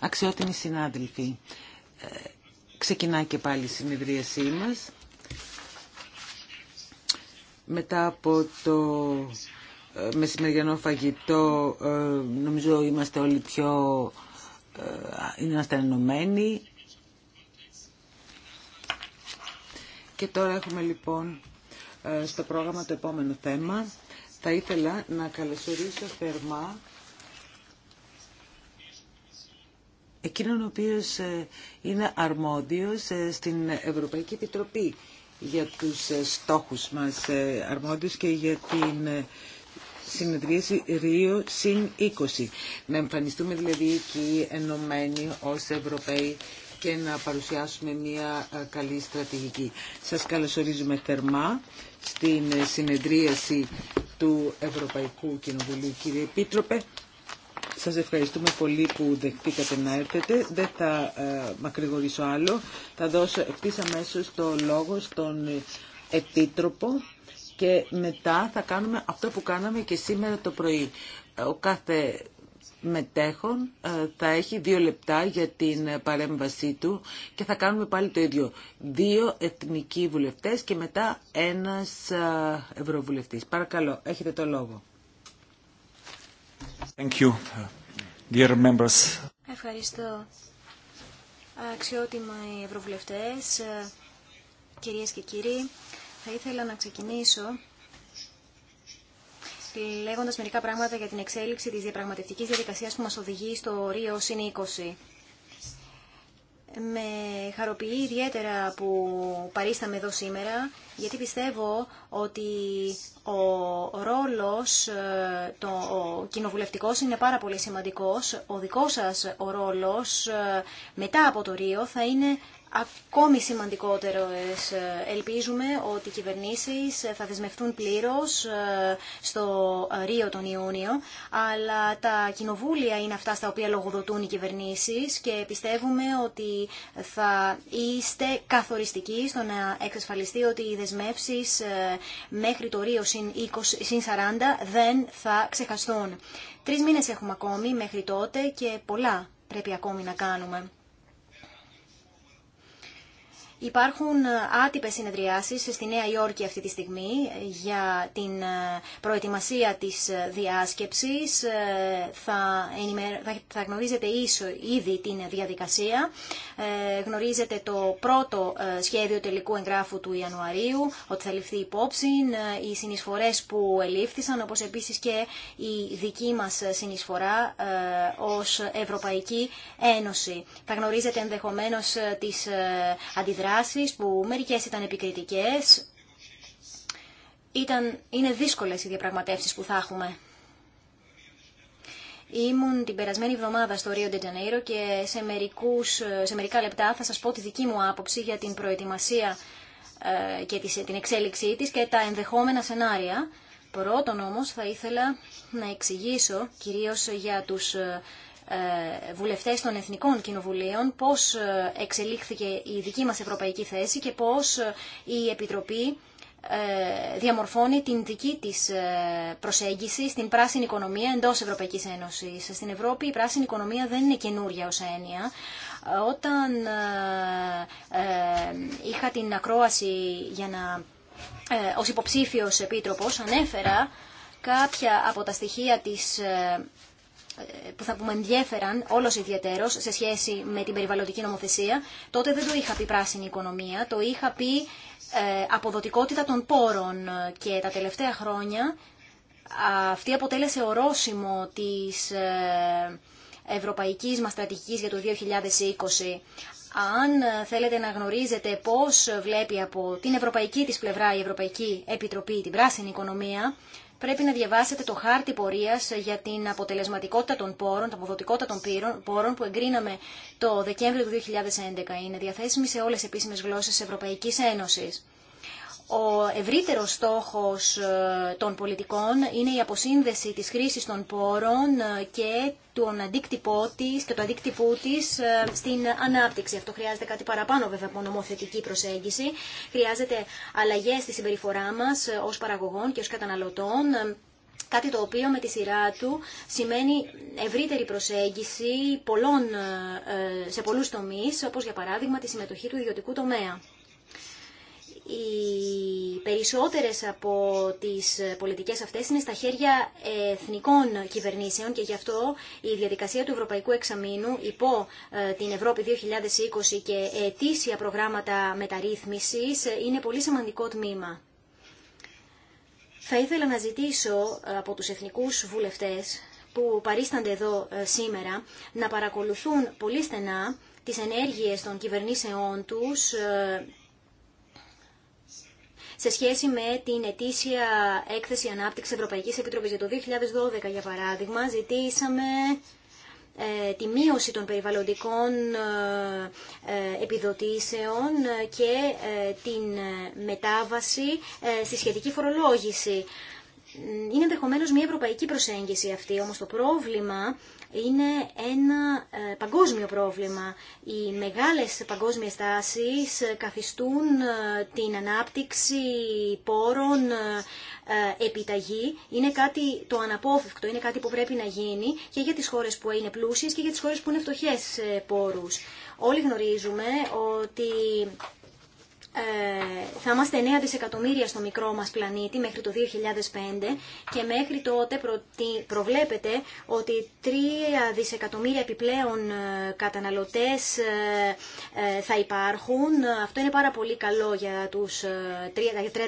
Αξιότιμοι συνάδελφοι, ε, ξεκινάει και πάλι η συνεδρίασή μας. Μετά από το ε, μεσημεριανό φαγητό, ε, νομίζω είμαστε όλοι πιο... είμαστε ενωμένοι. Και τώρα έχουμε λοιπόν στο πρόγραμμα το επόμενο θέμα. Θα ήθελα να καλωσορίσω θερμά εκείνον ο οποίος ε, είναι αρμόδιος ε, στην Ευρωπαϊκή Επιτροπή για τους ε, στόχους μας αρμόδιος και για την συνεδρίαση Ρίο συν 20. Να εμφανιστούμε δηλαδή εκεί ενωμένοι ως Ευρωπαίοι και να παρουσιάσουμε μια καλή στρατηγική. Σας καλωσορίζουμε θερμά στην συνεδρίαση του Ευρωπαϊκού Κοινοβουλίου, κύριε Επίτροπε. Σας ευχαριστούμε πολύ που δεχτήκατε να έρθετε. Δεν θα ε, μακρηγορήσω άλλο. Θα δώσω ευθύς αμέσω το λόγο στον Επίτροπο και μετά θα κάνουμε αυτό που κάναμε και σήμερα το πρωί. Ε, ο κάθε μετέχων ε, θα έχει δύο λεπτά για την παρέμβασή του και θα κάνουμε πάλι το ίδιο. Δύο εθνικοί βουλευτές και μετά ένας ευρωβουλευτής. Παρακαλώ, έχετε το λόγο. Ευχαριστώ. Αξιότιμα οι ευρωβουλευτές, κυρίες και κύριοι, θα ήθελα να ξεκινήσω λέγοντας μερικά πράγματα για την εξέλιξη της διαπραγματευτικής διαδικασίας που μας οδηγεί στο Ρίο ΣΥΝ με χαροποιεί ιδιαίτερα που παρίσταμε εδώ σήμερα, γιατί πιστεύω ότι ο ρόλος, ε, το, ο κοινοβουλευτικός είναι πάρα πολύ σημαντικός. Ο δικός σας ο ρόλος ε, μετά από το Ρίο θα είναι ακόμη σημαντικότερο Ελπίζουμε ότι οι κυβερνήσεις θα δεσμευτούν πλήρως ε, στο Ρίο τον Ιούνιο, αλλά τα κοινοβούλια είναι αυτά στα οποία λογοδοτούν οι κυβερνήσεις και πιστεύουμε ότι θα είστε καθοριστικοί στο να εξασφαλιστεί ότι οι δεσμεύσεις ε, μέχρι το Ρίο συν 40 δεν θα ξεχαστούν. Τρεις μήνες έχουμε ακόμη μέχρι τότε και πολλά πρέπει ακόμη να κάνουμε. Υπάρχουν ε, άτυπες συνεδριάσεις στη Νέα Υόρκη αυτή τη στιγμή ε, για την ε, προετοιμασία της διάσκεψης. Θα, θα γνωρίζετε ίσο ήδη την διαδικασία. Γνωρίζετε το πρώτο σχέδιο τελικού εγγράφου του Ιανουαρίου, ότι θα ληφθεί υπόψη οι συνεισφορές που ελήφθησαν, όπως επίσης και η δική μας συνεισφορά ως Ευρωπαϊκή Ένωση. Θα γνωρίζετε ενδεχομένως τις αντιδράσεις που μερικές ήταν επικριτικές. Ήταν, είναι δύσκολες οι διαπραγματεύσεις που θα έχουμε. Ήμουν την περασμένη εβδομάδα στο Ρίο Τζανέιρο και σε, μερικούς, σε μερικά λεπτά θα σας πω τη δική μου άποψη για την προετοιμασία ε, και την εξέλιξή της και τα ενδεχόμενα σενάρια. Πρώτον όμως θα ήθελα να εξηγήσω κυρίως για τους ε, ε, βουλευτές των Εθνικών Κοινοβουλίων πώς ε, εξελίχθηκε η δική μας ευρωπαϊκή θέση και πώς ε, η Επιτροπή διαμορφώνει την δική της προσέγγιση στην πράσινη οικονομία εντός Ευρωπαϊκής Ένωσης. Στην Ευρώπη η πράσινη οικονομία δεν είναι καινούρια ως έννοια. Όταν είχα την ακρόαση για να, ως υποψήφιος επίτροπος ανέφερα κάποια από τα στοιχεία της που θα πούμε ενδιέφεραν όλος ιδιαίτερος σε σχέση με την περιβαλλοντική νομοθεσία, τότε δεν το είχα πει πράσινη οικονομία, το είχα πει ε, αποδοτικότητα των πόρων και τα τελευταία χρόνια αυτή αποτέλεσε ορόσημο της ε, ευρωπαϊκής μας στρατηγικής για το 2020. Αν ε, θέλετε να γνωρίζετε πώς βλέπει από την ευρωπαϊκή της πλευρά η Ευρωπαϊκή Επιτροπή την πράσινη οικονομία, πρέπει να διαβάσετε το χάρτη πορεία για την αποτελεσματικότητα των πόρων, την αποδοτικότητα των πόρων που εγκρίναμε το Δεκέμβριο του 2011. Είναι διαθέσιμη σε όλες τις επίσημες γλώσσες της Ευρωπαϊκής Ένωσης ο ευρύτερος στόχος ε, των πολιτικών είναι η αποσύνδεση της χρήσης των πόρων ε, και του αντίκτυπό και το αντίκτυπού της ε, στην ανάπτυξη. Αυτό χρειάζεται κάτι παραπάνω βέβαια από νομοθετική προσέγγιση. Χρειάζεται αλλαγές στη συμπεριφορά μας ως παραγωγών και ως καταναλωτών κάτι το οποίο με τη σειρά του σημαίνει ευρύτερη προσέγγιση πολλών, σε πολλούς τομείς, όπως για παράδειγμα τη συμμετοχή του ιδιωτικού τομέα οι περισσότερες από τις πολιτικές αυτές είναι στα χέρια εθνικών κυβερνήσεων και γι' αυτό η διαδικασία του Ευρωπαϊκού Εξαμήνου υπό ε, την Ευρώπη 2020 και ετήσια προγράμματα μεταρρύθμισης ε, είναι πολύ σημαντικό τμήμα. Θα ήθελα να ζητήσω από τους εθνικούς βουλευτές που παρίστανται εδώ ε, σήμερα να παρακολουθούν πολύ στενά τις ενέργειες των κυβερνήσεών τους σε σχέση με την ετήσια έκθεση ανάπτυξης Ευρωπαϊκής Επιτροπής για το 2012 για παράδειγμα ζητήσαμε ε, τη μείωση των περιβαλλοντικών ε, ε, επιδοτήσεων και την μετάβαση στη σχετική φορολόγηση. Είναι ενδεχομένω μια ευρωπαϊκή προσέγγιση αυτή, όμως το πρόβλημα είναι ένα ε, παγκόσμιο πρόβλημα. Οι μεγάλες παγκόσμιες τάσεις καθιστούν ε, την ανάπτυξη πόρων ε, επιταγή. Είναι κάτι το αναπόφευκτο, είναι κάτι που πρέπει να γίνει και για τι χώρες που είναι πλούσιες και για τις χώρες που είναι φτωχές πόρους. Όλοι γνωρίζουμε ότι ε, θα είμαστε 9 δισεκατομμύρια στο μικρό μας πλανήτη μέχρι το 2005 και μέχρι τότε προβλέπεται ότι 3 δισεκατομμύρια επιπλέον ε, καταναλωτές ε, θα υπάρχουν. Αυτό είναι πάρα πολύ καλό για τους 3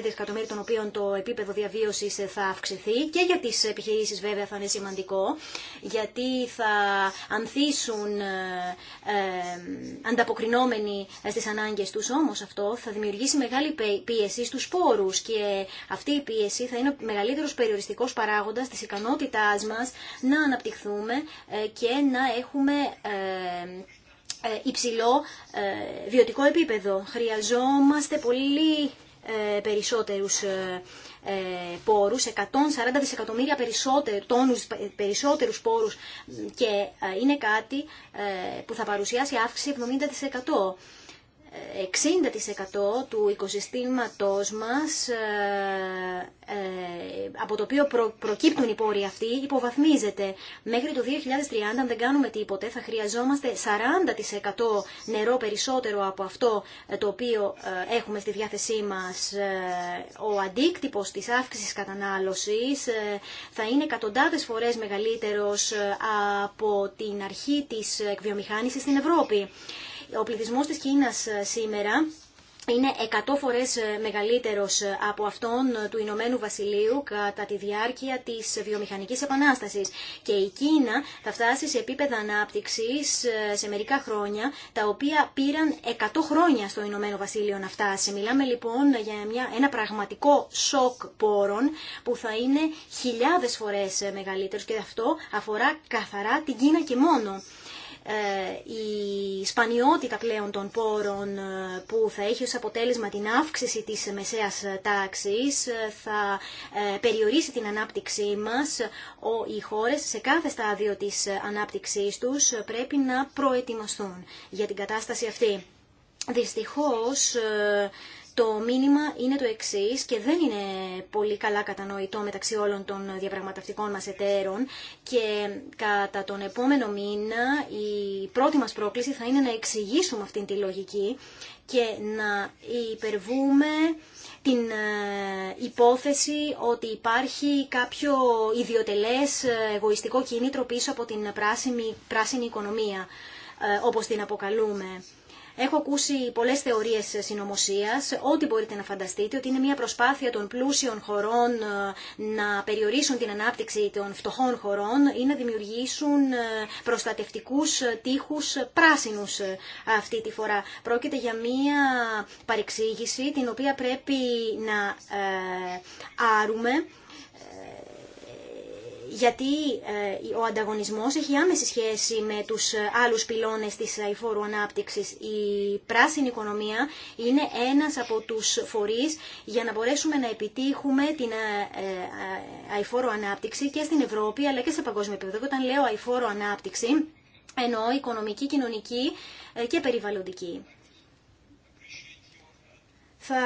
δισεκατομμύρια των οποίων το επίπεδο διαβίωσης θα αυξηθεί και για τις επιχειρήσεις βέβαια θα είναι σημαντικό γιατί θα ανθίσουν ανταποκρινόμενοι στις ανάγκες τους όμως αυτό θα δημιουργήσει μεγάλη πίεση στους πόρους και αυτή η πίεση θα είναι ο μεγαλύτερος περιοριστικός παράγοντας της ικανότητάς μας να αναπτυχθούμε ε, και να έχουμε ε, ε, υψηλό βιωτικό επίπεδο. Χρειαζόμαστε πολύ περισσότερους πόρους, 140 δισεκατομμύρια περισσότερους, τόνους περισσότερους πόρους και είναι κάτι που θα παρουσιάσει αύξηση 70%. 60% του οικοσυστήματος μας, ε, ε, από το οποίο προκύπτουν οι πόροι αυτοί, υποβαθμίζεται. Μέχρι το 2030, αν δεν κάνουμε τίποτε, θα χρειαζόμαστε 40% νερό περισσότερο από αυτό ε, το οποίο έχουμε στη διάθεσή μας. Ο αντίκτυπος της αύξησης κατανάλωσης θα είναι εκατοντάδες φορές μεγαλύτερος από την αρχή της εκβιομηχάνησης στην Ευρώπη. Ο πληθυσμός της Κίνας ε, σήμερα είναι 100 φορές ε, μεγαλύτερος ε, από αυτόν του Ηνωμένου Βασιλείου κατά τη διάρκεια της βιομηχανικής επανάστασης. Και η Κίνα θα φτάσει σε επίπεδα ανάπτυξης σε μερικά χρόνια, τα οποία πήραν 100 χρόνια στο Ηνωμένο Βασίλειο να φτάσει. Μιλάμε λοιπόν για μια, ένα πραγματικό σοκ πόρων που θα είναι χιλιάδες φορές μεγαλύτερος και αυτό αφορά καθαρά την Κίνα και μόνο. Ε, η σπανιότητα πλέον των πόρων ε, που θα έχει ως αποτέλεσμα την αύξηση της μεσαίας τάξης ε, θα περιορίσει την ανάπτυξή μας. Οι χώρες σε κάθε στάδιο της ανάπτυξής τους πρέπει να προετοιμαστούν για την κατάσταση αυτή. Δυστυχώς το μήνυμα είναι το εξή και δεν είναι πολύ καλά κατανοητό μεταξύ όλων των διαπραγματευτικών μας εταίρων και κατά τον επόμενο μήνα η πρώτη μας πρόκληση θα είναι να εξηγήσουμε αυτήν τη λογική και να υπερβούμε την ε, υπόθεση ότι υπάρχει κάποιο ιδιωτελές ε, εγωιστικό κίνητρο πίσω από την πράσινη, πράσινη οικονομία, ε, όπως την αποκαλούμε. Έχω ακούσει πολλές θεωρίες συνωμοσία. ό,τι μπορείτε να φανταστείτε, ότι είναι μια προσπάθεια των πλούσιων χωρών ε, να περιορίσουν την ανάπτυξη των φτωχών χωρών ή να δημιουργήσουν ε, προστατευτικούς τείχους πράσινους ε, αυτή τη φορά. Πρόκειται για μια παρεξήγηση την οποία πρέπει να άρουμε γιατί ε, ο ανταγωνισμός έχει άμεση σχέση με τους ε, άλλους πυλώνες της αηφόρου ε, ανάπτυξης. Η πράσινη οικονομία είναι ένας από τους φορείς για να μπορέσουμε να επιτύχουμε την αηφόρο ανάπτυξη και στην Ευρώπη αλλά και σε παγκόσμιο επίπεδο. Και όταν λέω αηφόρο ανάπτυξη εννοώ οικονομική, κοινωνική και περιβαλλοντική. Θα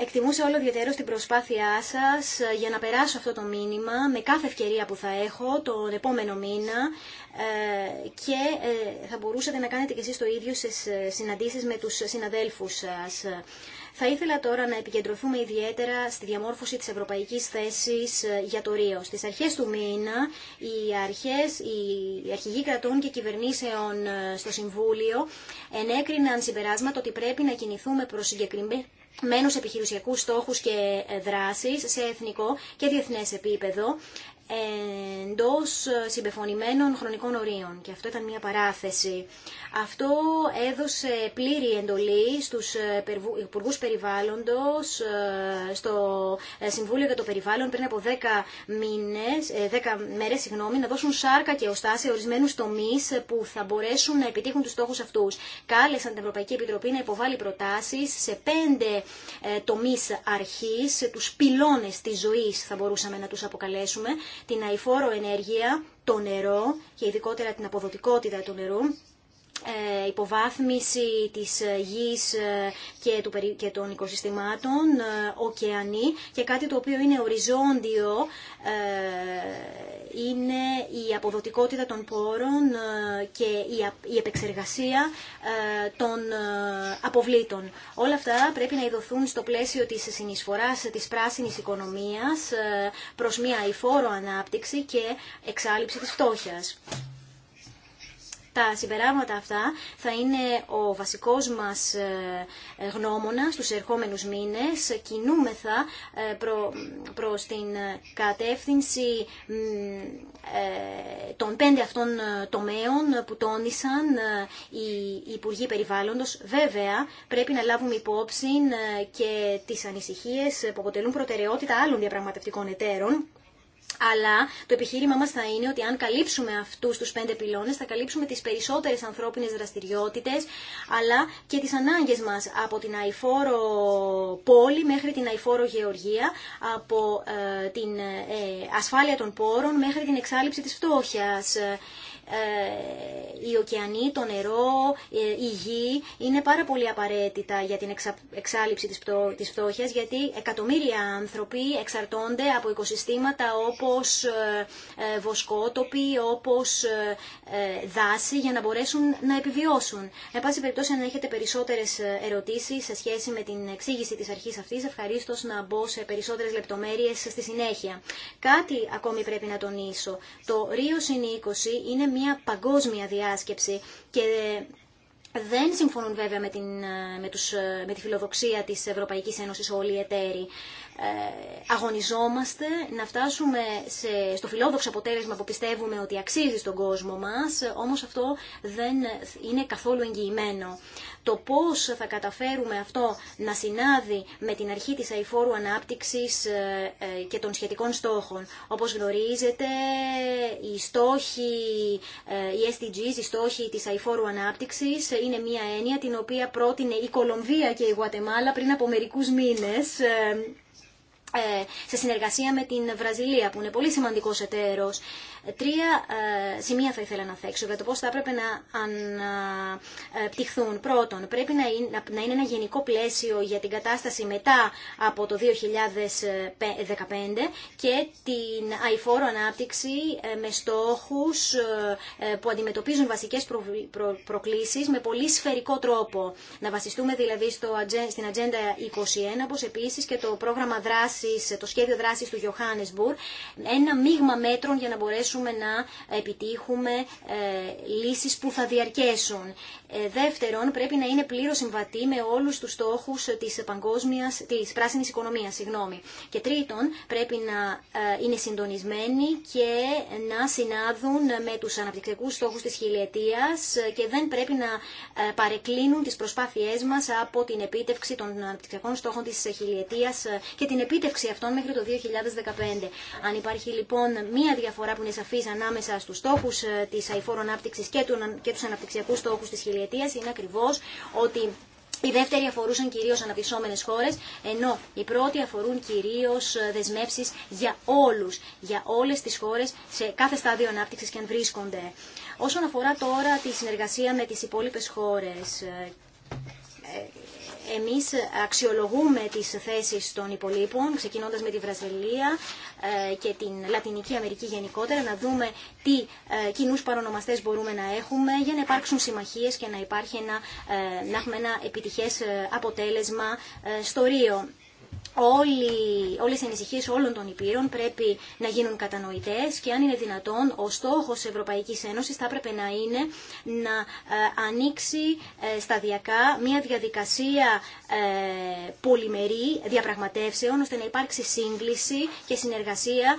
εκτιμούσα όλο ιδιαίτερο την προσπάθειά σας για να περάσω αυτό το μήνυμα με κάθε ευκαιρία που θα έχω τον επόμενο μήνα ε, και ε, θα μπορούσατε να κάνετε και εσείς το ίδιο σε συναντήσεις με τους συναδέλφους σας. Θα ήθελα τώρα να επικεντρωθούμε ιδιαίτερα στη διαμόρφωση της ευρωπαϊκής θέσης ε, για το Ρίο. Στις αρχές του μήνα, οι, αρχές, οι αρχηγοί κρατών και κυβερνήσεων στο Συμβούλιο ενέκριναν συμπεράσματα ότι πρέπει να κινηθούμε προς μένους επιχειρησιακού επιχειρησιακούς στόχους και ε, δράσεις σε εθνικό και διεθνές επίπεδο Εντό συμπεφωνημένων χρονικών ορίων. Και αυτό ήταν μια παράθεση. Αυτό έδωσε πλήρη εντολή στου ε, υπουργού περιβάλλοντος ε, στο ε, Συμβούλιο για το Περιβάλλον πριν από 10, μήνες, 10 μέρες συγγνώμη, να δώσουν σάρκα και οστά σε ορισμένους τομεί που θα μπορέσουν να επιτύχουν τους στόχους αυτούς. Κάλεσαν την Ευρωπαϊκή Επιτροπή να υποβάλει προτάσει σε πέντε τομεί αρχή, του πυλώνες τη ζωή θα μπορούσαμε να του αποκαλέσουμε την αηφόρο ενέργεια, το νερό και ειδικότερα την αποδοτικότητα του νερού ε, υποβάθμιση της ε, γης ε, και, του, και των οικοσυστημάτων, ωκεανή και κάτι το οποίο είναι οριζόντιο είναι η αποδοτικότητα των πόρων και η επεξεργασία των αποβλήτων. Όλα αυτά πρέπει να ειδωθούν στο πλαίσιο της συνεισφοράς της πράσινης οικονομίας προς μια υφόρο ανάπτυξη και εξάλληψη της φτώχειας τα συμπεράγματα αυτά θα είναι ο βασικός μας ε, ε, γνώμονα στους ερχόμενους μήνες. Κινούμεθα ε, προ, προς την κατεύθυνση των πέντε αυτών τομέων που τόνισαν οι Υπουργοί Περιβάλλοντος. Βέβαια, πρέπει να λάβουμε υπόψη και τις ανησυχίες που αποτελούν προτεραιότητα άλλων διαπραγματευτικών εταίρων αλλά το επιχείρημα μας θα είναι ότι αν καλύψουμε αυτού τους πέντε πυλώνες θα καλύψουμε τις περισσότερες ανθρώπινες δραστηριότητες αλλά και τις ανάγκες μας από την αηφόρο πόλη μέχρι την αηφόρο γεωργία, από ε, την ε, ε, ασφάλεια των πόρων μέχρι την εξάλληψη της φτώχειας. Ε, οι ωκεανοί, το νερό, ε, η γη είναι πάρα πολύ απαραίτητα για την εξάλληψη της, πτω... της φτώχειας γιατί εκατομμύρια άνθρωποι εξαρτώνται από οικοσυστήματα όπως ε, βοσκότοποι, όπως δάση για να μπορέσουν να επιβιώσουν. Εν πάση περιπτώσει αν έχετε περισσότερες ερωτήσεις σε σχέση με την εξήγηση της αρχής αυτής ευχαρίστω να μπω σε περισσότερες λεπτομέρειες στη συνέχεια. Κάτι ακόμη πρέπει να τονίσω. Το Ρίο Συν 20 είναι μια παγκόσμια διάσκεψη και δεν συμφωνούν βέβαια με, την, ε, με, τους, ε, με τη φιλοδοξία της Ευρωπαϊκής Ένωσης όλοι οι εταίροι. Ε, αγωνιζόμαστε να φτάσουμε σε, στο φιλόδοξο αποτέλεσμα που πιστεύουμε ότι αξίζει στον κόσμο μας, όμως αυτό δεν είναι καθόλου εγγυημένο. Το πώς θα καταφέρουμε αυτό να συνάδει με την αρχή της αηφόρου ανάπτυξης ε, ε, και των σχετικών στόχων. Όπως γνωρίζετε, οι στόχοι, οι SDGs, οι στόχοι της αηφόρου ανάπτυξης είναι μια έννοια την οποία πρότεινε η Κολομβία και η Γουατεμάλα πριν από μερικούς μήνες ε, σε συνεργασία με την Βραζιλία που είναι πολύ σημαντικός εταίρος Τρία ε, σημεία θα ήθελα να θέξω για το πώς θα έπρεπε να αναπτυχθούν. Πρώτον, πρέπει να είναι ένα γενικό πλαίσιο για την κατάσταση μετά από το 2015 και την αηφόρο ανάπτυξη ε, με στόχους ε, που αντιμετωπίζουν βασικές προκλήσεις με πολύ σφαιρικό τρόπο. Να βασιστούμε δηλαδή στο, στην Ατζέντα 21, όπως επίσης και το πρόγραμμα δράσης, το σχέδιο δράσης του Johannesburg, ένα μείγμα μέτρων για να μπορέσουν μπορέσουμε να επιτύχουμε ε, λύσεις που θα διαρκέσουν. Ε, δεύτερον, πρέπει να είναι πλήρω συμβατή με όλου του στόχου τη της πράσινη οικονομία. Και τρίτον, πρέπει να ε, είναι συντονισμένοι και να συνάδουν με του αναπτυξιακού στόχου τη χιλιετία και δεν πρέπει να ε, παρεκκλίνουν τι προσπάθειέ μα από την επίτευξη των αναπτυξιακών στόχων τη χιλιετία και την επίτευξη αυτών μέχρι το 2015. Αν υπάρχει λοιπόν μία διαφορά που είναι σαφή ανάμεσα στου στόχου τη αηφόρων ανάπτυξη και του αναπτυξιακού στόχου τη χιλιετία, αιτία είναι ακριβώς ότι οι δεύτεροι αφορούσαν κυρίω αναπτυσσόμενε χώρε, ενώ οι πρώτοι αφορούν κυρίω ε, δεσμεύσει για όλου, για όλε τι χώρε σε κάθε στάδιο ανάπτυξη και αν βρίσκονται. Όσον αφορά τώρα τη συνεργασία με τι υπόλοιπε χώρε, ε, ε, εμείς αξιολογούμε τις θέσεις των υπολείπων, ξεκινώντας με τη Βραζιλία ε, και την Λατινική Αμερική γενικότερα, να δούμε τι ε, κοινούς παρονομαστές μπορούμε να έχουμε για να υπάρξουν συμμαχίες και να, υπάρχει ένα, ε, να έχουμε ένα επιτυχές αποτέλεσμα στο Ρίο όλοι, όλες οι ανησυχίες όλων των υπήρων πρέπει να γίνουν κατανοητές και αν είναι δυνατόν ο στόχος Ευρωπαϊκής Ένωσης θα έπρεπε να είναι να ε, ανοίξει ε, σταδιακά μια διαδικασία ε, πολυμερή διαπραγματεύσεων ώστε να υπάρξει σύγκληση και συνεργασία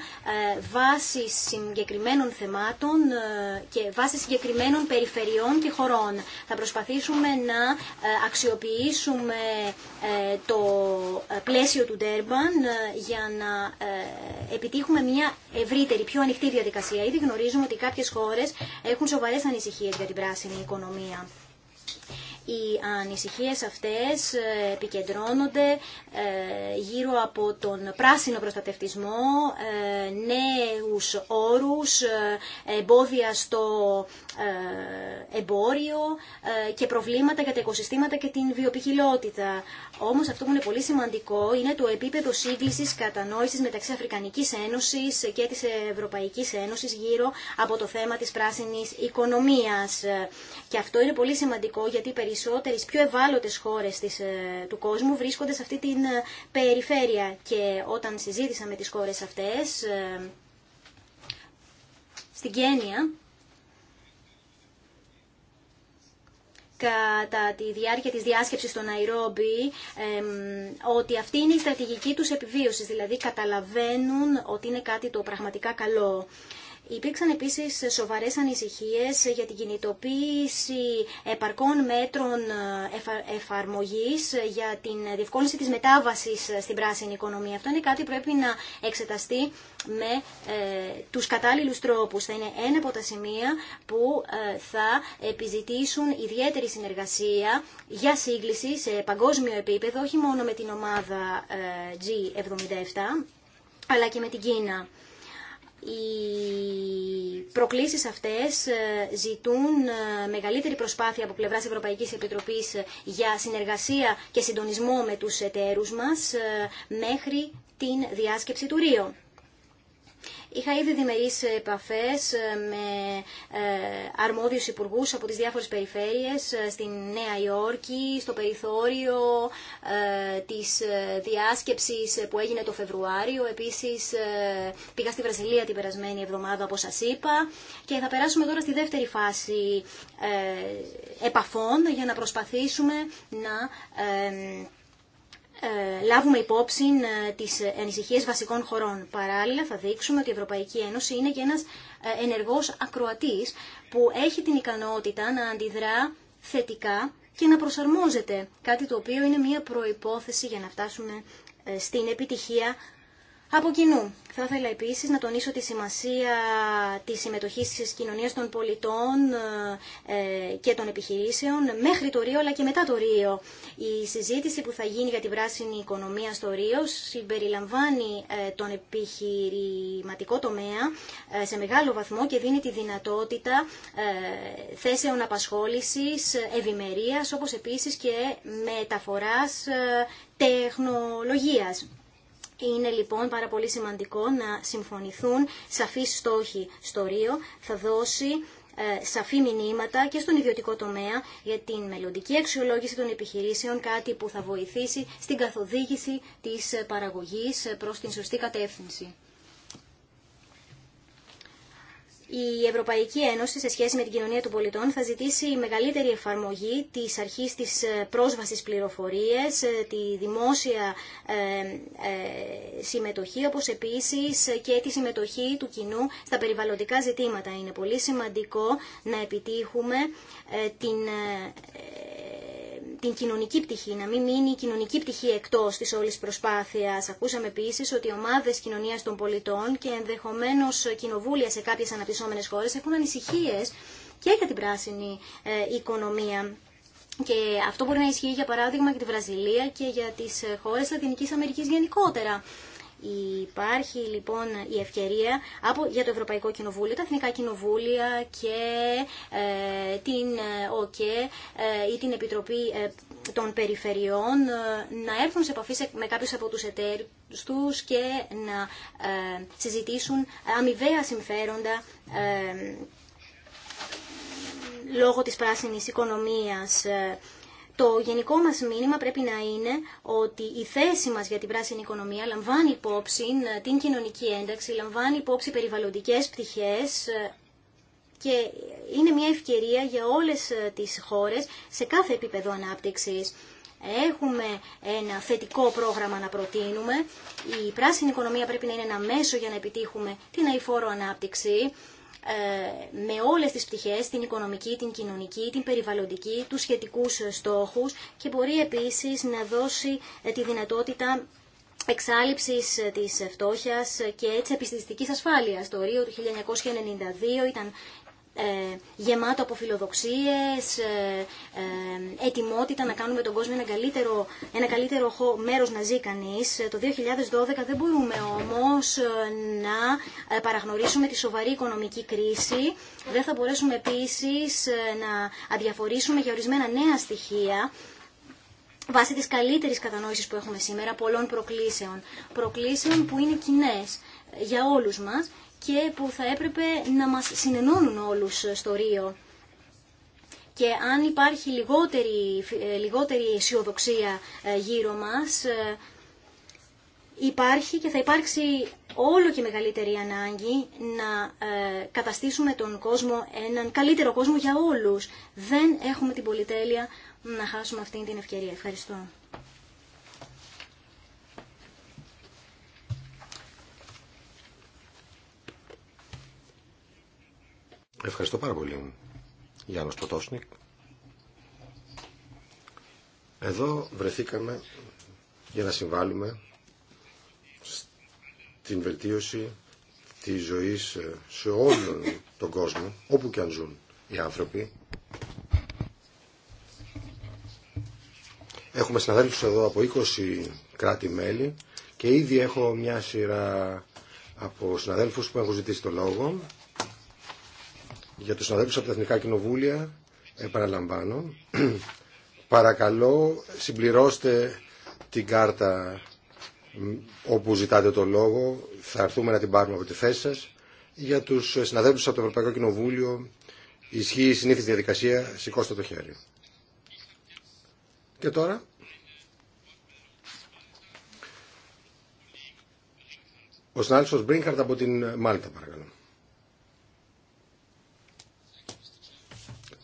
βάσει συγκεκριμένων θεμάτων και βάσει συγκεκριμένων περιφερειών και χωρών. Θα προσπαθήσουμε να αξιοποιήσουμε το πλαίσιο του Ντέρμπαν ε, για να ε, επιτύχουμε μια ευρύτερη, πιο ανοιχτή διαδικασία. Ήδη γνωρίζουμε ότι κάποιες χώρε έχουν σοβαρές ανησυχίες για την πράσινη οικονομία. Οι ανησυχίες αυτές ε, επικεντρώνονται γύρω από τον πράσινο προστατευτισμό, νέους όρους, εμπόδια στο εμπόριο και προβλήματα για τα οικοσυστήματα και την βιοπικιλότητα. Όμω αυτό που είναι πολύ σημαντικό είναι το επίπεδο σύγκληση κατανόησης μεταξύ Αφρικανική Ένωση και της Ευρωπαϊκής Ένωση γύρω από το θέμα της πράσινης οικονομίας. Και αυτό είναι πολύ σημαντικό γιατί οι περισσότερες πιο ευάλωτε χώρες ε, του κόσμου βρίσκονται σε αυτή την ε, περιφέρεια. Και όταν συζήτησα με τις χώρες αυτές, ε, στην Κένια, κατά τη διάρκεια της διάσκεψης στο Ναϊρόμπι ότι αυτή είναι η στρατηγική τους επιβίωσης, δηλαδή καταλαβαίνουν ότι είναι κάτι το πραγματικά καλό. Υπήρξαν επίσης σοβαρές ανησυχίες για την κινητοποίηση επαρκών μέτρων ε, εφαρμογής για την διευκόλυνση της μετάβασης στην πράσινη οικονομία. Αυτό είναι κάτι που πρέπει να εξεταστεί με ε, τους κατάλληλους τρόπους. Θα είναι ένα από τα σημεία που ε, θα επιζητήσουν ιδιαίτερη συνεργασία για σύγκληση σε παγκόσμιο επίπεδο, όχι μόνο με την ομάδα G77, αλλά και με την Κίνα. Οι προκλήσεις αυτές ε, ζητούν ε, μεγαλύτερη προσπάθεια από πλευράς Ευρωπαϊκής Επιτροπής ε, για συνεργασία και συντονισμό με τους εταίρους μας μέχρι την διάσκεψη του Ρίο. Είχα ήδη διμερείς επαφές ε, με ε, αρμόδιους υπουργού από τις διάφορες περιφέρειες ε, στην Νέα Υόρκη, στο περιθώριο της διάσκεψης που έγινε το Φεβρουάριο. Επίσης πήγα στη Βραζιλία την περασμένη εβδομάδα όπως σα είπα και θα περάσουμε τώρα στη δεύτερη φάση επαφών για να προσπαθήσουμε να ε, λάβουμε υπόψη ε, τις ε, ανησυχίες βασικών χωρών. Παράλληλα θα δείξουμε ότι η Ευρωπαϊκή Ένωση είναι και ένας ενεργός ακροατής που έχει την ικανότητα να αντιδρά θετικά και να προσαρμόζεται, κάτι το οποίο είναι μια προϋπόθεση για να φτάσουμε στην επιτυχία από κοινού. Θα ήθελα επίσης να τονίσω τη σημασία τη συμμετοχή τη κοινωνίας των πολιτών ε, και των επιχειρήσεων μέχρι το Ρίο αλλά και μετά το Ρίο. Η συζήτηση που θα γίνει για την πράσινη οικονομία στο Ρίο συμπεριλαμβάνει ε, τον επιχειρηματικό τομέα ε, σε μεγάλο βαθμό και δίνει τη δυνατότητα θέσεων απασχόληση, ευημερία όπως επίση και μεταφοράς τεχνολογία. Είναι λοιπόν πάρα πολύ σημαντικό να συμφωνηθούν σαφείς στόχοι στο Ρίο. Θα δώσει ε, σαφή μηνύματα και στον ιδιωτικό τομέα για την μελλοντική αξιολόγηση των επιχειρήσεων, κάτι που θα βοηθήσει στην καθοδήγηση της παραγωγής προς την σωστή κατεύθυνση η Ευρωπαϊκή Ένωση σε σχέση με την κοινωνία των πολιτών θα ζητήσει μεγαλύτερη εφαρμογή της αρχής της ε, πρόσβασης πληροφορίες, ε, τη δημόσια ε, συμμετοχή, όπως επίσης και τη συμμετοχή του κοινού στα περιβαλλοντικά ζητήματα. Είναι πολύ σημαντικό να επιτύχουμε την την κοινωνική πτυχή, να μην μείνει η κοινωνική πτυχή εκτός της όλης προσπάθειας. Ακούσαμε επίση ότι ομάδες κοινωνίας των πολιτών και ενδεχομένως κοινοβούλια σε κάποιες αναπτυσσόμενες χώρες έχουν ανησυχίες και για την πράσινη ε, οικονομία. Και αυτό μπορεί να ισχύει για παράδειγμα για τη Βραζιλία και για τις ε, χώρες Λατινικής Αμερικής γενικότερα. Υπάρχει λοιπόν η ευκαιρία από, για το Ευρωπαϊκό Κοινοβούλιο, τα Εθνικά Κοινοβούλια και ε, την ε, ΟΚΕ ή την Επιτροπή ε, των Περιφερειών να έρθουν σε επαφή με κάποιους από τους εταίρους τους και να συζητήσουν αμοιβαία συμφέροντα λόγω της πράσινης οικονομίας. Το γενικό μας μήνυμα πρέπει να είναι ότι η θέση μας για την πράσινη οικονομία λαμβάνει υπόψη ε, την κοινωνική ένταξη, λαμβάνει υπόψη περιβαλλοντικές πτυχές ε, και είναι μια ευκαιρία για όλες ε, τις χώρες σε κάθε επίπεδο ανάπτυξης. Έχουμε ένα θετικό πρόγραμμα να προτείνουμε. Η πράσινη οικονομία πρέπει να είναι ένα μέσο για να επιτύχουμε την αηφόρο ανάπτυξη. Ε, με όλες τις πτυχές, την οικονομική, την κοινωνική, την περιβαλλοντική, τους σχετικούς στόχους και μπορεί επίσης να δώσει ε, τη δυνατότητα εξάλληψης ε, της φτώχειας και έτσι επιστημιστικής ασφάλειας. Το Ρίο του 1992 ήταν ε, γεμάτο από φιλοδοξίες, ε, ε, ετοιμότητα να κάνουμε τον κόσμο ένα καλύτερο, ένα καλύτερο μέρος να ζει κανείς. Το 2012 δεν μπορούμε όμως να παραγνωρίσουμε τη σοβαρή οικονομική κρίση. Δεν θα μπορέσουμε επίσης να αδιαφορήσουμε για ορισμένα νέα στοιχεία βάσει της καλύτερης κατανόησης που έχουμε σήμερα πολλών προκλήσεων. Προκλήσεων που είναι κοινέ για όλους μας και που θα έπρεπε να μας συνενώνουν όλους στο Ρίο. Και αν υπάρχει λιγότερη, ε, λιγότερη αισιοδοξία ε, γύρω μας, ε, υπάρχει και θα υπάρξει όλο και μεγαλύτερη ανάγκη να καταστήσουμε τον κόσμο έναν καλύτερο κόσμο για όλους. Δεν έχουμε την πολυτέλεια να χάσουμε αυτή την ευκαιρία. Ευχαριστώ. Ευχαριστώ πάρα πολύ, Γιάννος Ποτόσνικ. Εδώ βρεθήκαμε για να συμβάλλουμε στην βελτίωση της ζωής ε, σε όλο τον κόσμο, όπου και αν ζουν οι άνθρωποι. Έχουμε συναδέλφους εδώ από 20 κράτη-μέλη και ήδη έχω μια σειρά από συναδέλφους που έχουν ζητήσει το λόγο για τους συναδέλφους από τα Εθνικά Κοινοβούλια, επαναλαμβάνω, παρακαλώ συμπληρώστε την κάρτα όπου ζητάτε το λόγο, θα έρθουμε να την πάρουμε από τη θέση σας. Για τους συναδέλφους από το Ευρωπαϊκό Κοινοβούλιο ισχύει η συνήθιση διαδικασία, σηκώστε το χέρι. Και τώρα... Ο συνάδελφος Μπρίνκαρτ από την Μάλτα, παρακαλώ.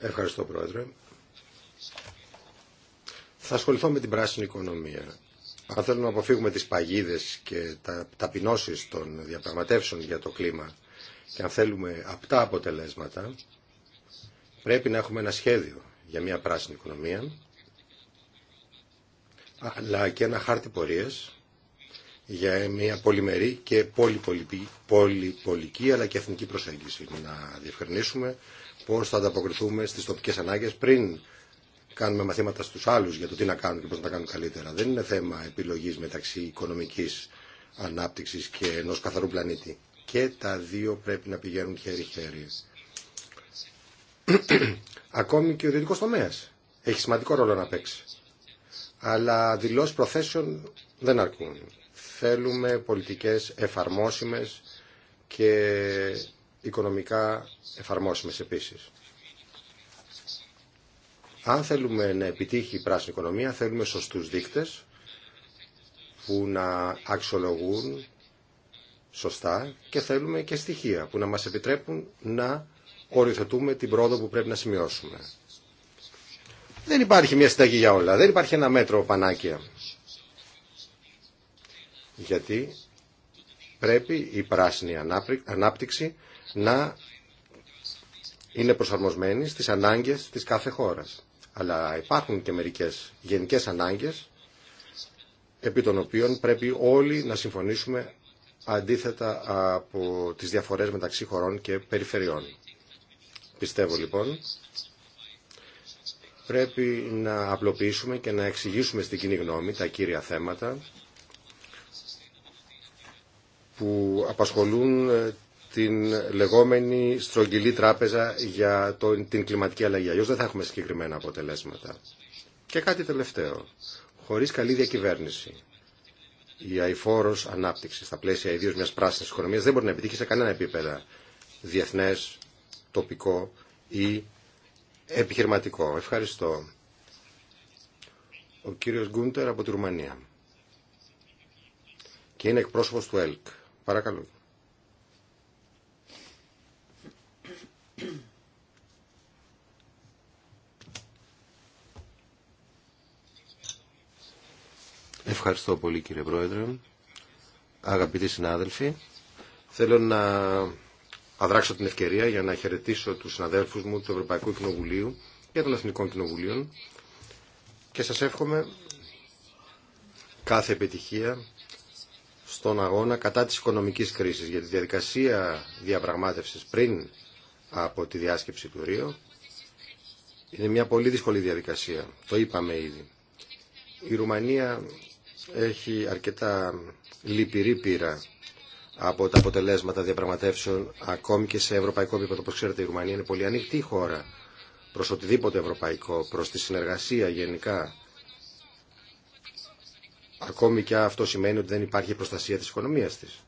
Ευχαριστώ, Πρόεδρε. Θα ασχοληθώ με την πράσινη οικονομία. Αν θέλουμε να αποφύγουμε τις παγίδες και τα ταπεινώσεις των διαπραγματεύσεων για το κλίμα και αν θέλουμε απτά αποτελέσματα, πρέπει να έχουμε ένα σχέδιο για μια πράσινη οικονομία, αλλά και ένα χάρτη πορείας για μια πολυμερή και πολυπολική αλλά και εθνική προσέγγιση. Να διευκρινίσουμε Πώ θα ανταποκριθούμε στις τοπικέ ανάγκε πριν κάνουμε μαθήματα στους άλλους για το τι να κάνουν και πώ να τα κάνουν καλύτερα. Δεν είναι θέμα επιλογής μεταξύ οικονομικής ανάπτυξης και ενό καθαρού πλανήτη. Και τα δύο πρέπει να πηγαίνουν χέρι-χέρι. Ακόμη και ο ιδιωτικό τομέας έχει σημαντικό ρόλο να παίξει. Αλλά δηλώσει προθέσεων δεν αρκούν. Θέλουμε πολιτικέ εφαρμόσιμες και οικονομικά εφαρμόσιμες επίσης. Αν θέλουμε να επιτύχει η πράσινη οικονομία, θέλουμε σωστούς δείκτες που να αξιολογούν σωστά και θέλουμε και στοιχεία που να μας επιτρέπουν να οριοθετούμε την πρόοδο που πρέπει να σημειώσουμε. Δεν υπάρχει μια συνταγή για όλα, δεν υπάρχει ένα μέτρο πανάκια. Γιατί πρέπει η πράσινη ανάπτυξη να είναι προσαρμοσμένοι στις ανάγκες της κάθε χώρας. Αλλά υπάρχουν και μερικές γενικές ανάγκες επί των οποίων πρέπει όλοι να συμφωνήσουμε αντίθετα από τις διαφορές μεταξύ χωρών και περιφερειών. Πιστεύω λοιπόν πρέπει να απλοποιήσουμε και να εξηγήσουμε στην κοινή γνώμη τα κύρια θέματα που απασχολούν την λεγόμενη στρογγυλή τράπεζα για την κλιματική αλλαγή. Αλλιώς δεν θα έχουμε συγκεκριμένα αποτελέσματα. Και κάτι τελευταίο. Χωρίς καλή διακυβέρνηση, η αηφόρος ανάπτυξη στα πλαίσια ιδίω μιας πράσινης οικονομίας δεν μπορεί να επιτύχει σε κανένα επίπεδο, διεθνές, τοπικό ή επιχειρηματικό. Ευχαριστώ. Ο κύριος Γκούντερ από τη Ρουμανία και είναι εκπρόσωπος του ΕΛΚ. Παρακαλώ. Ευχαριστώ πολύ κύριε Πρόεδρε. Αγαπητοί συνάδελφοι, θέλω να αδράξω την ευκαιρία για να χαιρετήσω τους συναδέλφους μου του Ευρωπαϊκού Κοινοβουλίου και των Εθνικών Κοινοβουλίων και σας εύχομαι κάθε επιτυχία στον αγώνα κατά της οικονομικής κρίσης. Για τη διαδικασία διαπραγμάτευσης πριν από τη διάσκεψη του Ρίο. Είναι μια πολύ δύσκολη διαδικασία. Το είπαμε ήδη. Η Ρουμανία έχει αρκετά λυπηρή πείρα από τα αποτελέσματα διαπραγματεύσεων ακόμη και σε ευρωπαϊκό επίπεδο. Όπως ξέρετε η Ρουμανία είναι πολύ ανοιχτή χώρα προς οτιδήποτε ευρωπαϊκό, προς τη συνεργασία γενικά. Ακόμη και αυτό σημαίνει ότι δεν υπάρχει προστασία της οικονομίας της.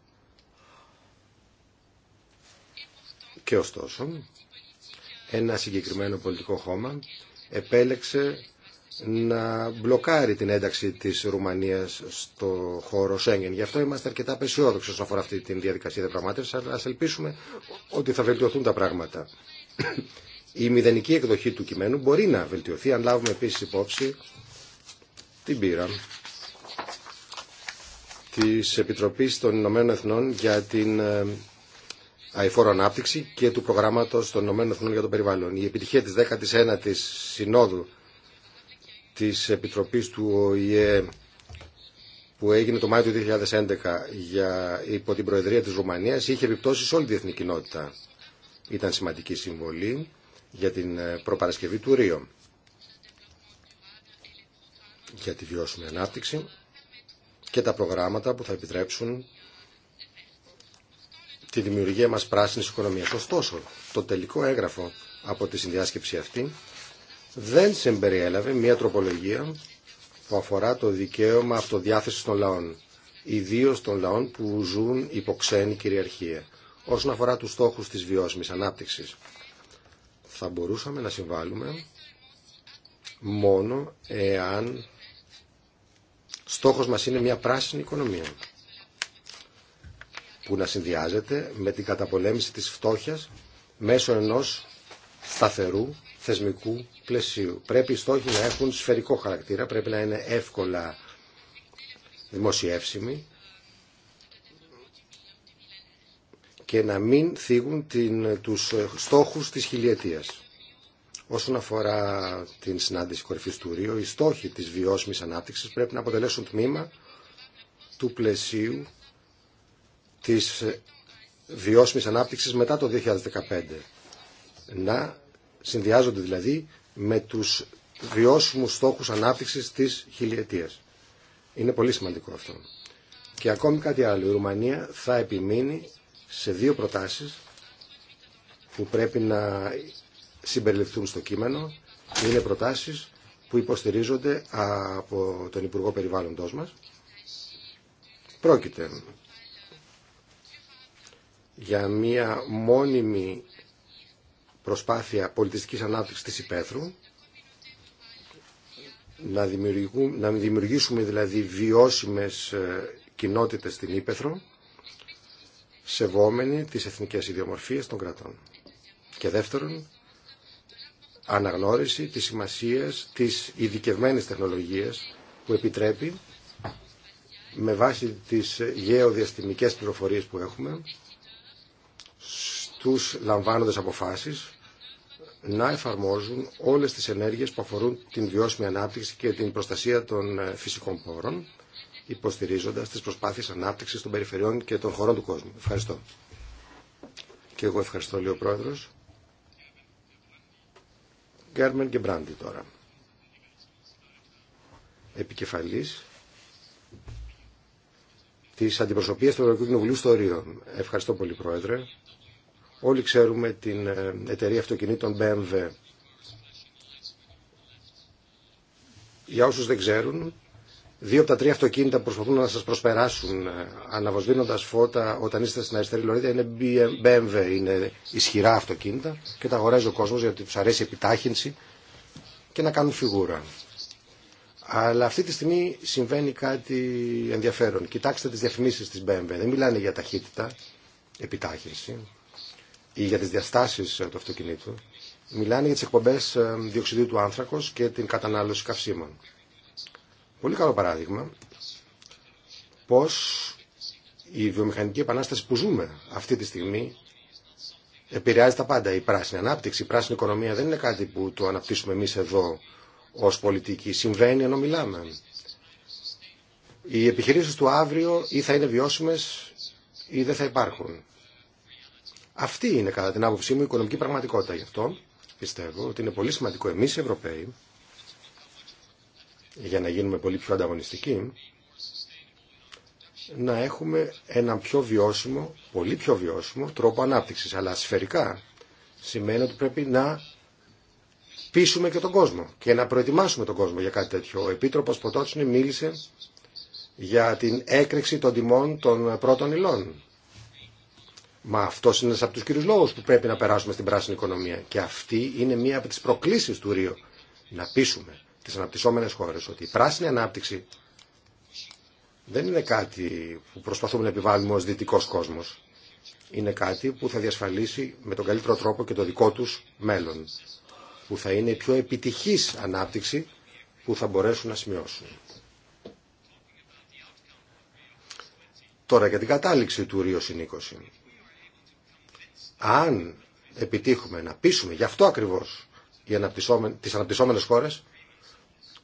Και ωστόσο, ένα συγκεκριμένο πολιτικό χώμα επέλεξε να μπλοκάρει την ένταξη της Ρουμανίας στο χώρο Σέγγεν. Γι' αυτό είμαστε αρκετά απεσιόδοξοι όσον αφορά αυτή τη διαδικασία διαπραγμάτευση, αλλά ας ελπίσουμε ότι θα βελτιωθούν τα πράγματα. Η μηδενική εκδοχή του κειμένου μπορεί να βελτιωθεί αν λάβουμε επίσης υπόψη την πείρα της Επιτροπής των Ηνωμένων Εθνών για την ε, αηφόρο ανάπτυξη και του προγράμματο των ΗΠΑ για το περιβάλλον. Η επιτυχία τη 19 η Συνόδου τη Επιτροπής του ΟΗΕ που έγινε το Μάιο του 2011 για, υπό την Προεδρία της Ρουμανίας είχε επιπτώσει σε όλη τη διεθνή κοινότητα. Ήταν σημαντική συμβολή για την ε, προπαρασκευή του Ρίο για τη βιώσιμη ανάπτυξη και τα προγράμματα που θα επιτρέψουν τη δημιουργία μας πράσινης οικονομίας. Ωστόσο, το τελικό έγγραφο από τη συνδιάσκεψη αυτή δεν συμπεριέλαβε μια τροπολογία που αφορά το δικαίωμα αυτοδιάθεσης των λαών, ιδίω των λαών που ζουν υπό ξένη κυριαρχία, όσον αφορά τους στόχους της βιώσιμης ανάπτυξης. Θα μπορούσαμε να συμβάλλουμε μόνο εάν στόχος μας είναι μια πράσινη οικονομία που να συνδυάζεται με την καταπολέμηση της φτώχειας μέσω ενός σταθερού θεσμικού πλαισίου. Πρέπει οι στόχοι να έχουν σφαιρικό χαρακτήρα, πρέπει να είναι εύκολα δημοσιεύσιμοι και να μην θίγουν την, τους στόχους της χιλιετίας. Όσον αφορά την συνάντηση κορυφής του Ρίο, οι στόχοι της βιώσιμης ανάπτυξης πρέπει να αποτελέσουν τμήμα του πλαισίου της βιώσιμης ανάπτυξης μετά το 2015. Να συνδυάζονται δηλαδή με τους βιώσιμους στόχους ανάπτυξης της χιλιετίας. Είναι πολύ σημαντικό αυτό. Και ακόμη κάτι άλλο. Η Ρουμανία θα επιμείνει σε δύο προτάσεις που πρέπει να συμπεριληφθούν στο κείμενο. Είναι προτάσεις που υποστηρίζονται από τον Υπουργό Περιβάλλοντός μας. Πρόκειται για μια μόνιμη προσπάθεια πολιτιστικής ανάπτυξης της υπαίθρου, να, δημιουργήσουμε, να δημιουργήσουμε δηλαδή βιώσιμες ε, κοινότητες στην Ήπεθρο, σεβόμενοι τις εθνικές ιδιομορφίες των κρατών. Και δεύτερον, αναγνώριση της σημασίας της ειδικευμένης τεχνολογίας που επιτρέπει με βάση τις γεωδιαστημικές πληροφορίες που έχουμε στους λαμβάνοντες αποφάσεις να εφαρμόζουν όλες τις ενέργειες που αφορούν την βιώσιμη ανάπτυξη και την προστασία των ε, φυσικών πόρων, υποστηρίζοντας τις προσπάθειες ανάπτυξης των περιφερειών και των χωρών του κόσμου. Ευχαριστώ. Και εγώ ευχαριστώ, λέει ο Πρόεδρος. Γκέρμεν και Μπράντι τώρα. Επικεφαλής της Αντιπροσωπείας του Ευρωπαϊκού Κοινοβουλίου στο Ρίο. Ευχαριστώ πολύ, Πρόεδρε. Όλοι ξέρουμε την ε, εταιρεία αυτοκινήτων BMW. Για όσους δεν ξέρουν, δύο από τα τρία αυτοκίνητα που προσπαθούν να σας προσπεράσουν ε, αναβοσβήνοντας φώτα όταν είστε στην αριστερή λωρίδα είναι BMW, είναι ισχυρά αυτοκίνητα και τα αγοράζει ο κόσμος γιατί τους αρέσει η επιτάχυνση και να κάνουν φιγούρα. Αλλά αυτή τη στιγμή συμβαίνει κάτι ενδιαφέρον. Κοιτάξτε τις διαφημίσεις της BMW. Δεν μιλάνε για ταχύτητα, επιτάχυνση ή για τις διαστάσεις ε, του αυτοκινήτου μιλάνε για τις εκπομπές ε, διοξιδίου του άνθρακος και την κατανάλωση καυσίμων. Πολύ καλό παράδειγμα πώς η βιομηχανική επανάσταση που ζούμε αυτή τη στιγμή επηρεάζει τα πάντα. Η πράσινη ανάπτυξη, η πράσινη οικονομία δεν είναι κάτι που το αναπτύσσουμε εμείς εδώ ως πολιτική. Συμβαίνει ενώ μιλάμε. Οι επιχειρήσεις του αύριο ή θα είναι βιώσιμες ή δεν θα υπάρχουν. Αυτή είναι κατά την άποψή μου η οικονομική πραγματικότητα. Γι' αυτό πιστεύω ότι είναι πολύ σημαντικό εμείς οι Ευρωπαίοι για να γίνουμε πολύ πιο ανταγωνιστικοί να έχουμε έναν πιο βιώσιμο, πολύ πιο βιώσιμο τρόπο ανάπτυξης. Αλλά σφαιρικά σημαίνει ότι πρέπει να πείσουμε και τον κόσμο και να προετοιμάσουμε τον κόσμο για κάτι τέτοιο. Ο Επίτροπος Ποτότσινη μίλησε για την έκρηξη των τιμών των πρώτων υλών. Μα αυτό είναι ένα από του κύριου λόγου που πρέπει να περάσουμε στην πράσινη οικονομία. Και αυτή είναι μία από τι προκλήσει του Ρίο. Να πείσουμε τι αναπτυσσόμενε χώρε ότι η πράσινη ανάπτυξη δεν είναι κάτι που προσπαθούμε να επιβάλλουμε ω δυτικό κόσμο. Είναι κάτι που θα διασφαλίσει με τον καλύτερο τρόπο και το δικό του μέλλον. Που θα είναι η πιο επιτυχή ανάπτυξη που θα μπορέσουν να σημειώσουν. Τώρα για την κατάληξη του Ρίο αν επιτύχουμε να πείσουμε γι' αυτό ακριβώς τι αναπτυσσόμενε τις αναπτυσσόμενες χώρες,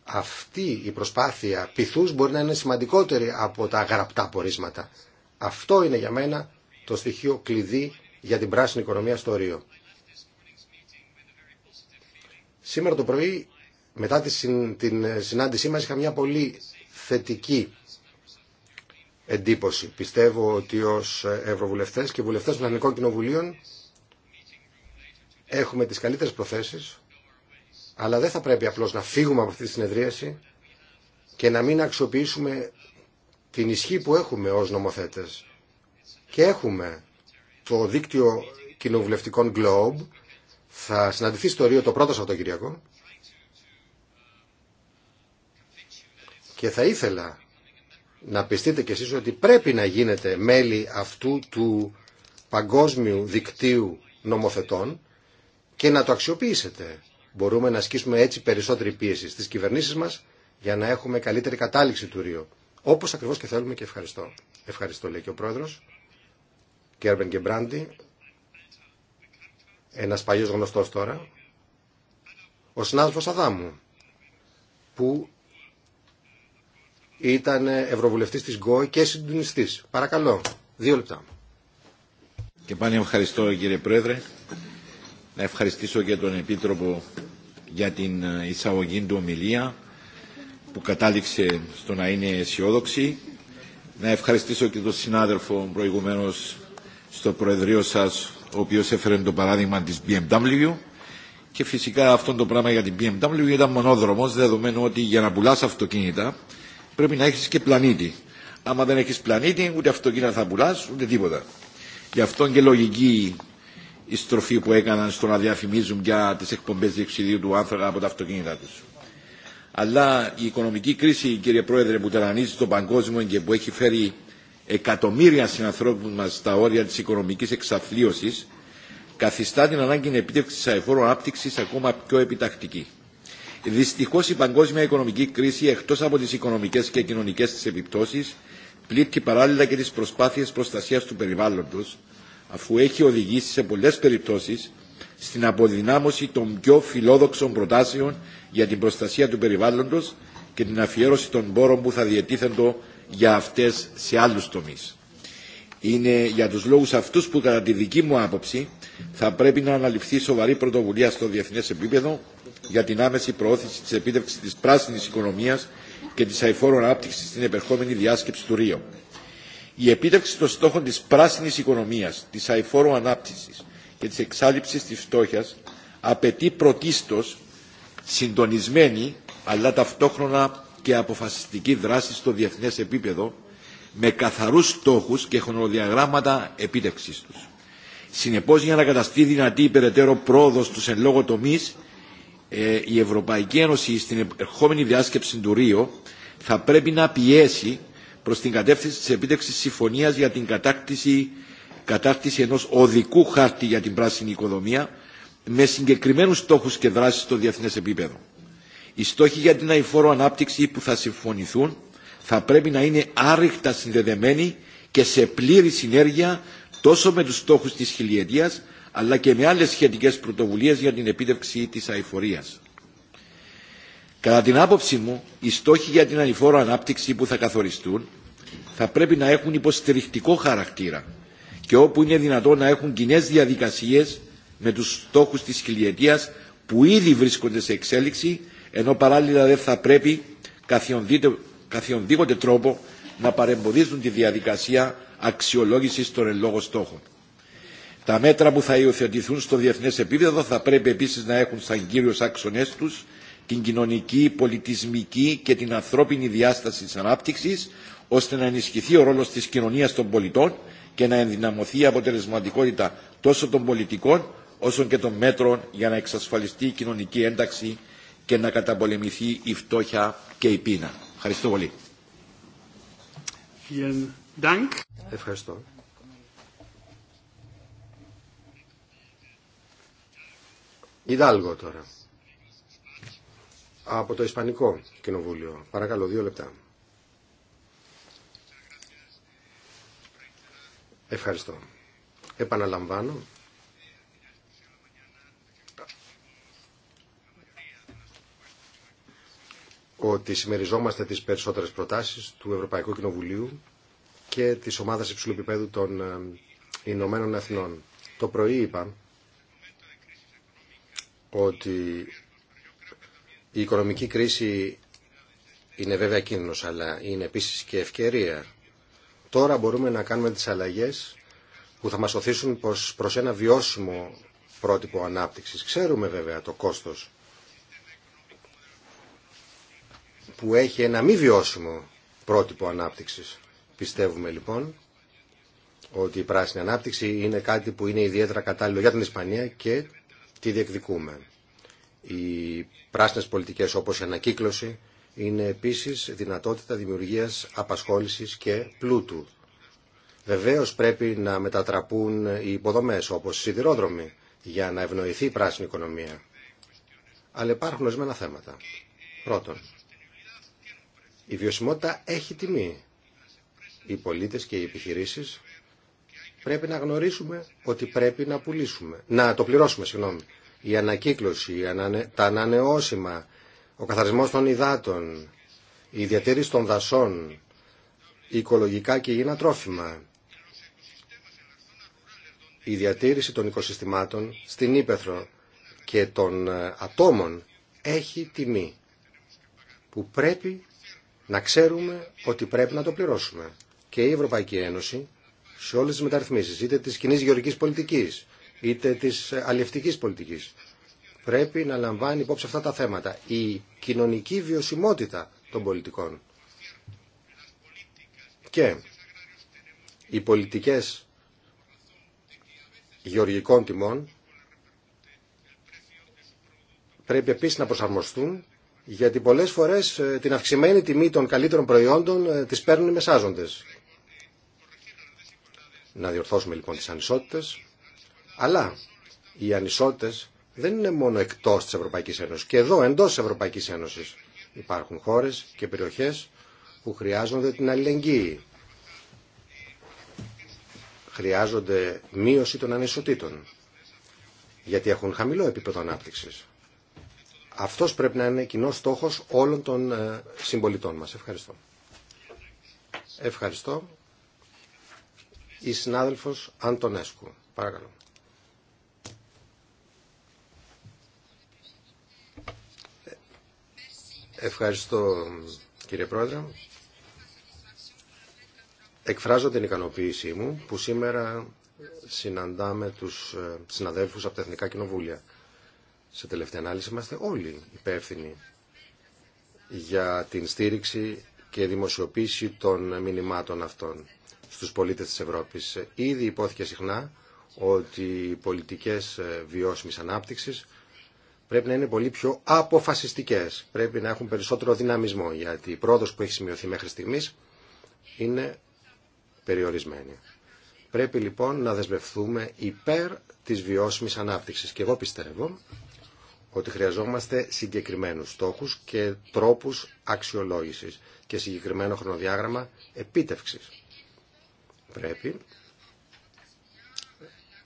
αυτή η προσπάθεια πειθούς μπορεί να είναι σημαντικότερη από τα γραπτά πορίσματα. Αυτό είναι για μένα το στοιχείο κλειδί για την πράσινη οικονομία στο Ρίο. Σήμερα το πρωί, μετά την συνάντησή μας, είχα μια πολύ θετική εντύπωση. Πιστεύω ότι ως Ευρωβουλευτές και βουλευτές των Εθνικών Κοινοβουλίων έχουμε τις καλύτερες προθέσεις, αλλά δεν θα πρέπει απλώς να φύγουμε από αυτή τη συνεδρίαση και να μην αξιοποιήσουμε την ισχύ που έχουμε ως νομοθέτες. Και έχουμε το δίκτυο κοινοβουλευτικών Globe, θα συναντηθεί στο Ρίο το πρώτο Σαββατοκυριακό και θα ήθελα να πιστείτε κι εσείς ότι πρέπει να γίνετε μέλη αυτού του παγκόσμιου δικτύου νομοθετών και να το αξιοποιήσετε. Μπορούμε να ασκήσουμε έτσι περισσότερη πίεση στις κυβερνήσεις μας για να έχουμε καλύτερη κατάληξη του ρίου. Όπως ακριβώς και θέλουμε και ευχαριστώ. Ευχαριστώ λέει και ο πρόεδρος. Κέρβεν Γκεμπράντι, ένας παλιός γνωστός τώρα, ο συνάδελφος Αδάμου, που ήταν ευρωβουλευτής της ΓΚΟΕ και συντονιστή. Παρακαλώ, δύο λεπτά. Και πάλι ευχαριστώ κύριε Πρόεδρε. Να ευχαριστήσω και τον Επίτροπο για την ε, εισαγωγή του ομιλία που κατάληξε στο να είναι αισιόδοξη. Να ευχαριστήσω και τον συνάδελφο προηγουμένω στο Προεδρείο σας ο οποίος έφερε το παράδειγμα της BMW και φυσικά αυτό το πράγμα για την BMW ήταν μόνοδρομο, δεδομένου ότι για να πουλά αυτοκίνητα πρέπει να έχεις και πλανήτη. Άμα δεν έχεις πλανήτη, ούτε αυτοκίνητα θα πουλάς, ούτε τίποτα. Γι' αυτό και λογική η στροφή που έκαναν στο να διαφημίζουν για τις εκπομπές διεξιδίου του άνθρακα από τα αυτοκίνητα τους. Αλλά η οικονομική κρίση, κύριε Πρόεδρε, που ταρανίζει τον παγκόσμιο και που έχει φέρει εκατομμύρια συνανθρώπου μα στα όρια τη οικονομική εξαθλίωση, καθιστά την ανάγκη επίτευξη αεφόρου ανάπτυξη ακόμα πιο επιτακτική. Δυστυχώ η παγκόσμια οικονομική κρίση, εκτό από τι οικονομικέ και κοινωνικέ τη επιπτώσει, πλήττει παράλληλα και τι προσπάθειε προστασία του περιβάλλοντο, αφού έχει οδηγήσει σε πολλέ περιπτώσει στην αποδυνάμωση των πιο φιλόδοξων προτάσεων για την προστασία του περιβάλλοντο και την αφιέρωση των πόρων που θα διετίθεντο για αυτέ σε άλλου τομεί. Είναι για τους λόγους αυτούς που κατά τη δική μου άποψη θα πρέπει να αναλυφθεί σοβαρή πρωτοβουλία στο διεθνές επίπεδο για την άμεση προώθηση της επίτευξης της πράσινης οικονομίας και της αϊφόρων ανάπτυξης στην επερχόμενη διάσκεψη του Ρίο. Η επίτευξη των στόχων της πράσινης οικονομίας, της αηφόρου ανάπτυξης και της εξάλληψης της φτώχειας απαιτεί πρωτίστως συντονισμένη αλλά ταυτόχρονα και αποφασιστική δράση στο διεθνές επίπεδο με καθαρούς στόχους και χρονοδιαγράμματα επίτευξης τους. Συνεπώς, για να καταστεί δυνατή υπεραιτέρω πρόοδο πρόοδος τους εν λόγω τομής, ε, η Ευρωπαϊκή Ένωση στην ερχόμενη διάσκεψη του Ρίο θα πρέπει να πιέσει προς την κατεύθυνση της επίτευξης συμφωνίας για την κατάκτηση, κατάκτηση ενός οδικού χάρτη για την πράσινη οικοδομία με συγκεκριμένους στόχους και δράσεις στο διεθνές επίπεδο. Οι στόχοι για την αηφόρο ανάπτυξη που θα συμφωνηθούν θα πρέπει να είναι άρρηκτα συνδεδεμένη και σε πλήρη συνέργεια τόσο με τους στόχους της χιλιετίας αλλά και με άλλες σχετικές πρωτοβουλίες για την επίτευξη της αηφορίας. Κατά την άποψή μου, οι στόχοι για την ανηφόρο ανάπτυξη που θα καθοριστούν θα πρέπει να έχουν υποστηρικτικό χαρακτήρα και όπου είναι δυνατό να έχουν κοινέ διαδικασίες με τους στόχους της χιλιετίας που ήδη βρίσκονται σε εξέλιξη ενώ παράλληλα δεν θα πρέπει καθιονδήποτε καθιονδήποτε τρόπο να παρεμποδίζουν τη διαδικασία αξιολόγησης των εν λόγω στόχων. Τα μέτρα που θα υιοθετηθούν στο διεθνέ επίπεδο θα πρέπει επίση να έχουν σαν κύριου άξονε του την κοινωνική, πολιτισμική και την ανθρώπινη διάσταση τη ανάπτυξη, ώστε να ενισχυθεί ο ρόλο τη κοινωνία των πολιτών και να ενδυναμωθεί η αποτελεσματικότητα τόσο των πολιτικών όσο και των μέτρων για να εξασφαλιστεί η κοινωνική ένταξη και να καταπολεμηθεί η φτώχεια και η πείνα. Ευχαριστώ πολύ. Ευχαριστώ. Ιδάλγο τώρα. Από το Ισπανικό Κοινοβούλιο. Παρακαλώ, δύο λεπτά. Ευχαριστώ. Επαναλαμβάνω ότι συμμεριζόμαστε τις περισσότερες προτάσεις του Ευρωπαϊκού Κοινοβουλίου και της ομάδας υψηλού επίπεδου των ε, Ηνωμένων Εθνών. Το πρωί είπα ότι η οικονομική κρίση είναι βέβαια κίνδυνος, αλλά είναι επίσης και ευκαιρία. Τώρα μπορούμε να κάνουμε τις αλλαγές που θα μας οθήσουν προς, προς ένα βιώσιμο πρότυπο ανάπτυξης. Ξέρουμε βέβαια το κόστος που έχει ένα μη βιώσιμο πρότυπο ανάπτυξης. Πιστεύουμε λοιπόν ότι η πράσινη ανάπτυξη είναι κάτι που είναι ιδιαίτερα κατάλληλο για την Ισπανία και τη διεκδικούμε. Οι πράσινες πολιτικές όπως η ανακύκλωση είναι επίσης δυνατότητα δημιουργίας απασχόλησης και πλούτου. Βεβαίως πρέπει να μετατραπούν οι υποδομές όπως οι σιδηρόδρομοι για να ευνοηθεί η πράσινη οικονομία. Αλλά υπάρχουν ορισμένα θέματα. Πρώτον, η βιωσιμότητα έχει τιμή. Οι πολίτες και οι επιχειρήσεις πρέπει να γνωρίσουμε ότι πρέπει να πουλήσουμε. Να το πληρώσουμε, συγγνώμη. Η ανακύκλωση, τα ανανεώσιμα, ο καθαρισμός των υδάτων, η διατήρηση των δασών, οικολογικά και υγιεινά τρόφιμα, η διατήρηση των οικοσυστημάτων στην Ήπεθρο και των ε, ατόμων έχει τιμή που πρέπει να ξέρουμε ότι πρέπει να το πληρώσουμε. Και η Ευρωπαϊκή Ένωση σε όλες τις μεταρρυθμίσεις, είτε της κοινή γεωργικής πολιτικής, είτε της αλληλευτικής πολιτικής, πρέπει να λαμβάνει υπόψη αυτά τα θέματα. Η κοινωνική βιωσιμότητα των πολιτικών. Και οι πολιτικές γεωργικών τιμών πρέπει επίσης να προσαρμοστούν γιατί πολλές φορές ε, την αυξημένη τιμή των καλύτερων προϊόντων ε, τις παίρνουν οι μεσάζοντες. Να διορθώσουμε λοιπόν τις ανισότητες, αλλά οι ανισότητες δεν είναι μόνο εκτός της Ευρωπαϊκής Ένωσης. Και εδώ εντός της Ευρωπαϊκής Ένωσης υπάρχουν χώρες και περιοχές που χρειάζονται την αλληλεγγύη. Χρειάζονται μείωση των ανισοτήτων, γιατί έχουν χαμηλό επίπεδο ανάπτυξης. Αυτός πρέπει να είναι κοινό στόχος όλων των ε, συμπολιτών μας. Ευχαριστώ. Ευχαριστώ. Η συνάδελφος Αντωνέσκου. Παρακαλώ. Ευχαριστώ κύριε Πρόεδρε. Εκφράζω την ικανοποίησή μου που σήμερα συναντάμε τους ε, συναδέλφους από τα Εθνικά Κοινοβούλια σε τελευταία ανάλυση είμαστε όλοι υπεύθυνοι για την στήριξη και δημοσιοποίηση των μηνυμάτων αυτών στους πολίτες της Ευρώπης. Ήδη υπόθηκε συχνά ότι οι πολιτικές βιώσιμης ανάπτυξης πρέπει να είναι πολύ πιο αποφασιστικές, πρέπει να έχουν περισσότερο δυναμισμό, γιατί η πρόοδος που έχει σημειωθεί μέχρι στιγμής είναι περιορισμένη. Πρέπει λοιπόν να δεσμευθούμε υπέρ της βιώσιμης ανάπτυξης. Και εγώ πιστεύω ότι χρειαζόμαστε συγκεκριμένους στόχους και τρόπους αξιολόγησης και συγκεκριμένο χρονοδιάγραμμα επίτευξης. Πρέπει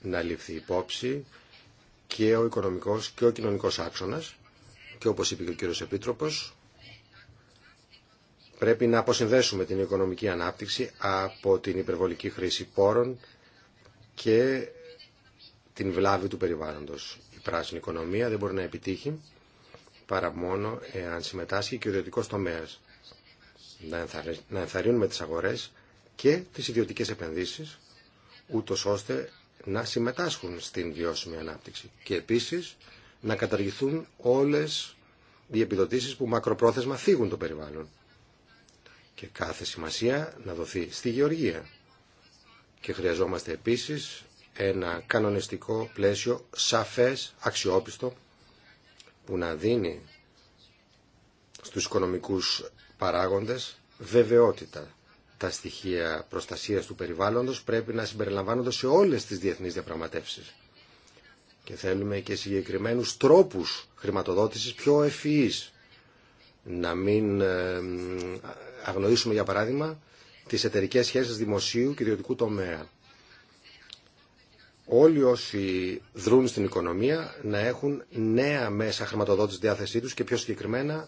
να ληφθεί υπόψη και ο οικονομικός και ο κοινωνικός άξονας και όπως είπε και ο κύριος Επίτροπος πρέπει να αποσυνδέσουμε την οικονομική ανάπτυξη από την υπερβολική χρήση πόρων και την βλάβη του περιβάλλοντος πράσινη οικονομία δεν μπορεί να επιτύχει παρά μόνο εάν συμμετάσχει και ο ιδιωτικό τομέα. Να ενθαρρύνουμε τι αγορέ και τι ιδιωτικέ επενδύσει, ούτω ώστε να συμμετάσχουν στην βιώσιμη ανάπτυξη. Και επίση να καταργηθούν όλε οι επιδοτήσει που μακροπρόθεσμα θίγουν το περιβάλλον. Και κάθε σημασία να δοθεί στη γεωργία. Και χρειαζόμαστε επίσης ένα κανονιστικό πλαίσιο σαφές, αξιόπιστο, που να δίνει στους οικονομικούς παράγοντες βεβαιότητα. Τα στοιχεία προστασίας του περιβάλλοντος πρέπει να συμπεριλαμβάνονται σε όλες τις διεθνείς διαπραγματεύσεις. Και θέλουμε και συγκεκριμένους τρόπους χρηματοδότησης πιο ευφυείς. Να μην αγνοήσουμε, για παράδειγμα, τις εταιρικές σχέσεις δημοσίου και ιδιωτικού τομέα όλοι όσοι δρούν στην οικονομία να έχουν νέα μέσα χρηματοδότηση διάθεσή τους και πιο συγκεκριμένα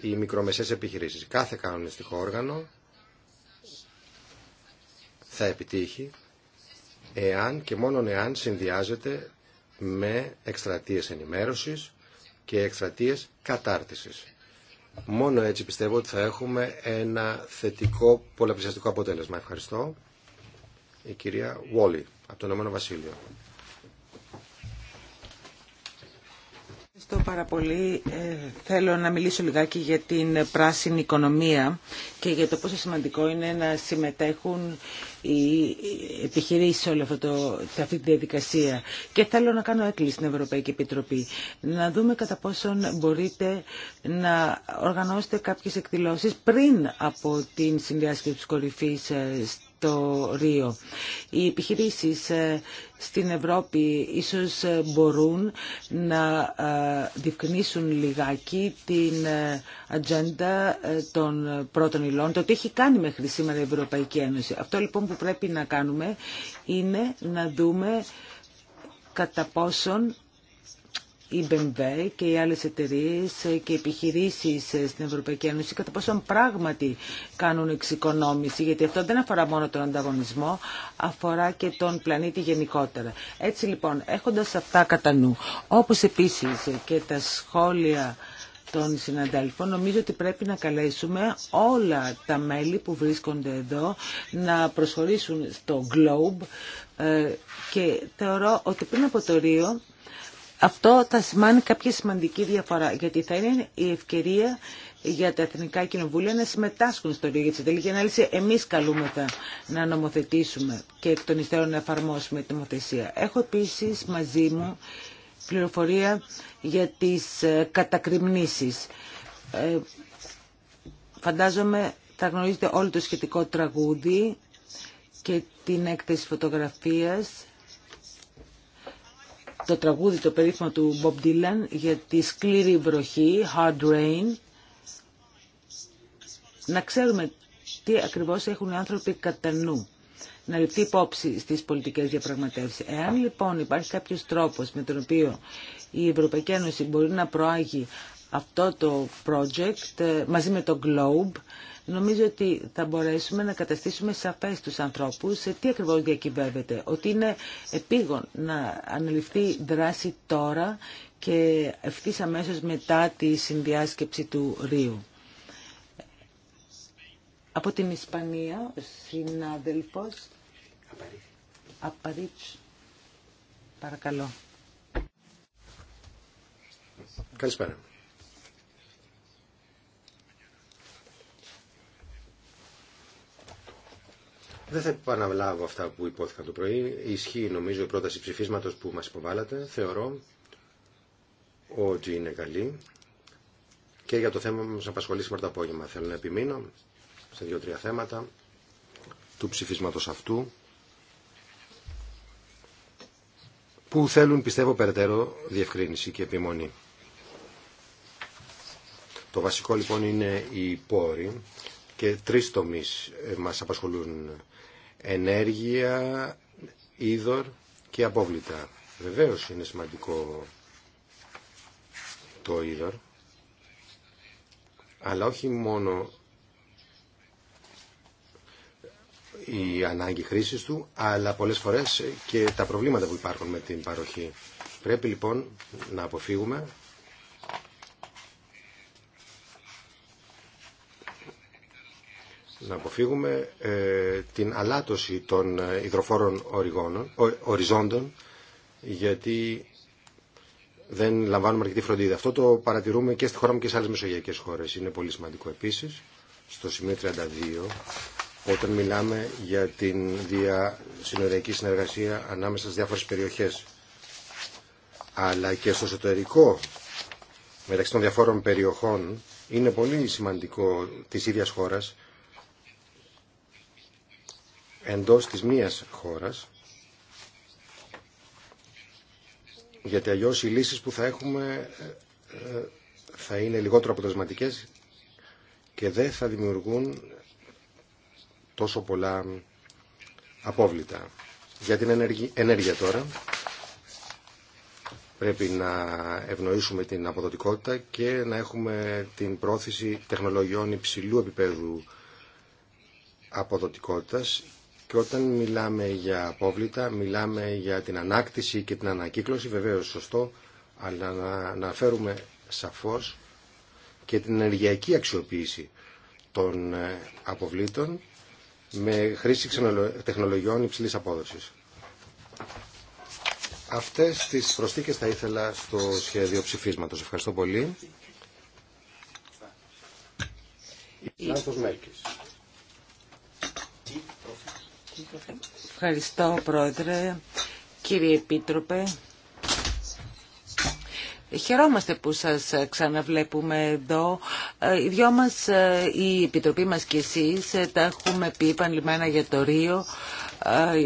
οι μικρομεσαίες επιχειρήσεις. Κάθε κανονιστικό όργανο θα επιτύχει εάν και μόνον εάν συνδυάζεται με εκστρατείες ενημέρωσης και εκστρατείες κατάρτισης. Μόνο έτσι πιστεύω ότι θα έχουμε ένα θετικό πολλαπλησιαστικό αποτέλεσμα. Ευχαριστώ η κυρία Βόλι από το Ηνωμένο Βασίλειο. Ευχαριστώ πάρα πολύ. Ε, θέλω να μιλήσω λιγάκι για την πράσινη οικονομία και για το πόσο σημαντικό είναι να συμμετέχουν οι επιχειρήσεις σε, όλη αυτή τη διαδικασία. Και θέλω να κάνω έκκληση στην Ευρωπαϊκή Επιτροπή. Να δούμε κατά πόσον μπορείτε να οργανώσετε κάποιες εκδηλώσεις πριν από την συνδιάσκεψη κορυφής ε, το Ρίο. Οι επιχειρήσεις ε, στην Ευρώπη ίσως ε, μπορούν να ε, διευκρινίσουν λιγάκι την ατζέντα των πρώτων υλών, το τι έχει κάνει μέχρι σήμερα η Ευρωπαϊκή Ένωση. Αυτό λοιπόν που πρέπει να κάνουμε είναι να δούμε κατά πόσον η BMW και οι άλλες εταιρείες και επιχειρήσεις στην Ευρωπαϊκή Ένωση κατά πόσο πράγματι κάνουν εξοικονόμηση γιατί αυτό δεν αφορά μόνο τον ανταγωνισμό αφορά και τον πλανήτη γενικότερα. Έτσι λοιπόν έχοντας αυτά κατά νου όπως επίσης και τα σχόλια των συναντέλφων, νομίζω ότι πρέπει να καλέσουμε όλα τα μέλη που βρίσκονται εδώ να προσχωρήσουν στο Globe ε, και θεωρώ ότι πριν από το Ρίο αυτό θα σημαίνει κάποια σημαντική διαφορά, γιατί θα είναι η ευκαιρία για τα εθνικά κοινοβούλια να συμμετάσχουν στο λίγο για τελική ανάλυση. Εμείς καλούμεθα να νομοθετήσουμε και εκ των υστέρων να εφαρμόσουμε την νομοθεσία. Έχω επίσης μαζί μου πληροφορία για τις ε, κατακριμνήσεις. Ε, φαντάζομαι θα γνωρίζετε όλο το σχετικό τραγούδι και την έκθεση φωτογραφίας το τραγούδι το περίφημο του Bob Dylan για τη σκληρή βροχή, hard rain, να ξέρουμε τι ακριβώς έχουν οι άνθρωποι κατά νου. Να ληφθεί υπόψη στις πολιτικές διαπραγματεύσεις. Εάν λοιπόν υπάρχει κάποιος τρόπος με τον οποίο η Ευρωπαϊκή Ένωση μπορεί να προάγει αυτό το project ε, μαζί με το Globe νομίζω ότι θα μπορέσουμε να καταστήσουμε σαφές τους ανθρώπους σε τι ακριβώς διακυβεύεται. Ότι είναι επίγον να αναλυφθεί δράση τώρα και ευθύ αμέσω μετά τη συνδιάσκεψη του Ρίου. Από την Ισπανία, ο συνάδελφος Απαρίτσου. Παρακαλώ. Καλησπέρα. Δεν θα επαναλάβω αυτά που υπόθηκαν το πρωί. Ισχύει νομίζω η πρόταση ψηφίσματος που μας υποβάλλατε. Θεωρώ ότι είναι καλή. Και για το θέμα που μας απασχολεί σήμερα το απόγευμα θέλω να επιμείνω σε δύο-τρία θέματα του ψηφίσματος αυτού που θέλουν πιστεύω περαιτέρω διευκρίνηση και επιμονή. Το βασικό λοιπόν είναι οι πόροι και τρεις τομείς ε, μας απασχολούν ενέργεια, είδωρ και απόβλητα. Βεβαίως είναι σημαντικό το είδωρ, αλλά όχι μόνο η ανάγκη χρήσης του, αλλά πολλές φορές και τα προβλήματα που υπάρχουν με την παροχή. Πρέπει λοιπόν να αποφύγουμε να αποφύγουμε ε, την αλάτωση των ε, υδροφόρων οριζόντων γιατί δεν λαμβάνουμε αρκετή φροντίδα. Αυτό το παρατηρούμε και στη χώρα μου και σε άλλες μεσογειακές χώρες. Είναι πολύ σημαντικό επίσης, στο σημείο 32, όταν μιλάμε για την διασυνοριακή συνεργασία ανάμεσα στις διάφορες περιοχές, αλλά και στο εσωτερικό μεταξύ των διαφόρων περιοχών, είναι πολύ σημαντικό της ίδιας χώρας εντός της μίας χώρας γιατί αλλιώς οι λύσεις που θα έχουμε ε, ε, θα είναι λιγότερο αποτελεσματικές και δεν θα δημιουργούν τόσο πολλά απόβλητα. Για την ενέργεια τώρα πρέπει να ευνοήσουμε την αποδοτικότητα και να έχουμε την πρόθεση τεχνολογιών υψηλού επίπεδου αποδοτικότητας και όταν μιλάμε για απόβλητα, μιλάμε για την ανάκτηση και την ανακύκλωση, βεβαίως σωστό, αλλά να αναφέρουμε σαφώς και την ενεργειακή αξιοποίηση των ε, αποβλήτων με χρήση τεχνολογιών υψηλής απόδοσης. Αυτές τις προσθήκες θα ήθελα στο σχέδιο ψηφίσματος. Ευχαριστώ πολύ. Η... Ευχαριστώ, Πρόεδρε. Κύριε Επίτροπε, Χαιρόμαστε που σας ξαναβλέπουμε εδώ. Ε, οι δυο μας, ε, η Επιτροπή μας και εσείς, ε, τα έχουμε πει επανειλημμένα για το Ρίο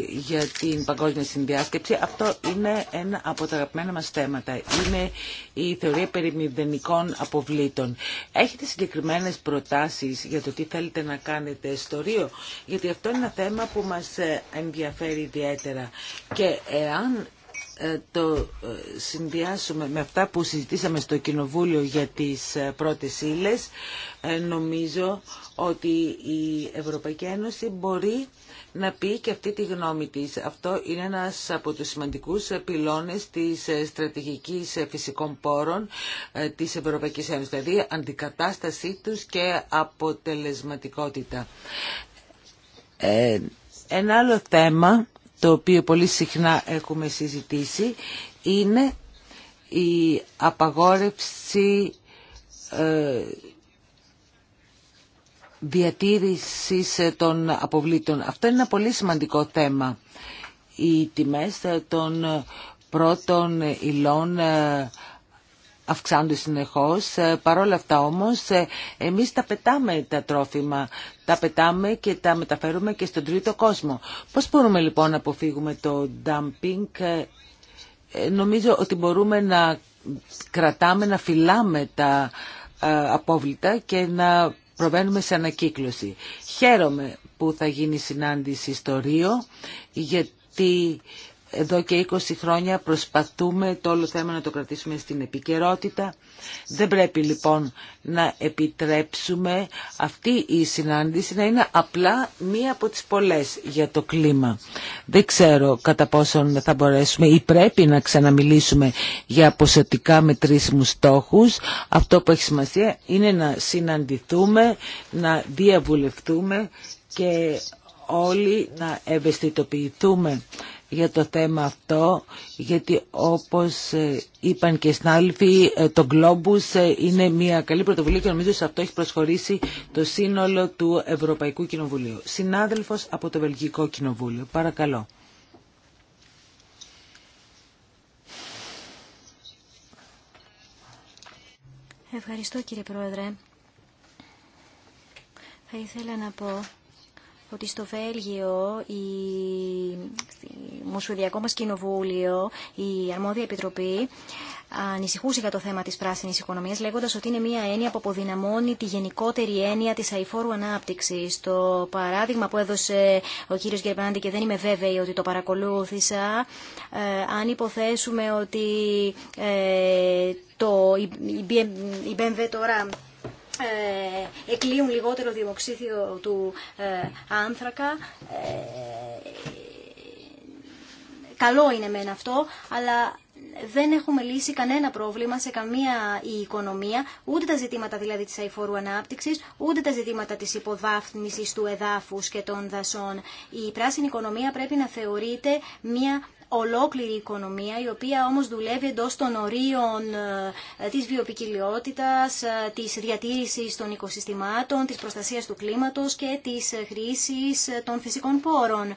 για την παγκόσμια συνδιάσκεψη. Αυτό είναι ένα από τα αγαπημένα μας θέματα. Είναι η θεωρία περί μηδενικών αποβλήτων. Έχετε συγκεκριμένες προτάσεις για το τι θέλετε να κάνετε στο Ρίο, γιατί αυτό είναι ένα θέμα που μας ε, ενδιαφέρει ιδιαίτερα. Και εάν ε, το ε, συνδυάσουμε με αυτά που συζητήσαμε στο Κοινοβούλιο για τις πρώτες ύλες νομίζω ότι η Ευρωπαϊκή Ένωση μπορεί να πει και αυτή τη γνώμη της. Αυτό είναι ένας από τους σημαντικούς πυλώνες της ε, στρατηγικής ε, φυσικών πόρων ε, της Ευρωπαϊκής Ένωσης, δηλαδή αντικατάστασή τους και αποτελεσματικότητα. Ε, ένα άλλο θέμα το οποίο πολύ συχνά έχουμε συζητήσει είναι η απαγόρευση διατήρησης ε, των αποβλήτων. Αυτό είναι ένα πολύ σημαντικό θέμα. Οι τιμές ε, των ε, πρώτων υλών αυξάνονται συνεχώς. Παρόλα αυτά όμως εμείς τα πετάμε τα τρόφιμα, τα πετάμε και τα μεταφέρουμε και στον τρίτο κόσμο. Πώς μπορούμε λοιπόν να αποφύγουμε το dumping. Νομίζω ότι μπορούμε να κρατάμε, να φυλάμε τα απόβλητα και να προβαίνουμε σε ανακύκλωση. Χαίρομαι που θα γίνει συνάντηση στο Ρίο γιατί εδώ και 20 χρόνια προσπαθούμε το όλο θέμα να το κρατήσουμε στην επικαιρότητα. Δεν πρέπει λοιπόν να επιτρέψουμε αυτή η συνάντηση να είναι απλά μία από τις πολλές για το κλίμα. Δεν ξέρω κατά πόσον θα μπορέσουμε ή πρέπει να ξαναμιλήσουμε για ποσοτικά μετρήσιμους στόχους. Αυτό που έχει σημασία είναι να συναντηθούμε, να διαβουλευτούμε και όλοι να ευαισθητοποιηθούμε για το θέμα αυτό, γιατί όπως ε, είπαν και συνάδελφοι, ε, το Globus ε, είναι μια καλή πρωτοβουλία και νομίζω σε αυτό έχει προσχωρήσει το σύνολο του Ευρωπαϊκού Κοινοβουλίου. Συνάδελφος από το Βελγικό Κοινοβούλιο, παρακαλώ. Ευχαριστώ κύριε Πρόεδρε. Θα ήθελα να πω ότι στο Βέλγιο, η... στο Μοσουδιακό μας Κοινοβούλιο, η Αρμόδια Επιτροπή ανησυχούσε για το θέμα της πράσινης οικονομίας λέγοντας ότι είναι μια έννοια που αποδυναμώνει τη γενικότερη έννοια της αηφόρου ανάπτυξης. Το παράδειγμα που έδωσε ο κύριος Γερμανάντη και δεν είμαι βέβαιη ότι το παρακολούθησα, αν υποθέσουμε ότι το, η, η, η τώρα ε, εκλείουν λιγότερο διοξίδιο του ε, άνθρακα. Ε, καλό είναι μεν αυτό, αλλά δεν έχουμε λύσει κανένα πρόβλημα σε καμία η οικονομία, ούτε τα ζητήματα δηλαδή της αηφόρου ανάπτυξης, ούτε τα ζητήματα της υποβάθμισης του εδάφους και των δασών. Η πράσινη οικονομία πρέπει να θεωρείται μια ολόκληρη οικονομία η οποία όμως δουλεύει εντό των ορίων ε, της βιοποικιλιότητας ε, της διατήρησης των οικοσυστημάτων, της προστασίας του κλίματος και της χρήσης ε, των φυσικών πόρων.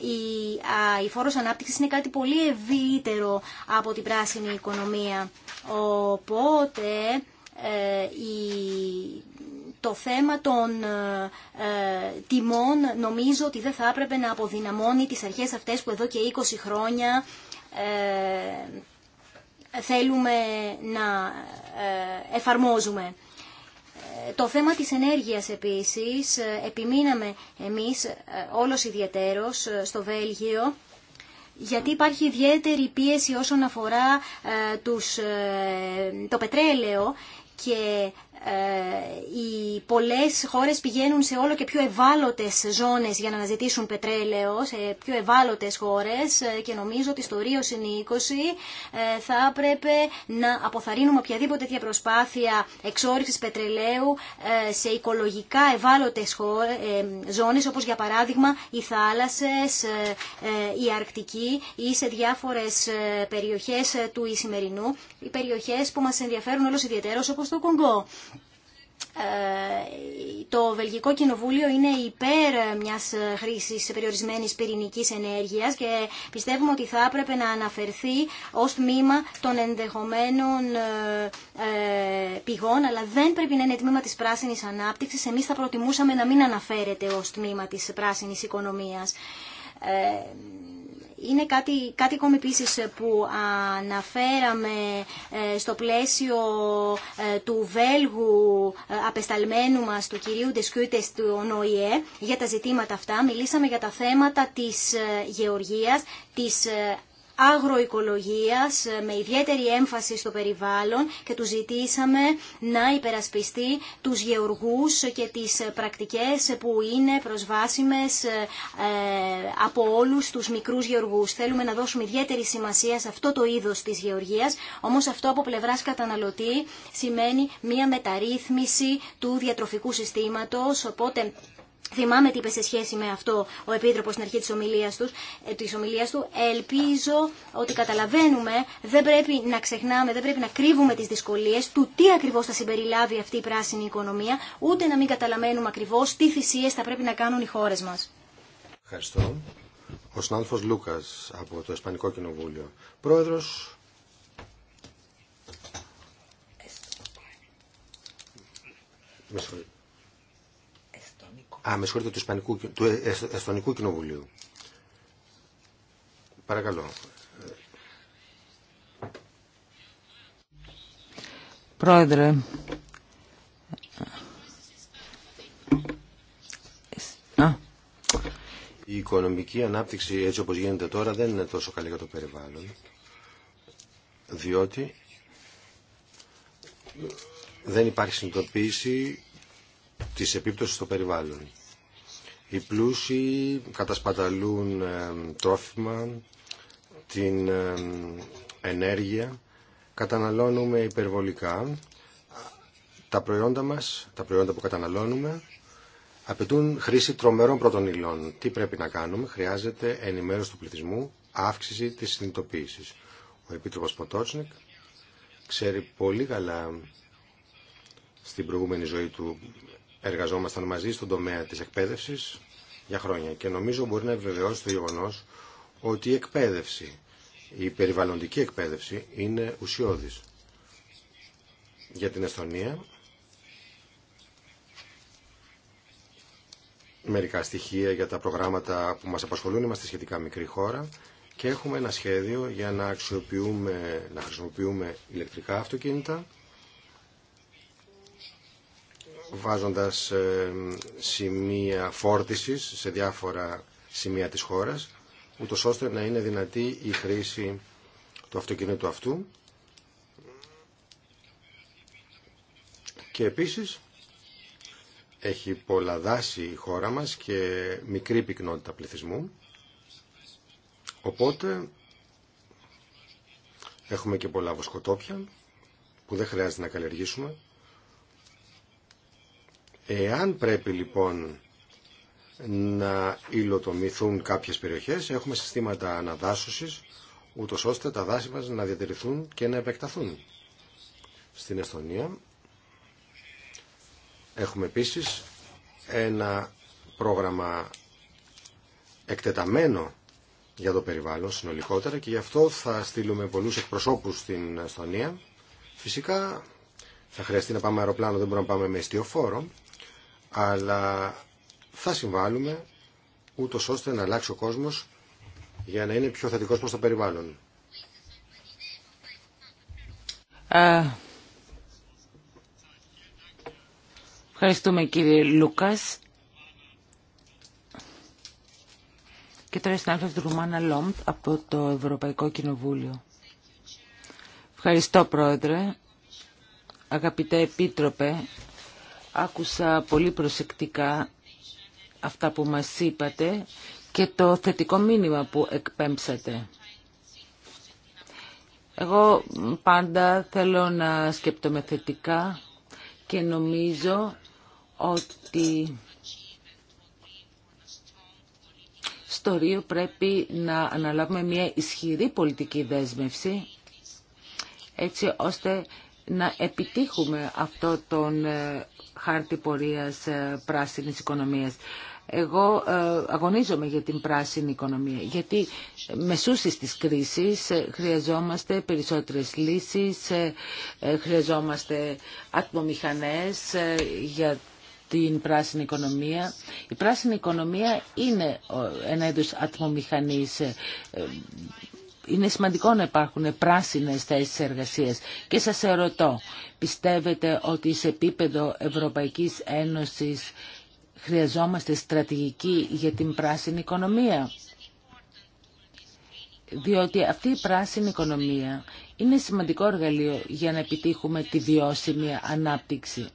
Η, α, η φόρος ανάπτυξης είναι κάτι πολύ ευρύτερο από την πράσινη οικονομία. Οπότε η το θέμα των ε, ε, τιμών νομίζω ότι δεν θα έπρεπε να αποδυναμώνει τις αρχές αυτές που εδώ και 20 χρόνια ε, θέλουμε να εφαρμόζουμε. Το θέμα της ενέργειας επίσης επιμείναμε εμείς όλος ιδιαίτερος στο Βέλγιο γιατί υπάρχει ιδιαίτερη πίεση όσον αφορά τους, το πετρέλαιο και ε, οι πολλές χώρες πηγαίνουν σε όλο και πιο ευάλωτες ζώνες για να αναζητήσουν πετρέλαιο, σε πιο ευάλωτες χώρες ε, και νομίζω ότι στο Ρίο συν 20 ε, θα έπρεπε να αποθαρρύνουμε οποιαδήποτε τέτοια προσπάθεια εξόρυξης πετρελαίου σε οικολογικά ευάλωτες ζώνες όπως για παράδειγμα οι θάλασσες, η Αρκτική ή σε διάφορες περιοχές του Ισημερινού, οι περιοχές που μας ενδιαφέρουν όλος ιδιαίτερος όπως το Κονγκό. Ε, το Βελγικό Κοινοβούλιο είναι υπέρ μιας χρήσης περιορισμένης πυρηνικής ενέργειας και πιστεύουμε ότι θα έπρεπε να αναφερθεί ως τμήμα των ενδεχομένων ε, ε, πηγών, αλλά δεν πρέπει να είναι τμήμα της πράσινης ανάπτυξης. Εμείς θα προτιμούσαμε να μην αναφέρεται ως τμήμα της πράσινης οικονομίας είναι κάτι, κάτι ακόμη επίση ε, που αναφέραμε ε, στο πλαίσιο ε, του Βέλγου απεσταλμένου μας, του κυρίου Ντεσκούτε του ΟΝΟΙΕ, για τα ζητήματα αυτά. Μιλήσαμε για τα θέματα της γεωργίας, της αγροοικολογίας ε, με ιδιαίτερη έμφαση στο περιβάλλον και του ζητήσαμε να υπερασπιστεί τους γεωργούς και τις πρακτικές που είναι προσβάσιμες ε, ε, από όλους τους μικρούς γεωργούς. Θέλουμε να δώσουμε ιδιαίτερη σημασία σε αυτό το είδος της γεωργίας, όμως αυτό από πλευράς καταναλωτή σημαίνει μία μεταρρύθμιση του διατροφικού συστήματος, οπότε Θυμάμαι τι είπε σε σχέση με αυτό ο Επίτροπος στην αρχή της ομιλίας, τους, ε, της ομιλίας του. Ελπίζω ότι καταλαβαίνουμε, δεν πρέπει να ξεχνάμε, δεν πρέπει να κρύβουμε τις δυσκολίες του τι ακριβώς θα συμπεριλάβει αυτή η πράσινη οικονομία, ούτε να μην καταλαβαίνουμε ακριβώς τι θυσίες θα πρέπει να κάνουν οι χώρες μας. Ευχαριστώ. Ο συνάδελφος Λούκας από το Ισπανικό Κοινοβούλιο. Πρόεδρος Με Α, με συγχωρείτε, του, Ισπανικού, του ε- ε- Εστονικού Κοινοβουλίου. Παρακαλώ. Πρόεδρε, η οικονομική ανάπτυξη έτσι όπως γίνεται τώρα δεν είναι τόσο καλή για το περιβάλλον διότι δεν υπάρχει συνειδητοποίηση της επίπτωσης στο περιβάλλον. Οι πλούσιοι κατασπαταλούν ε, τρόφιμα, την ε, ενέργεια, καταναλώνουμε υπερβολικά. Τα προϊόντα μας, τα προϊόντα που καταναλώνουμε, απαιτούν χρήση τρομερών πρώτων Τι πρέπει να κάνουμε, χρειάζεται ενημέρωση του πληθυσμού, αύξηση της συνειδητοποίησης. Ο Επίτροπος Ποτότσνικ ξέρει πολύ καλά στην προηγούμενη ζωή του εργαζόμασταν μαζί στον τομέα της εκπαίδευσης για χρόνια και νομίζω μπορεί να επιβεβαιώσει το γεγονό ότι η εκπαίδευση, η περιβαλλοντική εκπαίδευση είναι ουσιώδης. Για την Εστονία μερικά στοιχεία για τα προγράμματα που μας απασχολούν. Είμαστε σχετικά μικρή χώρα και έχουμε ένα σχέδιο για να αξιοποιούμε, να χρησιμοποιούμε ηλεκτρικά αυτοκίνητα βάζοντας ε, σημεία φόρτισης σε διάφορα σημεία της χώρας, ούτω ώστε να είναι δυνατή η χρήση του αυτοκινήτου αυτού. Και επίσης έχει πολλά δάση η χώρα μας και μικρή πυκνότητα πληθυσμού. Οπότε έχουμε και πολλά βοσκοτόπια που δεν χρειάζεται να καλλιεργήσουμε Εάν πρέπει λοιπόν να υλοτομηθούν κάποιες περιοχές, έχουμε συστήματα αναδάσωσης, ούτω ώστε τα δάση μας να διατηρηθούν και να επεκταθούν. Στην Εστονία έχουμε επίσης ένα πρόγραμμα εκτεταμένο για το περιβάλλον συνολικότερα και γι' αυτό θα στείλουμε πολλούς εκπροσώπους στην Εστονία. Φυσικά θα χρειαστεί να πάμε αεροπλάνο, δεν μπορούμε να πάμε με εστιοφόρο, αλλά θα συμβάλλουμε ούτως ώστε να αλλάξει ο κόσμος για να είναι πιο θετικός προς το περιβάλλον. Ε, ευχαριστούμε κύριε Λούκας. Και τώρα συνάδελφος του Ρουμάνα Λόμπ από το Ευρωπαϊκό Κοινοβούλιο. Ευχαριστώ πρόεδρε. Αγαπητέ Επίτροπε, Άκουσα πολύ προσεκτικά αυτά που μας είπατε και το θετικό μήνυμα που εκπέμψατε. Εγώ πάντα θέλω να σκεπτομαι θετικά και νομίζω ότι στο Ρίο πρέπει να αναλάβουμε μια ισχυρή πολιτική δέσμευση έτσι ώστε να επιτύχουμε αυτό τον ε, χάρτη πορείας ε, πράσινης οικονομίας. Εγώ ε, αγωνίζομαι για την πράσινη οικονομία, γιατί μεσούσεις της κρίσης χρειαζόμαστε περισσότερες λύσεις, χρειαζόμαστε ατμομηχανές για την πράσινη οικονομία. Η πράσινη οικονομία είναι ένα είδος ατμομηχανής είναι σημαντικό να υπάρχουν πράσινες θέσεις εργασίας. Και σας ερωτώ, πιστεύετε ότι σε επίπεδο Ευρωπαϊκής Ένωσης χρειαζόμαστε στρατηγική για την πράσινη οικονομία. Διότι αυτή η πράσινη οικονομία είναι σημαντικό εργαλείο για να επιτύχουμε τη βιώσιμη ανάπτυξη.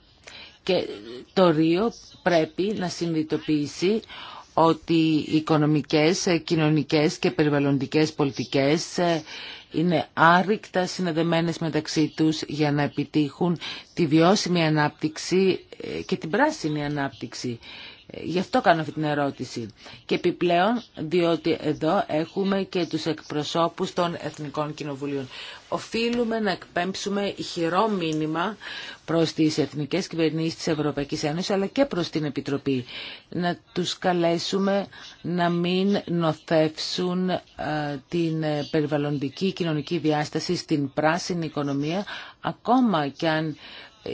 Και το Ρίο πρέπει να συνειδητοποιήσει ότι οι οικονομικές, κοινωνικές και περιβαλλοντικές πολιτικές ε, είναι άρρηκτα συνεδεμένες μεταξύ τους για να επιτύχουν τη βιώσιμη ανάπτυξη ε, και την πράσινη ανάπτυξη. Γι' αυτό κάνω αυτή την ερώτηση. Και επιπλέον, διότι εδώ έχουμε και τους εκπροσώπους των Εθνικών Κοινοβουλίων. Οφείλουμε να εκπέμψουμε χειρό μήνυμα προς τις Εθνικές Κυβερνήσεις της Ευρωπαϊκής Ένωσης, αλλά και προς την Επιτροπή. Να τους καλέσουμε να μην νοθεύσουν ε, την ε, περιβαλλοντική κοινωνική διάσταση στην πράσινη οικονομία, ακόμα και αν ε,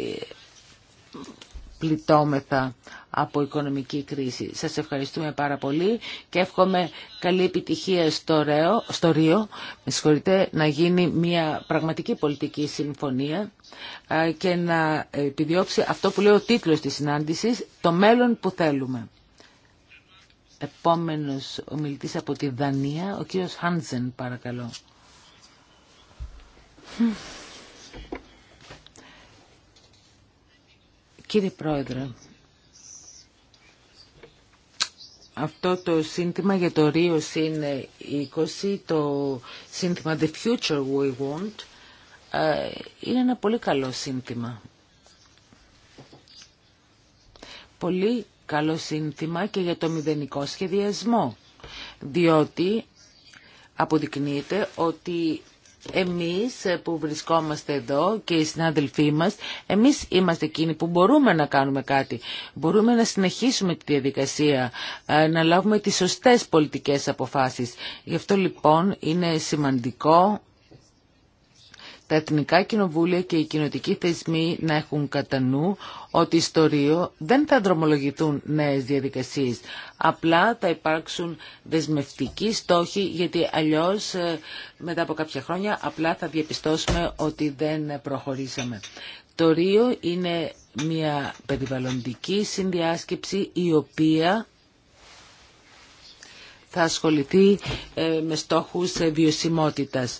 πληττόμεθα από οικονομική κρίση. Σας ευχαριστούμε πάρα πολύ και εύχομαι καλή επιτυχία στο, Ρέο, στο Ρίο με να γίνει μια πραγματική πολιτική συμφωνία και να επιδιώξει αυτό που λέει ο τίτλος της συνάντησης «Το μέλλον που θέλουμε». Επόμενος ομιλητής από τη Δανία, ο κύριος Χάντζεν, παρακαλώ. Κύριε Πρόεδρε, αυτό το σύνθημα για το Ρίο είναι 20, το σύνθημα The Future We Want, ε, είναι ένα πολύ καλό σύνθημα. Πολύ καλό σύνθημα και για το μηδενικό σχεδιασμό, διότι αποδεικνύεται ότι εμείς που βρισκόμαστε εδώ και οι συνάδελφοί μας, εμείς είμαστε εκείνοι που μπορούμε να κάνουμε κάτι. Μπορούμε να συνεχίσουμε τη διαδικασία, ε, να λάβουμε τις σωστές πολιτικές αποφάσεις. Γι' αυτό λοιπόν είναι σημαντικό τα Εθνικά Κοινοβούλια και οι κοινοτικοί θεσμοί να έχουν κατά νου ότι στο Ρίο δεν θα δρομολογηθούν νέες διαδικασίες. Απλά θα υπάρξουν δεσμευτικοί στόχοι γιατί αλλιώς ε, μετά από κάποια χρόνια απλά θα διαπιστώσουμε ότι δεν προχωρήσαμε. Το Ρίο είναι μια περιβαλλοντική συνδιάσκεψη η οποία θα ασχοληθεί ε, με στόχους ε, βιωσιμότητας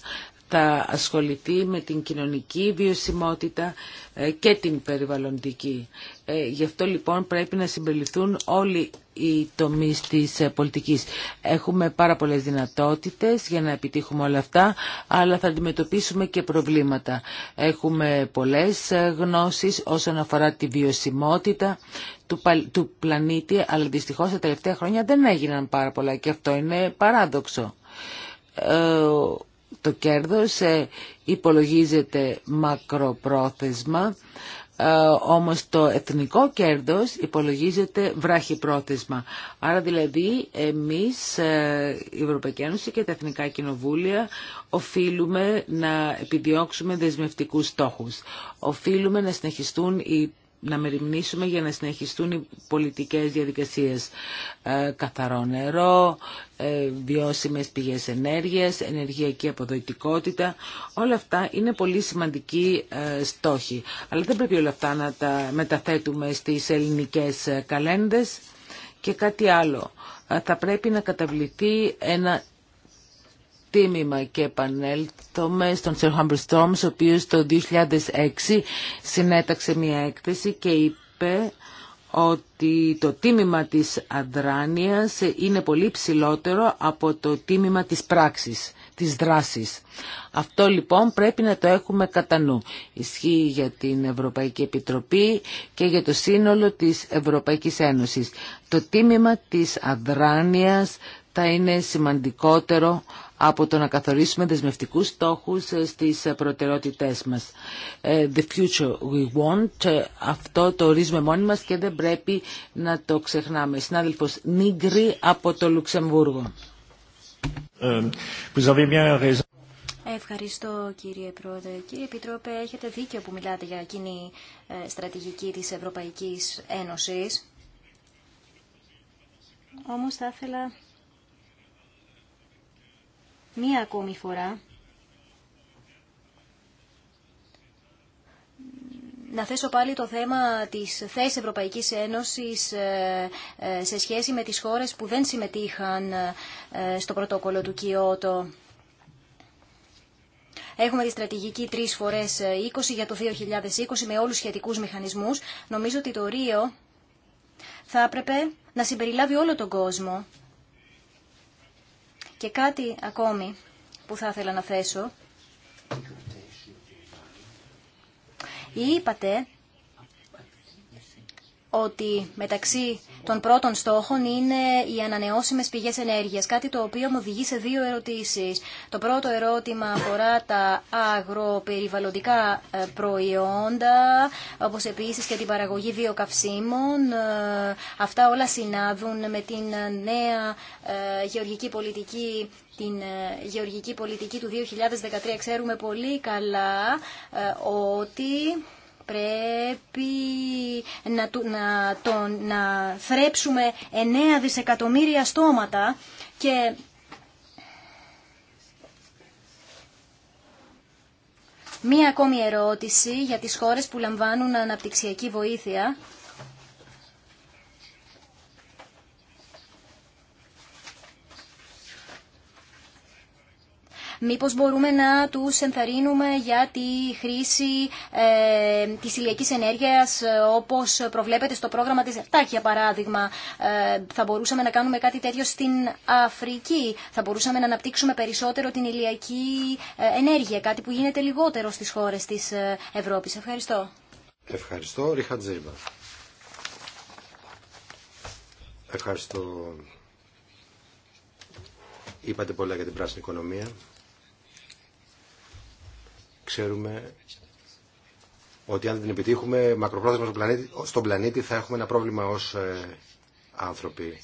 θα ασχοληθεί με την κοινωνική βιωσιμότητα ε, και την περιβαλλοντική. Ε, γι' αυτό λοιπόν πρέπει να συμπεριληφθούν όλοι οι τομείς της ε, πολιτικής. Έχουμε πάρα πολλές δυνατότητες για να επιτύχουμε όλα αυτά, αλλά θα αντιμετωπίσουμε και προβλήματα. Έχουμε πολλές γνώσεις όσον αφορά τη βιωσιμότητα του πλανήτη, αλλά δυστυχώς τα τελευταία χρόνια δεν έγιναν πάρα πολλά και αυτό είναι παράδοξο το κέρδος ε, υπολογίζεται μακροπρόθεσμα, ε, όμως το εθνικό κέρδος υπολογίζεται βράχυπρόθεσμα. Άρα δηλαδή εμείς, ε, η Ευρωπαϊκή Ένωση και τα Εθνικά Κοινοβούλια οφείλουμε να επιδιώξουμε δεσμευτικούς στόχους. Οφείλουμε να συνεχιστούν οι να μεριμνήσουμε για να συνεχιστούν οι πολιτικές διαδικασίες. Ε, καθαρό νερό, ε, βιώσιμες πηγές ενέργειας, ενεργειακή αποδοτικότητα. Όλα αυτά είναι πολύ σημαντικοί ε, στόχοι. Αλλά δεν πρέπει όλα αυτά να τα μεταθέτουμε στις ελληνικές ε, καλένδες. Και κάτι άλλο. Θα πρέπει να καταβληθεί ένα τίμημα και επανέλθουμε στον Sir Humber Storms, ο οποίος το 2006 συνέταξε μια έκθεση και είπε ότι το τίμημα της αδράνειας είναι πολύ ψηλότερο από το τίμημα της πράξης, της δράσης. Αυτό λοιπόν πρέπει να το έχουμε κατά νου. Ισχύει για την Ευρωπαϊκή Επιτροπή και για το σύνολο της Ευρωπαϊκής Ένωσης. Το τίμημα της αδράνειας θα είναι σημαντικότερο από το να καθορίσουμε δεσμευτικούς στόχους ε, στις ε, προτεραιότητές μας. Ε, the future we want, αυτό το ορίζουμε μόνοι μας και δεν πρέπει να το ξεχνάμε. Συνάδελφος Νίγκρι από το Λουξεμβούργο. Ευχαριστώ κύριε Πρόεδρε. Κύριε Επιτρόπε, έχετε δίκιο που μιλάτε για κοινή στρατηγική της Ευρωπαϊκής Ένωσης. Όμως θα ήθελα μία ακόμη φορά να θέσω πάλι το θέμα της θέσης Ευρωπαϊκής Ένωσης ε, ε, σε σχέση με τις χώρες που δεν συμμετείχαν ε, στο πρωτόκολλο του Κιώτο. Έχουμε τη στρατηγική τρεις φορές 20 για το 2020 με όλους σχετικούς μηχανισμούς. Νομίζω ότι το Ρίο θα έπρεπε να συμπεριλάβει όλο τον κόσμο και κάτι ακόμη που θα ήθελα να θέσω. Είπατε ότι μεταξύ των πρώτων στόχων είναι οι ανανεώσιμε πηγέ ενέργεια, κάτι το οποίο μου οδηγεί σε δύο ερωτήσει. Το πρώτο ερώτημα αφορά τα αγροπεριβαλλοντικά ε, προϊόντα, όπω επίση και την παραγωγή βιοκαυσίμων. Ε, αυτά όλα συνάδουν με την νέα ε, γεωργική πολιτική την γεωργική πολιτική του 2013 ξέρουμε πολύ καλά ότι πρέπει να, να, να θρέψουμε 9 δισεκατομμύρια στόματα και Μία ακόμη ερώτηση για τις χώρες που λαμβάνουν αναπτυξιακή βοήθεια. Μήπως μπορούμε να τους ενθαρρύνουμε για τη χρήση ε, της ηλιακής ενέργειας ε, όπως προβλέπεται στο πρόγραμμα της ΕΡΤΑΚ για παράδειγμα. Ε, θα μπορούσαμε να κάνουμε κάτι τέτοιο στην Αφρική. Θα μπορούσαμε να αναπτύξουμε περισσότερο την ηλιακή ε, ενέργεια, κάτι που γίνεται λιγότερο στις χώρες της Ευρώπης. Ευχαριστώ. Ευχαριστώ, Ρίχα Ευχαριστώ. Είπατε πολλά για την πράσινη οικονομία. Ξέρουμε ότι αν δεν την επιτύχουμε, μακροπρόθεσμα στον πλανήτη, στον πλανήτη θα έχουμε ένα πρόβλημα ως ε, άνθρωποι.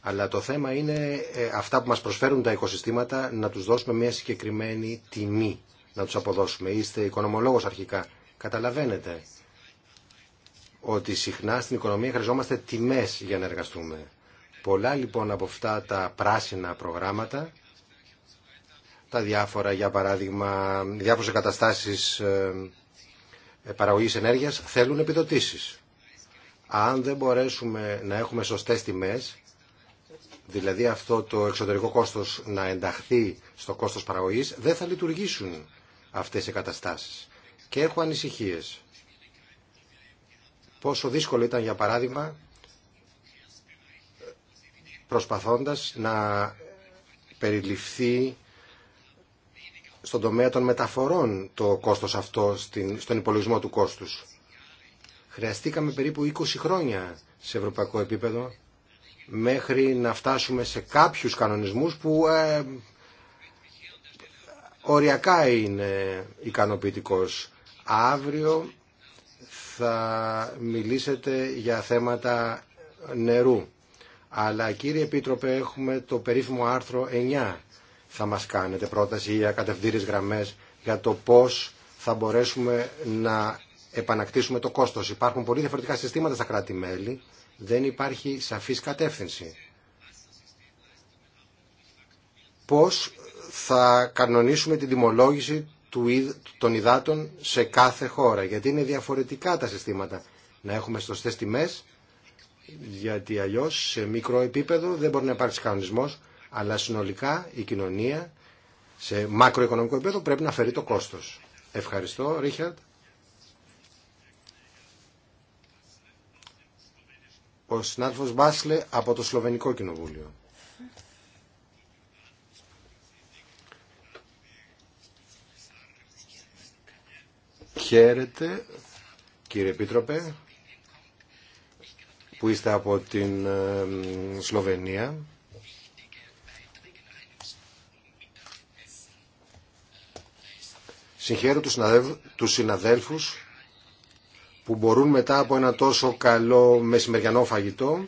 Αλλά το θέμα είναι ε, αυτά που μας προσφέρουν τα οικοσυστήματα να τους δώσουμε μια συγκεκριμένη τιμή, να τους αποδώσουμε. Είστε οικονομολόγος αρχικά. Καταλαβαίνετε ότι συχνά στην οικονομία χρειαζόμαστε τιμές για να εργαστούμε. Πολλά λοιπόν από αυτά τα πράσινα προγράμματα τα διάφορα, για παράδειγμα, διάφορες καταστάσεις ε, παραγωγής ενέργειας θέλουν επιδοτήσεις. Αν δεν μπορέσουμε να έχουμε σωστές τιμές, δηλαδή αυτό το εξωτερικό κόστος να ενταχθεί στο κόστος παραγωγής, δεν θα λειτουργήσουν αυτές οι καταστάσεις. Και έχω ανησυχίες. Πόσο δύσκολο ήταν, για παράδειγμα, προσπαθώντας να περιληφθεί στον τομέα των μεταφορών το κόστος αυτό στον υπολογισμό του κόστους. Χρειαστήκαμε περίπου 20 χρόνια σε ευρωπαϊκό επίπεδο μέχρι να φτάσουμε σε κάποιους κανονισμούς που ε, οριακά είναι ικανοποιητικός. Αύριο θα μιλήσετε για θέματα νερού. Αλλά κύριε Επίτροπε έχουμε το περίφημο άρθρο 9 θα μας κάνετε πρόταση για κατευθύνες γραμμές για το πώς θα μπορέσουμε να επανακτήσουμε το κόστος. Υπάρχουν πολύ διαφορετικά συστήματα στα κράτη-μέλη. Δεν υπάρχει σαφής κατεύθυνση. Πώς θα κανονίσουμε την τιμολόγηση των υδάτων σε κάθε χώρα. Γιατί είναι διαφορετικά τα συστήματα. Να έχουμε σωστές τιμές, γιατί αλλιώς σε μικρό επίπεδο δεν μπορεί να υπάρξει κανονισμός αλλά συνολικά η κοινωνία σε μακροοικονομικό επίπεδο πρέπει να φέρει το κόστος. Ευχαριστώ, Ρίχαρτ. Ο συνάδελφος Μπάσλε από το Σλοβενικό Κοινοβούλιο. Χαίρετε, κύριε Επίτροπε, που είστε από την ε, Σλοβενία. Συγχαίρω τους, συναδέλφους που μπορούν μετά από ένα τόσο καλό μεσημεριανό φαγητό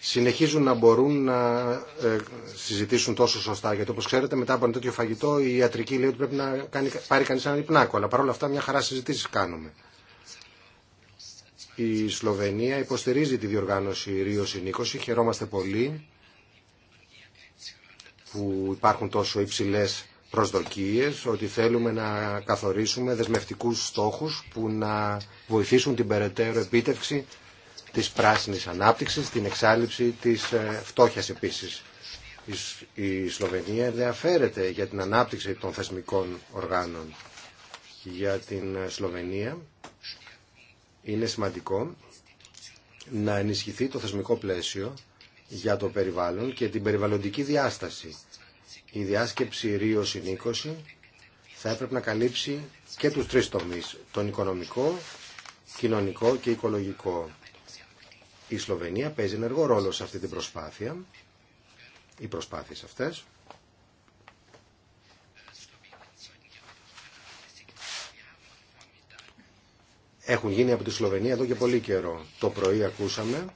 συνεχίζουν να μπορούν να ε, συζητήσουν τόσο σωστά. Γιατί όπως ξέρετε μετά από ένα τέτοιο φαγητό η ιατρική λέει ότι πρέπει να κάνει, πάρει κανείς έναν υπνάκο. Αλλά παρόλα αυτά μια χαρά συζητήσεις κάνουμε. Η Σλοβενία υποστηρίζει τη διοργάνωση Ρίο Συνήκωση. Χαιρόμαστε πολύ που υπάρχουν τόσο υψηλές προσδοκίες ότι θέλουμε να καθορίσουμε δεσμευτικούς στόχους που να βοηθήσουν την περαιτέρω επίτευξη της πράσινης ανάπτυξης, την εξάλληψη της ε, φτώχειας επίσης. Η Σλοβενία ενδιαφέρεται για την ανάπτυξη των θεσμικών οργάνων. Για την ε, Σλοβενία είναι σημαντικό να ενισχυθεί το θεσμικό πλαίσιο για το περιβάλλον και την περιβαλλοντική διάσταση η διάσκεψη Ρίο συν θα έπρεπε να καλύψει και τους τρεις τομείς, τον οικονομικό, κοινωνικό και οικολογικό. Η Σλοβενία παίζει ενεργό ρόλο σε αυτή την προσπάθεια, οι προσπάθειες αυτές. Έχουν γίνει από τη Σλοβενία εδώ και πολύ καιρό. Το πρωί ακούσαμε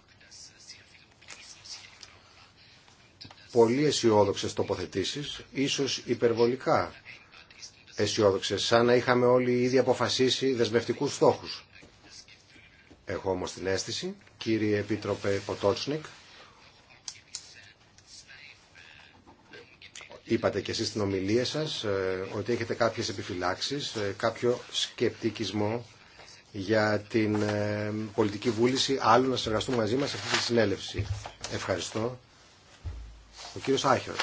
πολύ αισιόδοξε τοποθετήσεις, ίσως υπερβολικά αισιόδοξε, σαν να είχαμε όλοι ήδη αποφασίσει δεσμευτικούς στόχους. Έχω όμως την αίσθηση, κύριε Επίτροπε Ποτότσνικ, είπατε και εσείς στην ομιλία σας ε, ότι έχετε κάποιες επιφυλάξεις, ε, κάποιο σκεπτικισμό για την ε, πολιτική βούληση άλλου να συνεργαστούν μαζί μας αυτή τη συνέλευση. Ευχαριστώ. Ο κύριος Άχερτ.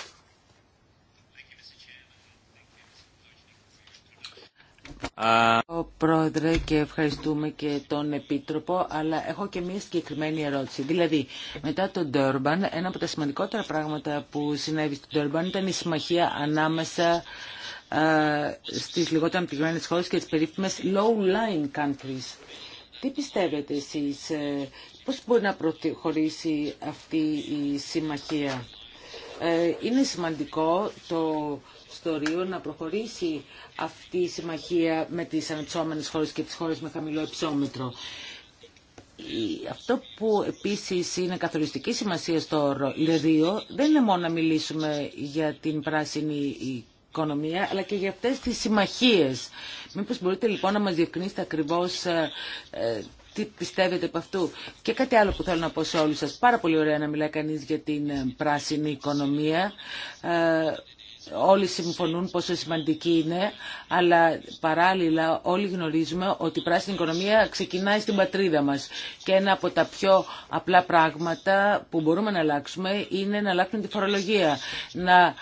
Ο Πρόεδρε και ευχαριστούμε και τον Επίτροπο, αλλά έχω και μία συγκεκριμένη ερώτηση. Δηλαδή, μετά τον Ντόρμπαν, ένα από τα σημαντικότερα πράγματα που συνέβη στον Ντόρμπαν ήταν η συμμαχία ανάμεσα στις λιγότερο αναπτυγμένες χώρες και τις περίφημες low-lying countries. Τι πιστεύετε εσείς, ε, πώς μπορεί να προχωρήσει αυτή η συμμαχία. Ε, είναι σημαντικό το Στορίο να προχωρήσει αυτή η συμμαχία με τις ανεψόμενες χώρες και τις χώρες με χαμηλό υψόμετρο. Αυτό που επίσης είναι καθοριστική σημασία στο Ρίο δεν είναι μόνο να μιλήσουμε για την πράσινη οικονομία αλλά και για αυτές τις συμμαχίες. Μήπως μπορείτε λοιπόν να μας διευκρινίσετε ακριβώς ε, ε, τι πιστεύετε από αυτού. Και κάτι άλλο που θέλω να πω σε όλους σας. Πάρα πολύ ωραία να μιλάει κανείς για την ε, πράσινη οικονομία. Ε, όλοι συμφωνούν πόσο σημαντική είναι, αλλά παράλληλα όλοι γνωρίζουμε ότι η πράσινη οικονομία ξεκινάει στην πατρίδα μας. Και ένα από τα πιο απλά πράγματα που μπορούμε να αλλάξουμε είναι να αλλάξουμε τη φορολογία. Να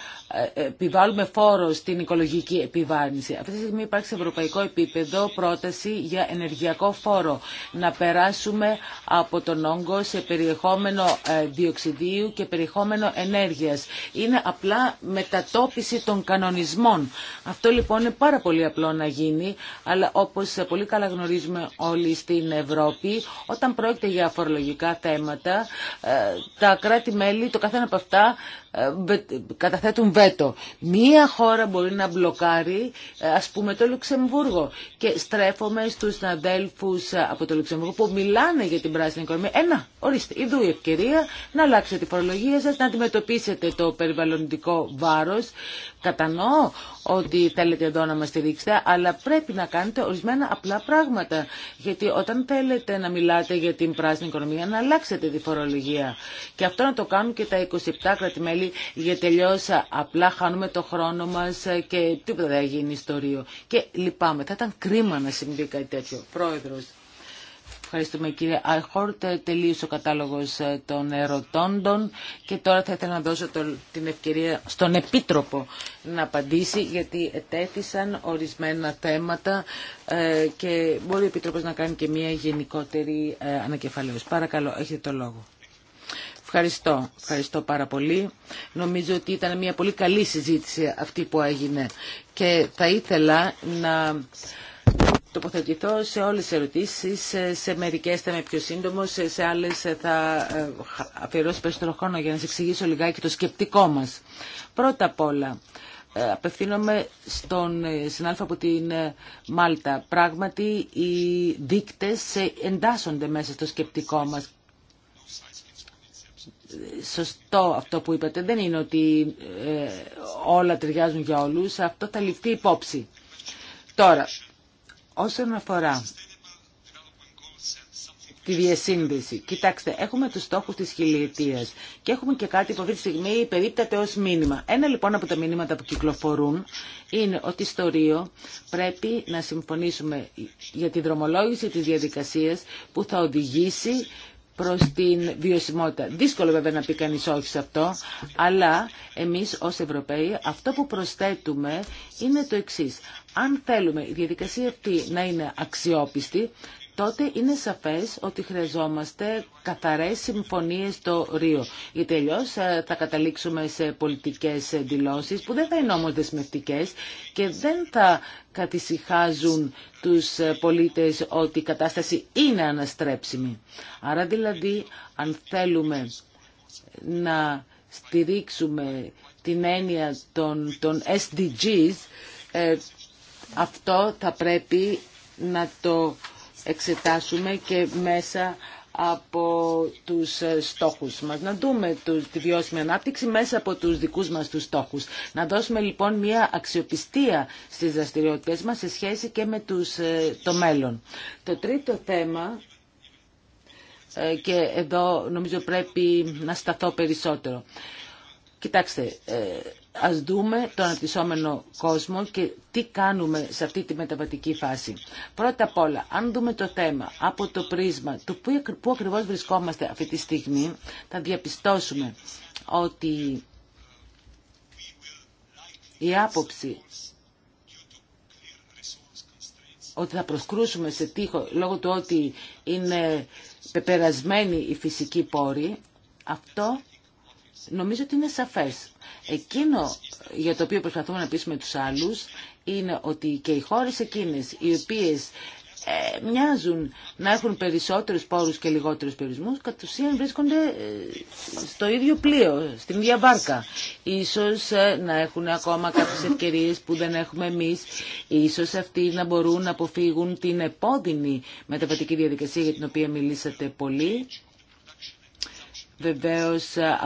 επιβάλλουμε φόρο στην οικολογική επιβάρυνση. Αυτή τη στιγμή υπάρχει σε ευρωπαϊκό επίπεδο πρόταση για ενεργειακό φόρο. Να περάσουμε από τον όγκο σε περιεχόμενο ε, διοξιδίου και περιεχόμενο ενέργειας. Είναι απλά μετατόπιση των κανονισμών. Αυτό λοιπόν είναι πάρα πολύ απλό να γίνει, αλλά όπως πολύ καλά γνωρίζουμε όλοι στην Ευρώπη, όταν πρόκειται για φορολογικά θέματα, ε, τα κράτη-μέλη, το καθένα από αυτά ε, καταθέτουν βέτο. Μία χώρα μπορεί να μπλοκάρει, ε, ας πούμε, το Λουξεμβούργο. Και στρέφομαι στους αδέλφου ε, από το Λουξεμβούργο που μιλάνε για την πράσινη οικονομία. Ένα, ορίστε, ειδού η ευκαιρία να αλλάξετε τη φορολογία σας, να αντιμετωπίσετε το περιβαλλοντικό βάρος, Κατανοώ ότι θέλετε εδώ να μας στηρίξετε, αλλά πρέπει να κάνετε ορισμένα απλά πράγματα. Γιατί όταν θέλετε να μιλάτε για την πράσινη οικονομία, να αλλάξετε τη φορολογία. Και αυτό να το κάνουν και τα 27 κρατημέλη, για τελειώ απλά χάνουμε το χρόνο μας και τίποτα δεν θα γίνει ιστορίο. Και λυπάμαι, θα ήταν κρίμα να συμβεί κάτι τέτοιο. Πρόεδρος. Ευχαριστούμε κύριε Άιχορτ. Τελείωσε ο κατάλογος ε, των ερωτώντων και τώρα θα ήθελα να δώσω την ευκαιρία στον Επίτροπο να απαντήσει γιατί ετέθησαν ορισμένα θέματα ε, και μπορεί ο Επίτροπος να κάνει και μια γενικότερη ε, ανακεφαλαίωση. Παρακαλώ, έχετε το λόγο. Ευχαριστώ. Ευχαριστώ πάρα πολύ. Νομίζω ότι ήταν μια πολύ καλή συζήτηση αυτή που έγινε και θα ήθελα να τοποθετηθώ σε όλες τις ερωτήσεις, σε μερικές θα είμαι πιο σύντομο, σε άλλες θα ε, αφιερώσω περισσότερο χρόνο για να σας εξηγήσω λιγάκι το σκεπτικό μας. Πρώτα απ' όλα, ε, απευθύνομαι στον ε, συνάλφα από την Μάλτα. Πράγματι, οι δείκτες εντάσσονται μέσα στο σκεπτικό μας. Σωστό αυτό που είπατε. Δεν είναι ότι όλα ταιριάζουν για όλους. Αυτό θα ληφθεί υπόψη. Τώρα, Όσον αφορά τη διασύνδεση. Κοιτάξτε, έχουμε τους στόχους της χιλιετίας και έχουμε και κάτι που αυτή τη στιγμή περίπτεται ως μήνυμα. Ένα λοιπόν από τα μηνύματα που κυκλοφορούν είναι ότι στο Ρίο πρέπει να συμφωνήσουμε για τη δρομολόγηση της διαδικασίας που θα οδηγήσει προς την βιωσιμότητα. Δύσκολο βέβαια να πει κανείς όχι σε αυτό, αλλά εμείς ως Ευρωπαίοι αυτό που προσθέτουμε είναι το εξής. Αν θέλουμε η διαδικασία αυτή να είναι αξιόπιστη, τότε είναι σαφές ότι χρειαζόμαστε καθαρές συμφωνίες στο Ρίο. Η αλλιώ ε, θα καταλήξουμε σε πολιτικές δηλώσει που δεν θα είναι όμως δεσμευτικές και δεν θα κατησυχάζουν τους πολίτες ότι η κατάσταση είναι αναστρέψιμη. Άρα δηλαδή αν θέλουμε να στηρίξουμε την έννοια των, των SDGs, ε, αυτό θα πρέπει να το εξετάσουμε και μέσα από τους ε, στόχους μας. Να δούμε τη βιώσιμη ανάπτυξη μέσα από τους δικούς μας τους στόχους. Να δώσουμε λοιπόν μια αξιοπιστία στις δραστηριότητες μας σε σχέση και με τους, ε, το μέλλον. Το τρίτο θέμα ε, και εδώ νομίζω πρέπει να σταθώ περισσότερο. Κοιτάξτε, Ας δούμε τον αναπτυσσόμενο κόσμο και τι κάνουμε σε αυτή τη μεταβατική φάση. Πρώτα απ' όλα, αν δούμε το θέμα από το πρίσμα του πού ακριβώς βρισκόμαστε αυτή τη στιγμή, θα διαπιστώσουμε ότι η άποψη ότι θα προσκρούσουμε σε τείχο λόγω του ότι είναι πεπερασμένοι η φυσικοί πόροι, αυτό Νομίζω ότι είναι σαφές. Εκείνο για το οποίο προσπαθούμε να πείσουμε τους άλλους είναι ότι και οι χώρες εκείνες οι οποίες ε, μοιάζουν να έχουν περισσότερους πόρους και λιγότερους περιορισμού, κατ' ουσίαν βρίσκονται ε, στο ίδιο πλοίο, στην ίδια μπάρκα. Ίσως ε, να έχουν ακόμα κάποιες ευκαιρίες που δεν έχουμε εμείς, ίσως αυτοί να μπορούν να αποφύγουν την επώδυνη μεταβατική διαδικασία για την οποία μιλήσατε πολύ. Βεβαίως ε,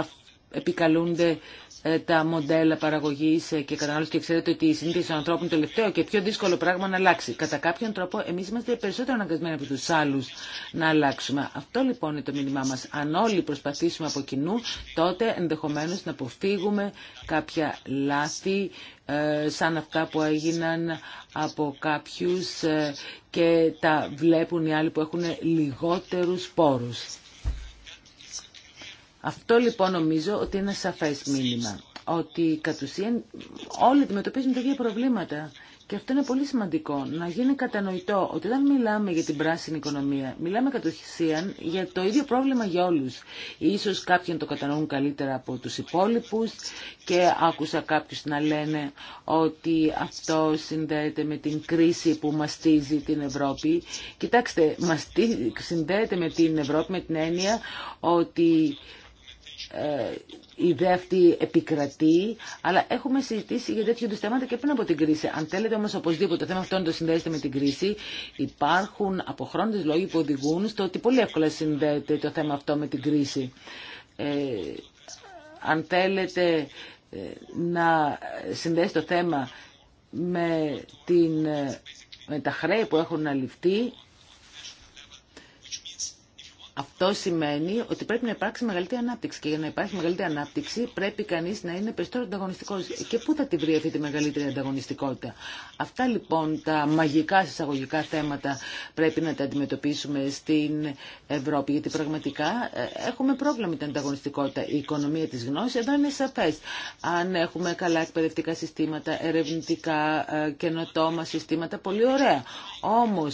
επικαλούνται ε, τα μοντέλα παραγωγή ε, και κατανάλωση και ξέρετε ότι η συνήθεια των ανθρώπων είναι το τελευταίο και πιο δύσκολο πράγμα να αλλάξει. Κατά κάποιον τρόπο, εμεί είμαστε περισσότερο αναγκασμένοι από του άλλου να αλλάξουμε. Αυτό λοιπόν είναι το μήνυμά μα. Αν όλοι προσπαθήσουμε από κοινού, τότε ενδεχομένω να αποφύγουμε κάποια λάθη ε, σαν αυτά που έγιναν από κάποιους και τα βλέπουν οι άλλοι που έχουν λιγότερους πόρους. Αυτό λοιπόν νομίζω ότι είναι σαφέ σαφές μήνυμα. Ότι κατ' ουσίαν όλοι αντιμετωπίζουν τα ίδια προβλήματα. Και αυτό είναι πολύ σημαντικό, να γίνει κατανοητό ότι όταν μιλάμε για την πράσινη οικονομία, μιλάμε κατ' ουσίαν για το ίδιο πρόβλημα για όλου. Ίσως κάποιοι να το κατανοούν καλύτερα από του υπόλοιπου και άκουσα κάποιου να λένε ότι αυτό συνδέεται με την κρίση που μαστίζει την Ευρώπη. Κοιτάξτε, συνδέεται με την Ευρώπη με την έννοια ότι ε, η ιδέα αυτή επικρατεί, αλλά έχουμε συζητήσει για τέτοιου είδου θέματα και πριν από την κρίση. Αν θέλετε όμω οπωσδήποτε το θέμα αυτό να το συνδέσετε με την κρίση, υπάρχουν αποχρόντε λόγοι που οδηγούν στο ότι πολύ εύκολα συνδέεται το θέμα αυτό με την κρίση. Ε, αν θέλετε ε, να συνδέσει το θέμα με, την, ε, με τα χρέη που έχουν αληφθεί, αυτό σημαίνει ότι πρέπει να υπάρξει μεγαλύτερη ανάπτυξη και για να υπάρχει μεγαλύτερη ανάπτυξη πρέπει κανεί να είναι περισσότερο ανταγωνιστικό. Και πού θα τη βρει αυτή τη μεγαλύτερη ανταγωνιστικότητα. Αυτά λοιπόν τα μαγικά συσταγωγικά θέματα πρέπει να τα αντιμετωπίσουμε στην Ευρώπη γιατί πραγματικά ε, έχουμε πρόβλημα με την ανταγωνιστικότητα. Η οικονομία τη γνώση εδώ είναι σαφέ. Αν έχουμε καλά εκπαιδευτικά συστήματα, ερευνητικά, ε, καινοτόμα συστήματα, πολύ ωραία. Όμω,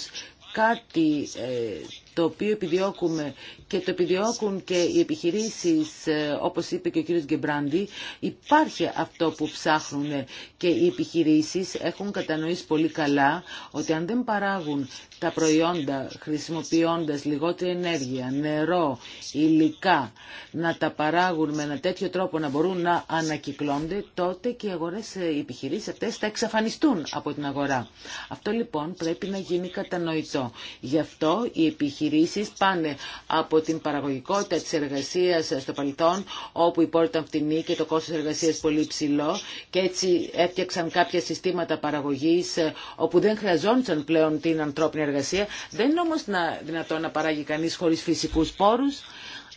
κάτι ε, το οποίο επιδιώκουμε και το επιδιώκουν και οι επιχειρήσεις, ε, όπως είπε και ο κύριος Γκεμπράντη, υπάρχει αυτό που ψάχνουν και οι επιχειρήσεις έχουν κατανοήσει πολύ καλά ότι αν δεν παράγουν τα προϊόντα χρησιμοποιώντας λιγότερη ενέργεια, νερό, υλικά, να τα παράγουν με ένα τέτοιο τρόπο να μπορούν να ανακυκλώνται, τότε και οι αγορέ ε, οι επιχειρήσεις αυτές θα εξαφανιστούν από την αγορά. Αυτό λοιπόν πρέπει να γίνει κατανοητό. Γι' αυτό οι επιχειρήσεις πάνε από την παραγωγικότητα της εργασίας στο παρελθόν, όπου η πόλη ήταν φτηνή και το κόστος εργασίας πολύ ψηλό και έτσι έφτιαξαν κάποια συστήματα παραγωγής ε, όπου δεν χρειαζόντουσαν πλέον την ανθρώπινη εργασία. Δεν είναι όμως δυνατόν να παράγει κανείς χωρίς φυσικούς πόρους.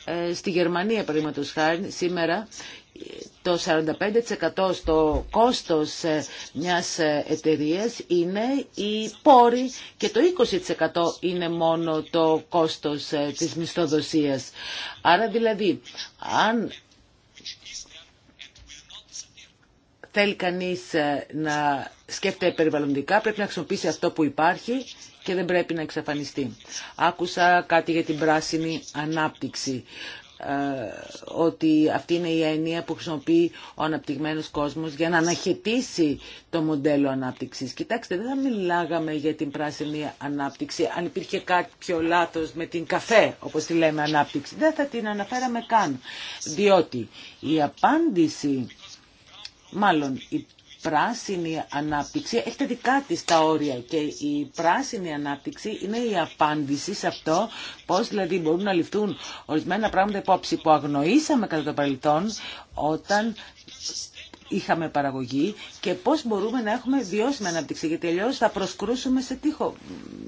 Ε, στη Γερμανία, παραδείγματο χάρη, σήμερα το 45% στο κόστος ε, μιας ε, εταιρείας είναι οι πόροι και το 20% είναι μόνο το κόστος ε, της μισθοδοσίας. Άρα δηλαδή, αν θέλει κανείς να σκέφτεται περιβαλλοντικά, πρέπει να χρησιμοποιήσει αυτό που υπάρχει και δεν πρέπει να εξαφανιστεί. Άκουσα κάτι για την πράσινη ανάπτυξη. Ε, ότι αυτή είναι η έννοια που χρησιμοποιεί ο αναπτυγμένος κόσμος για να αναχαιτήσει το μοντέλο ανάπτυξης. Κοιτάξτε, δεν θα μιλάγαμε για την πράσινη ανάπτυξη αν υπήρχε κάποιο λάθος με την καφέ, όπως τη λέμε, ανάπτυξη. Δεν θα την αναφέραμε καν, διότι η απάντηση, μάλλον η πράσινη ανάπτυξη έχετε δικά της τα όρια και η πράσινη ανάπτυξη είναι η απάντηση σε αυτό πώς δηλαδή μπορούν να ληφθούν ορισμένα πράγματα υπόψη που αγνοήσαμε κατά το παρελθόν όταν είχαμε παραγωγή και πώς μπορούμε να έχουμε βιώσιμη ανάπτυξη γιατί αλλιώ θα προσκρούσουμε σε τείχο.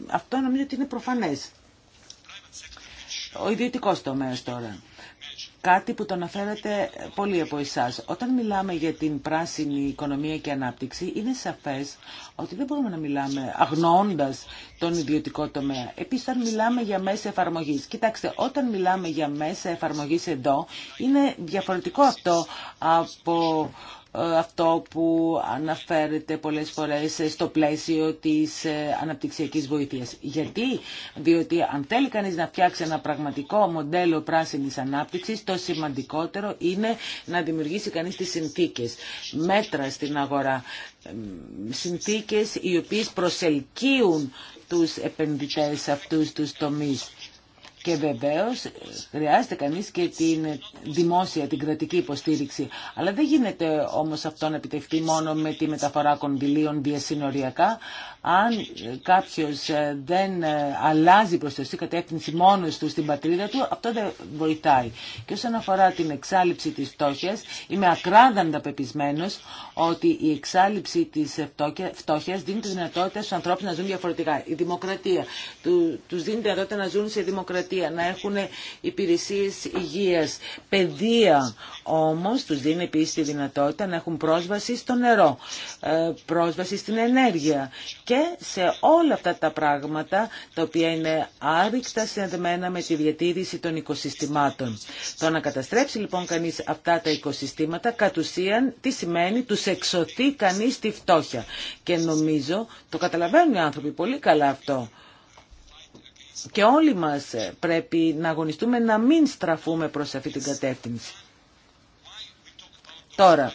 Αυτό νομίζω ότι είναι προφανές. Ο ιδιωτικό τομέα τώρα κάτι που το αναφέρατε πολύ από εσά. Όταν μιλάμε για την πράσινη οικονομία και ανάπτυξη, είναι σαφές ότι δεν μπορούμε να μιλάμε αγνοώντας τον ιδιωτικό τομέα. Επίσης, όταν μιλάμε για μέσα εφαρμογής. Κοιτάξτε, όταν μιλάμε για μέσα εφαρμογής εδώ, είναι διαφορετικό αυτό από αυτό που αναφέρεται πολλές φορές στο πλαίσιο της ε, αναπτυξιακής βοήθειας. Γιατί, διότι αν θέλει κανείς να φτιάξει ένα πραγματικό μοντέλο πράσινης ανάπτυξης, το σημαντικότερο είναι να δημιουργήσει κανείς τις συνθήκες, μέτρα στην αγορά, συνθήκες οι οποίες προσελκύουν τους επενδυτές αυτούς τους τομείς. Και βεβαίω ε, χρειάζεται κανεί και την δημόσια, την κρατική υποστήριξη. Αλλά δεν γίνεται όμως αυτό να επιτευχθεί μόνο με τη μεταφορά κονδυλίων διασυνοριακά, αν κάποιο ε, δεν ε, αλλάζει προ τη κατεύθυνση μόνο του στην πατρίδα του, αυτό δεν βοηθάει. Και όσον αφορά την εξάλληψη της φτώχειας, είμαι ακράδαντα πεπισμένο ότι η εξάλληψη της φτώχεια δίνει τη δυνατότητα στου ανθρώπου να ζουν διαφορετικά. Η δημοκρατία, Του δίνει τη δυνατότητα να ζουν σε δημοκρατία, να έχουν υπηρεσίε υγεία, παιδεία, όμως τους δίνει επίσης τη δυνατότητα να έχουν πρόσβαση στο νερό, ε, πρόσβαση στην ενέργεια και σε όλα αυτά τα πράγματα τα οποία είναι άρρηκτα συνδεδεμένα με τη διατήρηση των οικοσυστημάτων. Το να καταστρέψει λοιπόν κανείς αυτά τα οικοσυστήματα κατ' ουσίαν τι σημαίνει τους εξωθεί κανείς τη φτώχεια. Και νομίζω το καταλαβαίνουν οι άνθρωποι πολύ καλά αυτό. Και όλοι μας ε, πρέπει να αγωνιστούμε να μην στραφούμε προς αυτή την κατεύθυνση. Τώρα,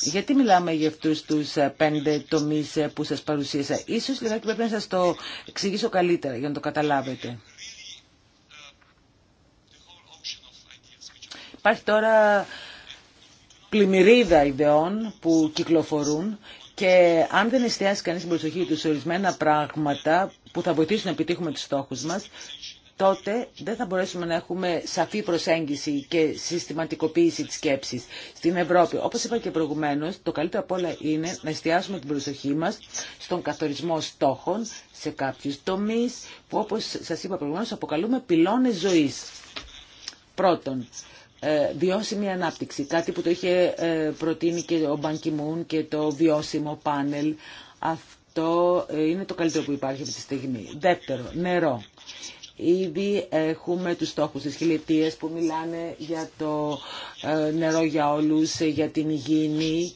γιατί μιλάμε για αυτούς τους ε, πέντε τομείς ε, που σας παρουσίασα. Ίσως λιγάκι πρέπει να σας το εξηγήσω καλύτερα για να το καταλάβετε. Υπάρχει τώρα πλημμυρίδα ιδεών που κυκλοφορούν και αν δεν εστιάσει κανείς την προσοχή του σε ορισμένα πράγματα που θα βοηθήσουν να επιτύχουμε τους στόχους μας, τότε δεν θα μπορέσουμε να έχουμε σαφή προσέγγιση και συστηματικοποίηση της σκέψης στην Ευρώπη. Όπως είπα και προηγουμένως, το καλύτερο απ' όλα είναι να εστιάσουμε την προσοχή μας στον καθορισμό στόχων σε κάποιους τομείς που όπως σας είπα προηγουμένως αποκαλούμε πυλώνες ζωής. Πρώτον, ε, βιώσιμη ανάπτυξη, κάτι που το είχε ε, προτείνει και ο Μπανκιμούν και το βιώσιμο πάνελ. Αυτό ε, είναι το καλύτερο που υπάρχει αυτή τη στιγμή. Δεύτερο, νερό. Ήδη έχουμε τους στόχους της χιλιετίας που μιλάνε για το ε, νερό για όλους, ε, για την υγιεινή.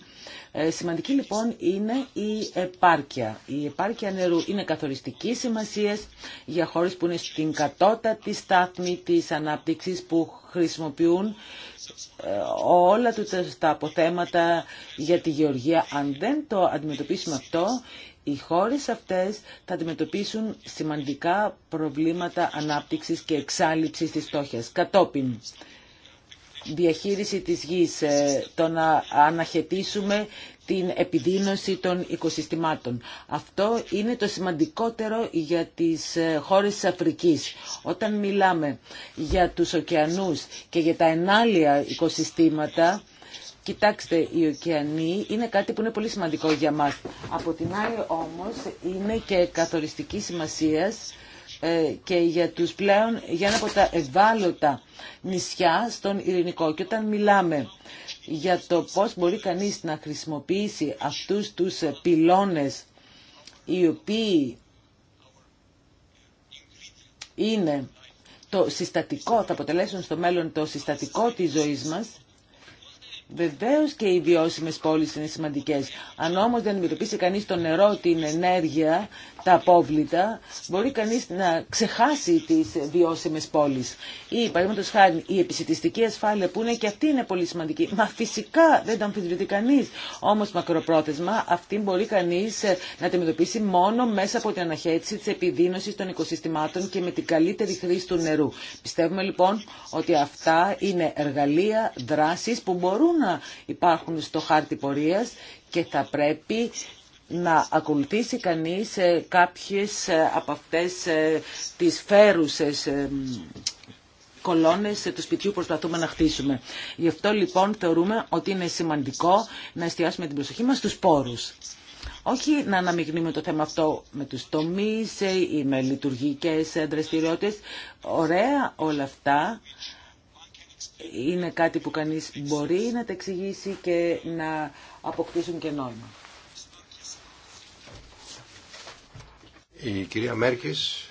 Ε, σημαντική λοιπόν είναι η επάρκεια. Η επάρκεια νερού είναι καθοριστική σημασία για χώρες που είναι στην κατώτατη στάθμη της ανάπτυξης που χρησιμοποιούν όλα τα αποθέματα για τη γεωργία. Αν δεν το αντιμετωπίσουμε αυτό, οι χώρες αυτές θα αντιμετωπίσουν σημαντικά προβλήματα ανάπτυξης και εξάλληψης της στόχιας. Κατόπιν, διαχείριση της γης, ε, το να αναχαιτήσουμε την επιδείνωση των οικοσυστημάτων. Αυτό είναι το σημαντικότερο για τις ε, χώρες της Αφρικής. Όταν μιλάμε για τους ωκεανούς και για τα ενάλια οικοσυστήματα, Κοιτάξτε, οι ωκεανοί είναι κάτι που είναι πολύ σημαντικό για μας. Από την άλλη όμως είναι και καθοριστική σημασίας ε, και για τους πλέον, για ένα από τα ευάλωτα νησιά στον Ειρηνικό. Και όταν μιλάμε για το πώς μπορεί κανείς να χρησιμοποιήσει αυτούς τους πυλώνες οι οποίοι είναι το συστατικό, θα αποτελέσουν στο μέλλον το συστατικό της ζωής μας, Βεβαίω και οι βιώσιμε πόλει είναι σημαντικέ. Αν όμω δεν αντιμετωπίσει κανεί το νερό, την ενέργεια, τα απόβλητα, μπορεί κανεί να ξεχάσει τι βιώσιμε πόλει. Ή, παραδείγματο χάρη, η επισητιστική ασφάλεια που είναι και αυτή είναι πολύ σημαντική. Μα φυσικά δεν τα αμφισβητεί κανεί. Όμω μακροπρόθεσμα αυτή μπορεί κανεί ε, να αντιμετωπίσει μόνο μέσα από την αναχέτηση τη επιδείνωση των οικοσυστημάτων και με την καλύτερη χρήση του νερού. Πιστεύουμε λοιπόν ότι αυτά είναι εργαλεία δράση που μπορούν να υπάρχουν στο χάρτη πορείας και θα πρέπει να ακολουθήσει κανείς ε, κάποιες ε, από αυτές ε, τις φέρουσες κολόνες του σπιτιού προσπαθούμε να χτίσουμε. Γι' αυτό λοιπόν θεωρούμε ότι είναι σημαντικό να εστιάσουμε την προσοχή μας στους πόρους. Όχι να αναμειγνύουμε το θέμα αυτό με τους τομείς ή με λειτουργικές δραστηριότητες. Ωραία όλα αυτά, είναι κάτι που κανείς μπορεί να τα εξηγήσει και να αποκτήσουν και νόημα. Η κυρία Μέρκης,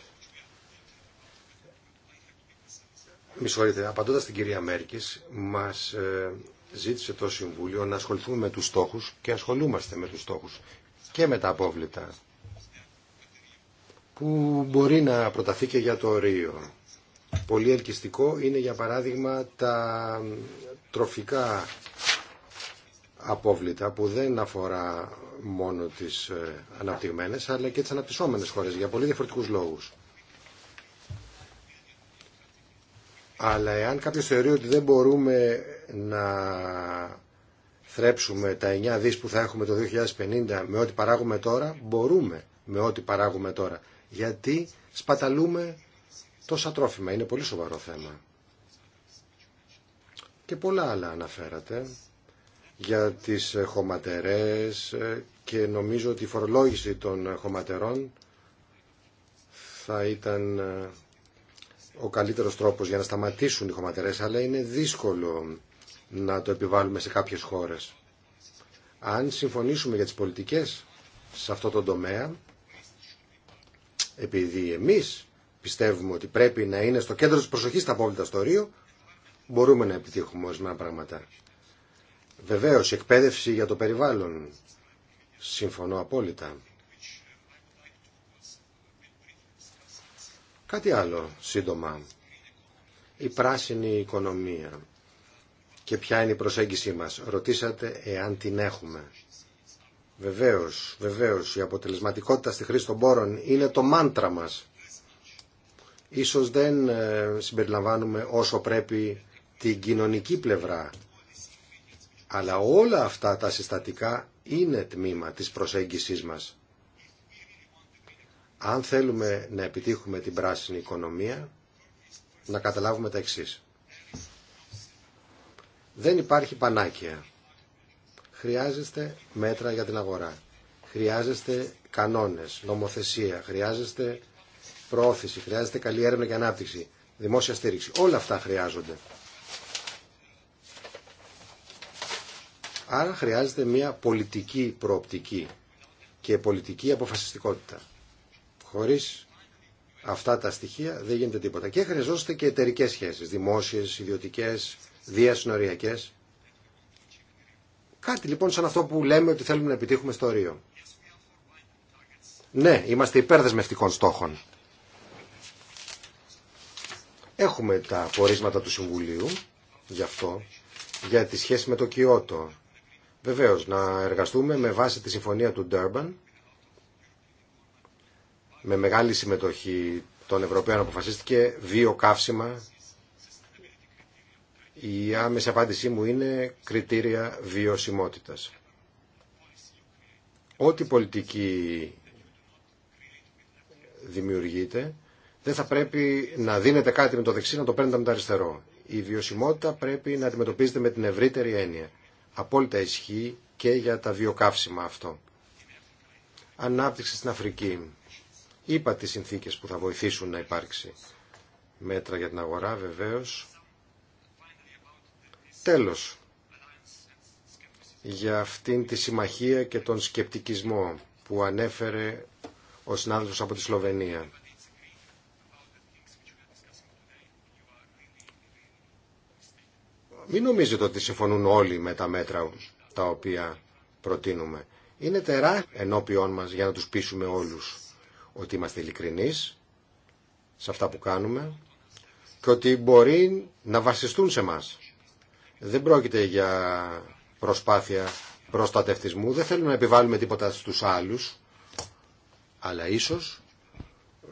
μη συγχωρείτε, απαντώντας στην κυρία Μέρκης, μας ε, ζήτησε το Συμβούλιο να ασχοληθούμε με τους στόχους και ασχολούμαστε με τους στόχους και με τα απόβλητα που μπορεί να προταθεί και για το Ρίο πολύ ελκυστικό είναι για παράδειγμα τα τροφικά απόβλητα που δεν αφορά μόνο τις ε, αναπτυγμένες αλλά και τις αναπτυσσόμενες χώρες για πολύ διαφορετικούς λόγους. Αλλά εάν κάποιος θεωρεί ότι δεν μπορούμε να θρέψουμε τα 9 δις που θα έχουμε το 2050 με ό,τι παράγουμε τώρα, μπορούμε με ό,τι παράγουμε τώρα. Γιατί σπαταλούμε τόσα τρόφιμα. Είναι πολύ σοβαρό θέμα. Και πολλά άλλα αναφέρατε για τις ε, χωματερές ε, και νομίζω ότι η φορολόγηση των ε, χωματερών θα ήταν ο καλύτερος τρόπος για να σταματήσουν οι χωματερές, αλλά είναι δύσκολο να το επιβάλλουμε σε κάποιες χώρες. Αν συμφωνήσουμε για τις πολιτικές σε αυτό το τομέα, επειδή εμείς πιστεύουμε ότι πρέπει να είναι στο κέντρο της προσοχής τα απόβλητα στο Ρίο, μπορούμε να επιτύχουμε ορισμένα πράγματα. Βεβαίως, η εκπαίδευση για το περιβάλλον. Συμφωνώ απόλυτα. Κάτι άλλο, σύντομα. Η πράσινη οικονομία. Και ποια είναι η προσέγγιση μας. Ρωτήσατε εάν την έχουμε. Βεβαίως, βεβαίως, η αποτελεσματικότητα στη χρήση των πόρων είναι το μάντρα μας. Ίσως δεν ε, συμπεριλαμβάνουμε όσο πρέπει την κοινωνική πλευρά. Αλλά όλα αυτά τα συστατικά είναι τμήμα της προσέγγισης μας. Αν θέλουμε να επιτύχουμε την πράσινη οικονομία, να καταλάβουμε τα εξής. Δεν υπάρχει πανάκια. Χρειάζεστε μέτρα για την αγορά. Χρειάζεστε κανόνες, νομοθεσία. Χρειάζεστε πρόθεση, χρειάζεται καλή έρευνα και ανάπτυξη, δημόσια στήριξη. Όλα αυτά χρειάζονται. Άρα χρειάζεται μια πολιτική προοπτική και πολιτική αποφασιστικότητα. Χωρίς αυτά τα στοιχεία δεν γίνεται τίποτα. Και χρειαζόμαστε και εταιρικέ σχέσεις, δημόσιες, ιδιωτικές, διασυνοριακές. Κάτι λοιπόν σαν αυτό που λέμε ότι θέλουμε να επιτύχουμε στο Ρίο. Ναι, είμαστε υπέρ δεσμευτικών στόχων. Έχουμε τα πορίσματα του Συμβουλίου, γι' αυτό, για τη σχέση με το Κιώτο. Βεβαίως, να εργαστούμε με βάση τη συμφωνία του Ντέρμπαν, με μεγάλη συμμετοχή των Ευρωπαίων αποφασίστηκε βιοκαύσιμα. Η άμεση απάντησή μου είναι κριτήρια βιωσιμότητας. Ό,τι πολιτική δημιουργείται δεν θα πρέπει να δίνετε κάτι με το δεξί, να το παίρνετε με το αριστερό. Η βιωσιμότητα πρέπει να αντιμετωπίζεται με την ευρύτερη έννοια. Απόλυτα ισχύει και για τα βιοκαύσιμα αυτό. Ανάπτυξη στην Αφρική. Είπα τις συνθήκες που θα βοηθήσουν να υπάρξει. Μέτρα για την αγορά βεβαίως. Τέλος. Για αυτήν τη συμμαχία και τον σκεπτικισμό που ανέφερε ο συνάδελφος από τη Σλοβενία. Μην νομίζετε ότι συμφωνούν όλοι με τα μέτρα τα οποία προτείνουμε. Είναι τεράστιο ενώπιόν μας για να τους πείσουμε όλους ότι είμαστε ειλικρινεί σε αυτά που κάνουμε και ότι μπορεί να βασιστούν σε μας. Δεν πρόκειται για προσπάθεια προστατευτισμού, δεν θέλουμε να επιβάλλουμε τίποτα στους άλλους, αλλά ίσως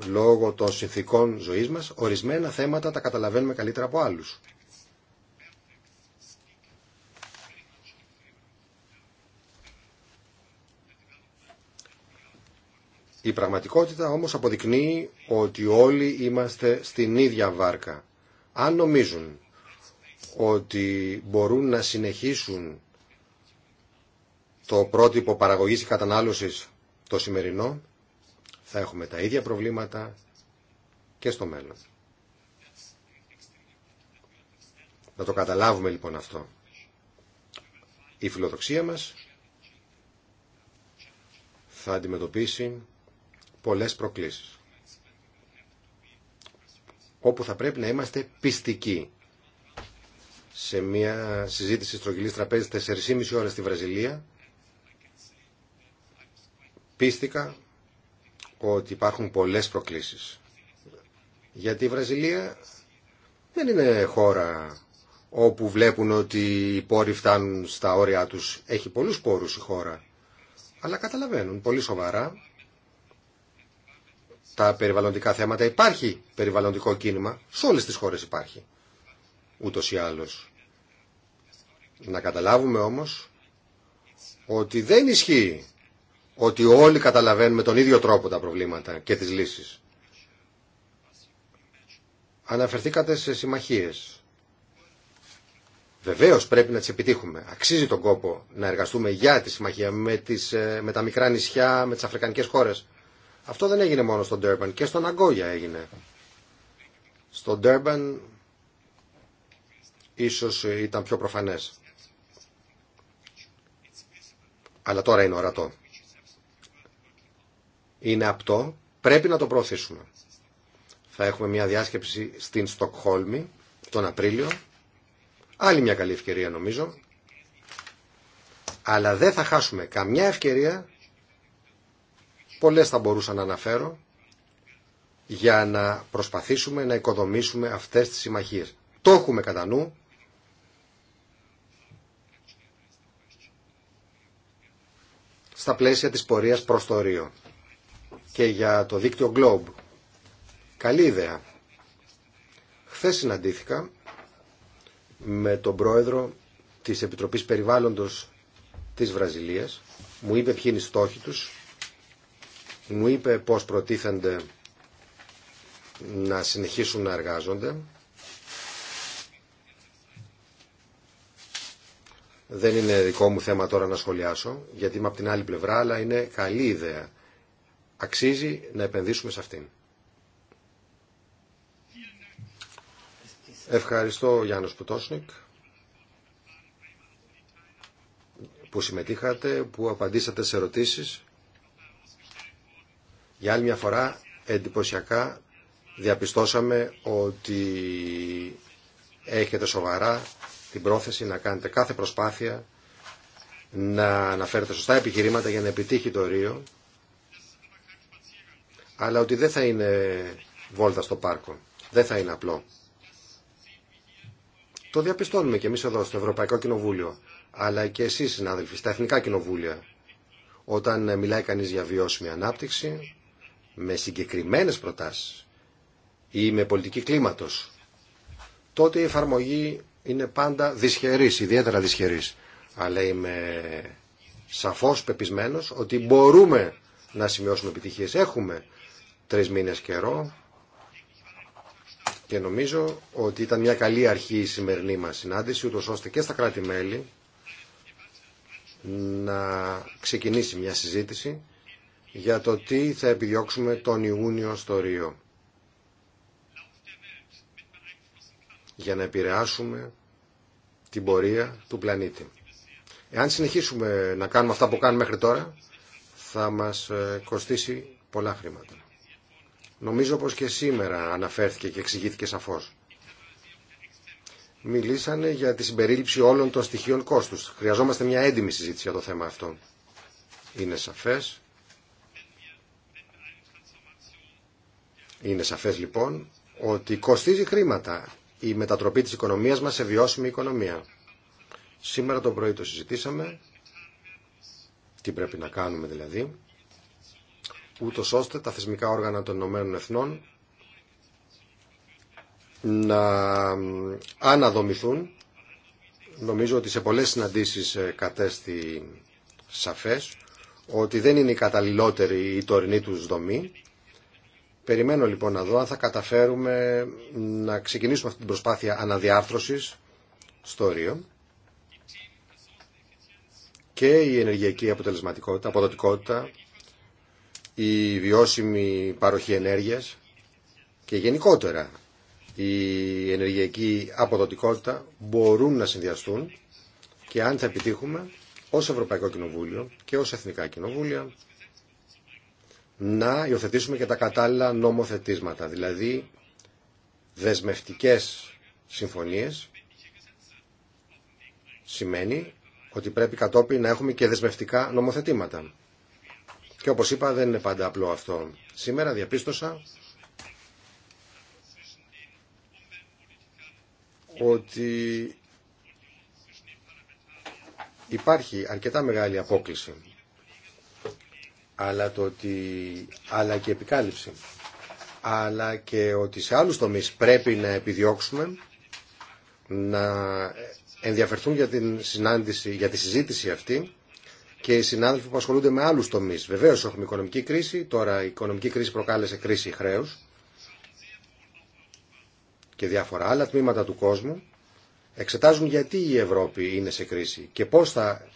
λόγω των συνθήκων ζωής μας ορισμένα θέματα τα καταλαβαίνουμε καλύτερα από άλλους. Η πραγματικότητα όμως αποδεικνύει ότι όλοι είμαστε στην ίδια βάρκα. Αν νομίζουν ότι μπορούν να συνεχίσουν το πρότυπο παραγωγής και κατανάλωσης το σημερινό, θα έχουμε τα ίδια προβλήματα και στο μέλλον. Να το καταλάβουμε λοιπόν αυτό. Η φιλοδοξία μας θα αντιμετωπίσει πολλές προκλήσεις. Όπου θα πρέπει να είμαστε πιστικοί. Σε μια συζήτηση στρογγυλής τραπέζης 4,5 ώρα στη Βραζιλία πίστηκα ότι υπάρχουν πολλές προκλήσεις. Γιατί η Βραζιλία δεν είναι χώρα όπου βλέπουν ότι οι πόροι φτάνουν στα όρια τους. Έχει πολλούς πόρους η χώρα. Αλλά καταλαβαίνουν πολύ σοβαρά τα περιβαλλοντικά θέματα. Υπάρχει περιβαλλοντικό κίνημα, σε όλες τις χώρες υπάρχει, ούτως ή άλλως. Να καταλάβουμε όμως ότι δεν ισχύει ότι όλοι καταλαβαίνουμε τον ίδιο τρόπο τα προβλήματα και τις λύσεις. Αναφερθήκατε σε συμμαχίες. Βεβαίως πρέπει να τις επιτύχουμε. Αξίζει τον κόπο να εργαστούμε για τη συμμαχία με, τις, ε, με τα μικρά νησιά, με τις αφρικανικές χώρες. Αυτό δεν έγινε μόνο στον Τέρμπαν και στον Αγκόγια έγινε. Στον Durban ίσως ήταν πιο προφανές. Αλλά τώρα είναι ορατό. Είναι απτό. Πρέπει να το προωθήσουμε. Θα έχουμε μια διάσκεψη στην Στοκχόλμη τον Απρίλιο. Άλλη μια καλή ευκαιρία νομίζω. Αλλά δεν θα χάσουμε καμιά ευκαιρία Πολλές θα μπορούσα να αναφέρω για να προσπαθήσουμε να οικοδομήσουμε αυτές τις συμμαχίες. Το έχουμε κατά νου. στα πλαίσια της πορείας προς το Ρίο και για το δίκτυο Globe. Καλή ιδέα. Χθες συναντήθηκα με τον πρόεδρο της Επιτροπής Περιβάλλοντος της Βραζιλίας. Μου είπε ποιοι είναι οι στόχοι τους μου είπε πώς προτίθενται να συνεχίσουν να εργάζονται. Δεν είναι δικό μου θέμα τώρα να σχολιάσω, γιατί είμαι από την άλλη πλευρά, αλλά είναι καλή ιδέα. Αξίζει να επενδύσουμε σε αυτήν. Ευχαριστώ Γιάννος Πουτόσνικ που συμμετείχατε, που απαντήσατε σε ερωτήσεις. Για άλλη μια φορά εντυπωσιακά διαπιστώσαμε ότι έχετε σοβαρά την πρόθεση να κάνετε κάθε προσπάθεια να αναφέρετε σωστά επιχειρήματα για να επιτύχει το Ρίο αλλά ότι δεν θα είναι βόλτα στο πάρκο. Δεν θα είναι απλό. Το διαπιστώνουμε και εμείς εδώ στο Ευρωπαϊκό Κοινοβούλιο αλλά και εσείς συνάδελφοι στα Εθνικά Κοινοβούλια όταν μιλάει κανείς για βιώσιμη ανάπτυξη με συγκεκριμένες προτάσεις ή με πολιτική κλίματος, τότε η εφαρμογή είναι πάντα δυσχερής, ιδιαίτερα δυσχερής. Αλλά είμαι σαφώς πεπισμένος ότι μπορούμε να σημειώσουμε επιτυχίες. Έχουμε τρεις μήνες καιρό και νομίζω ότι ήταν μια καλή αρχή η σημερινή μας συνάντηση, ούτως ώστε και στα κράτη-μέλη να ξεκινήσει μια συζήτηση για το τι θα επιδιώξουμε τον Ιούνιο στο Ρίο. Για να επηρεάσουμε την πορεία του πλανήτη. Εάν συνεχίσουμε να κάνουμε αυτά που κάνουμε μέχρι τώρα, θα μας ε, κοστίσει πολλά χρήματα. Νομίζω πως και σήμερα αναφέρθηκε και εξηγήθηκε σαφώς. Μιλήσανε για τη συμπερίληψη όλων των στοιχείων κόστους. Χρειαζόμαστε μια έντιμη συζήτηση για το θέμα αυτό. Είναι σαφές Είναι σαφές λοιπόν ότι κοστίζει χρήματα η μετατροπή της οικονομίας μας σε βιώσιμη οικονομία. Σήμερα το πρωί το συζητήσαμε, τι πρέπει να κάνουμε δηλαδή, ούτω ώστε τα θεσμικά όργανα των Ηνωμένων Εθνών να αναδομηθούν. Νομίζω ότι σε πολλές συναντήσεις ε, κατέστη σαφές ότι δεν είναι η καταλληλότερη η τωρινή τους δομή Περιμένω λοιπόν να δω αν θα καταφέρουμε να ξεκινήσουμε αυτή την προσπάθεια αναδιάρθρωσης στο Ρίο και η ενεργειακή αποτελεσματικότητα, αποδοτικότητα, η βιώσιμη παροχή ενέργειας και γενικότερα η ενεργειακή αποδοτικότητα μπορούν να συνδυαστούν και αν θα επιτύχουμε ως Ευρωπαϊκό Κοινοβούλιο και ως Εθνικά Κοινοβούλια να υιοθετήσουμε και τα κατάλληλα νομοθετήματα, δηλαδή δεσμευτικές συμφωνίες σημαίνει ότι πρέπει κατόπιν να έχουμε και δεσμευτικά νομοθετήματα. Και όπως είπα δεν είναι πάντα απλό αυτό. Σήμερα διαπίστωσα ότι υπάρχει αρκετά μεγάλη απόκληση αλλά, το ότι, αλλά και επικάλυψη, αλλά και ότι σε άλλους τομείς πρέπει να επιδιώξουμε να ενδιαφερθούν για, την συνάντηση, για τη συζήτηση αυτή και οι συνάδελφοι που ασχολούνται με άλλους τομείς. Βεβαίως έχουμε οικονομική κρίση, τώρα η οικονομική κρίση προκάλεσε κρίση χρέους και διάφορα άλλα τμήματα του κόσμου εξετάζουν γιατί η Ευρώπη είναι σε κρίση και πώς θα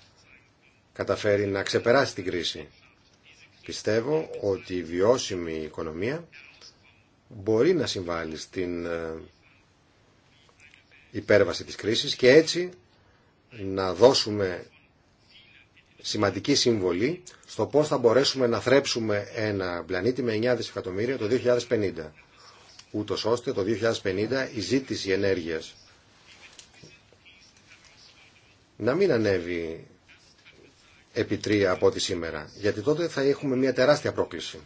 καταφέρει να ξεπεράσει την κρίση. Πιστεύω ότι η βιώσιμη οικονομία μπορεί να συμβάλλει στην ε, υπέρβαση της κρίσης και έτσι να δώσουμε σημαντική συμβολή στο πώς θα μπορέσουμε να θρέψουμε ένα πλανήτη με 9 δισεκατομμύρια το 2050, ούτως ώστε το 2050 η ζήτηση ενέργειας να μην ανέβει επί τρία από ό,τι σήμερα. Γιατί τότε θα έχουμε μια τεράστια πρόκληση.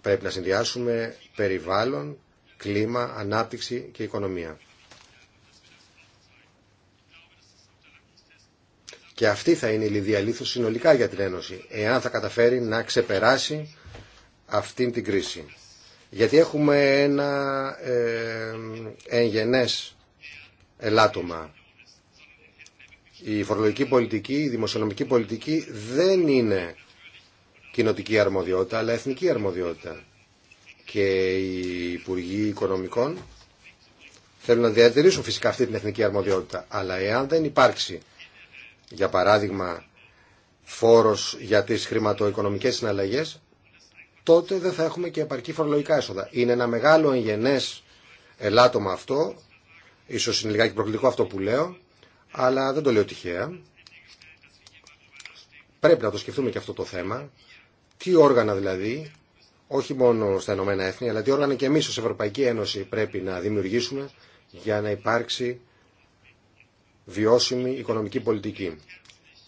Πρέπει να συνδυάσουμε περιβάλλον, κλίμα, ανάπτυξη και οικονομία. Και αυτή θα είναι η διαλύθωση συνολικά για την Ένωση, εάν θα καταφέρει να ξεπεράσει αυτήν την κρίση. Γιατί έχουμε ένα ε, εγγενές ελάττωμα η φορολογική πολιτική, η δημοσιονομική πολιτική δεν είναι κοινοτική αρμοδιότητα, αλλά εθνική αρμοδιότητα. Και οι Υπουργοί Οικονομικών θέλουν να διατηρήσουν φυσικά αυτή την εθνική αρμοδιότητα. Αλλά εάν δεν υπάρξει, για παράδειγμα, φόρος για τις χρηματοοικονομικές συναλλαγές, τότε δεν θα έχουμε και επαρκή φορολογικά έσοδα. Είναι ένα μεγάλο εγγενές ελάττωμα αυτό, ίσως είναι λιγάκι προκλητικό αυτό που λέω, αλλά δεν το λέω τυχαία. Πρέπει να το σκεφτούμε και αυτό το θέμα. Τι όργανα δηλαδή, όχι μόνο στα Ηνωμένα Έθνη, αλλά τι όργανα και εμείς ως Ευρωπαϊκή Ένωση πρέπει να δημιουργήσουμε για να υπάρξει βιώσιμη οικονομική πολιτική.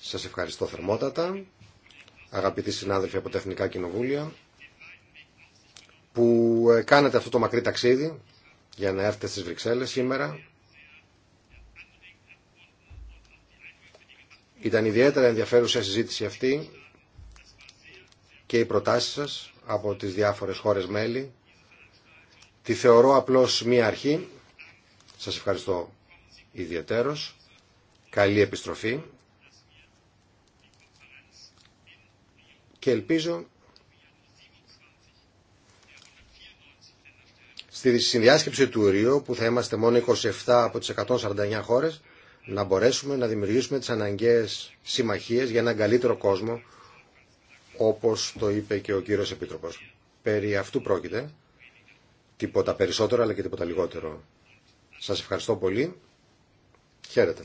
Σας ευχαριστώ θερμότατα, αγαπητοί συνάδελφοι από τα Εθνικά Κοινοβούλια, που ε, κάνατε αυτό το μακρύ ταξίδι για να έρθετε στις Βρυξέλλες σήμερα. Ήταν ιδιαίτερα ενδιαφέρουσα η συζήτηση αυτή και οι προτάσεις σας από τις διάφορες χώρες μέλη. Τη θεωρώ απλώς μία αρχή. Σας ευχαριστώ ιδιαίτερος. Καλή επιστροφή. Και ελπίζω στη συνδιάσκεψη του Ρίο που θα είμαστε μόνο 27 από τις 149 χώρες να μπορέσουμε να δημιουργήσουμε τις αναγκαίες συμμαχίες για έναν καλύτερο κόσμο, όπως το είπε και ο κύριος Επίτροπος. Περί αυτού πρόκειται, τίποτα περισσότερο αλλά και τίποτα λιγότερο. Σας ευχαριστώ πολύ. Χαίρετε.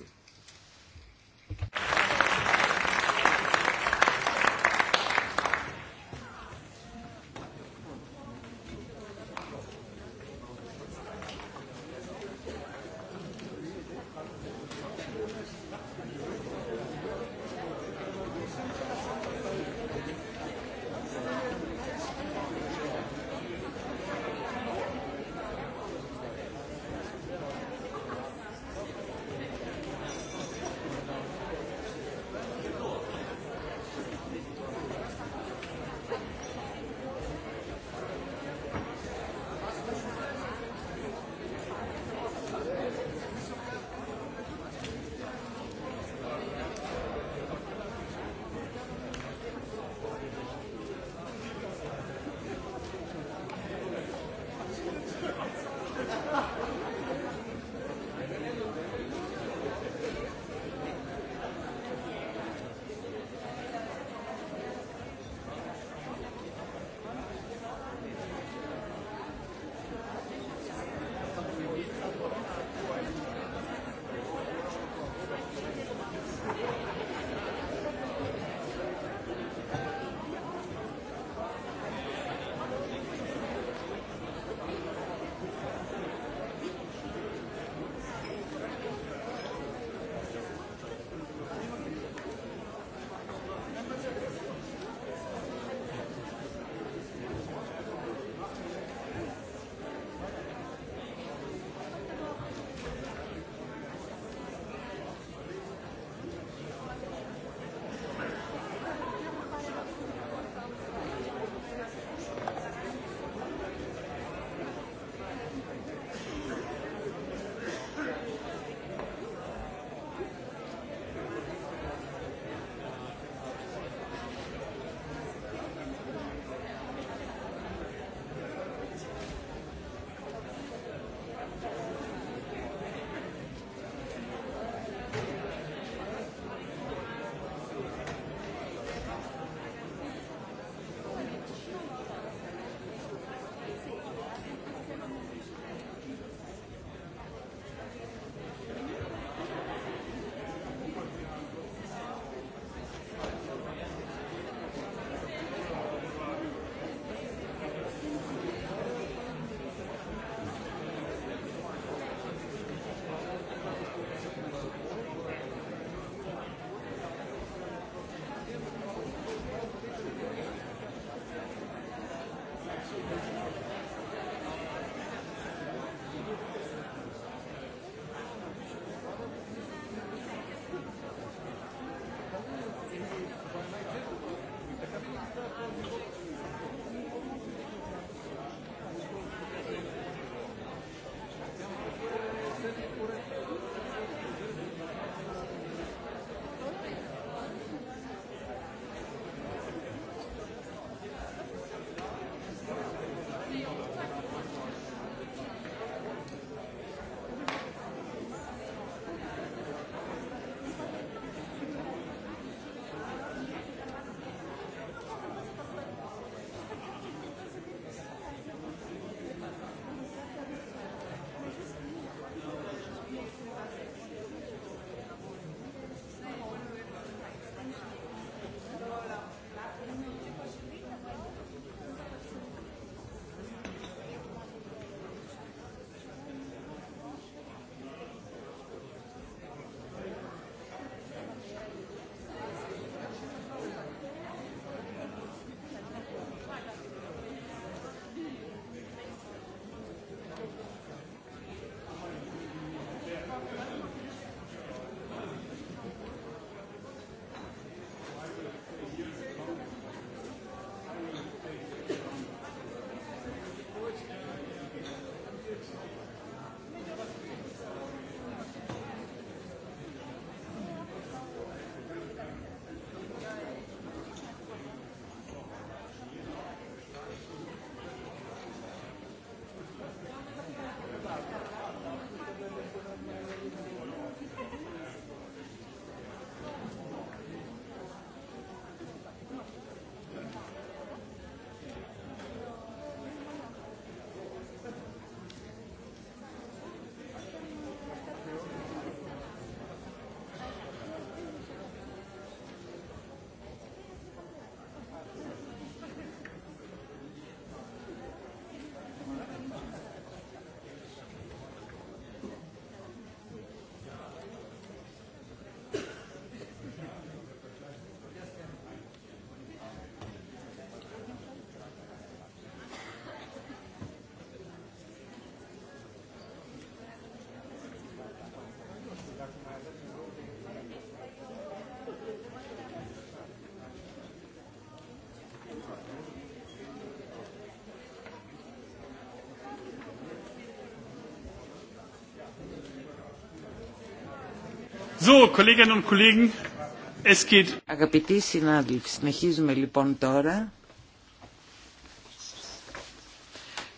Αγαπητοί συνάδελφοι, συνεχίζουμε λοιπόν τώρα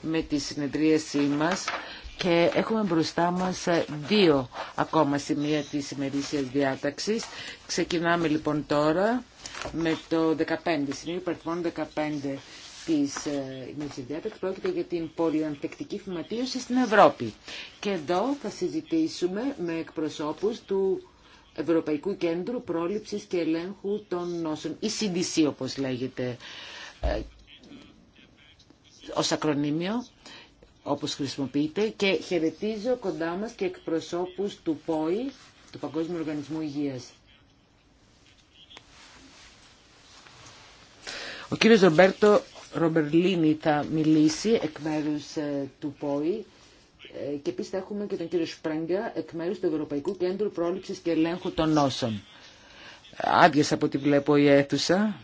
με τη συνεδρίασή μας και έχουμε μπροστά μας ε, δύο ακόμα σημεία της ημερήσιας διάταξης. Ξεκινάμε λοιπόν τώρα με το 15, σημείο υπερθμών 15 της ε, ημερήσιας διάταξης. Πρόκειται για την πολυανθεκτική φυματίωση στην Ευρώπη. Και εδώ θα συζητήσουμε με εκπροσώπους του Ευρωπαϊκού Κέντρου Πρόληψης και Ελέγχου των Νόσων, ή e CDC όπως λέγεται ε, ως ακρονίμιο, όπως χρησιμοποιείται, και χαιρετίζω κοντά μας και εκπροσώπους του ΠΟΗ, του Παγκόσμιου Οργανισμού Υγείας. Ο κύριος Ρομπέρτο Ρομπερλίνη θα μιλήσει εκ μέρους ε, του ΠΟΗ και επίση έχουμε και τον κύριο Σπρέγκα εκ μέρου του Ευρωπαϊκού Κέντρου Πρόληψης και Ελέγχου των Νόσων. Άδειε από ό,τι βλέπω η αίθουσα.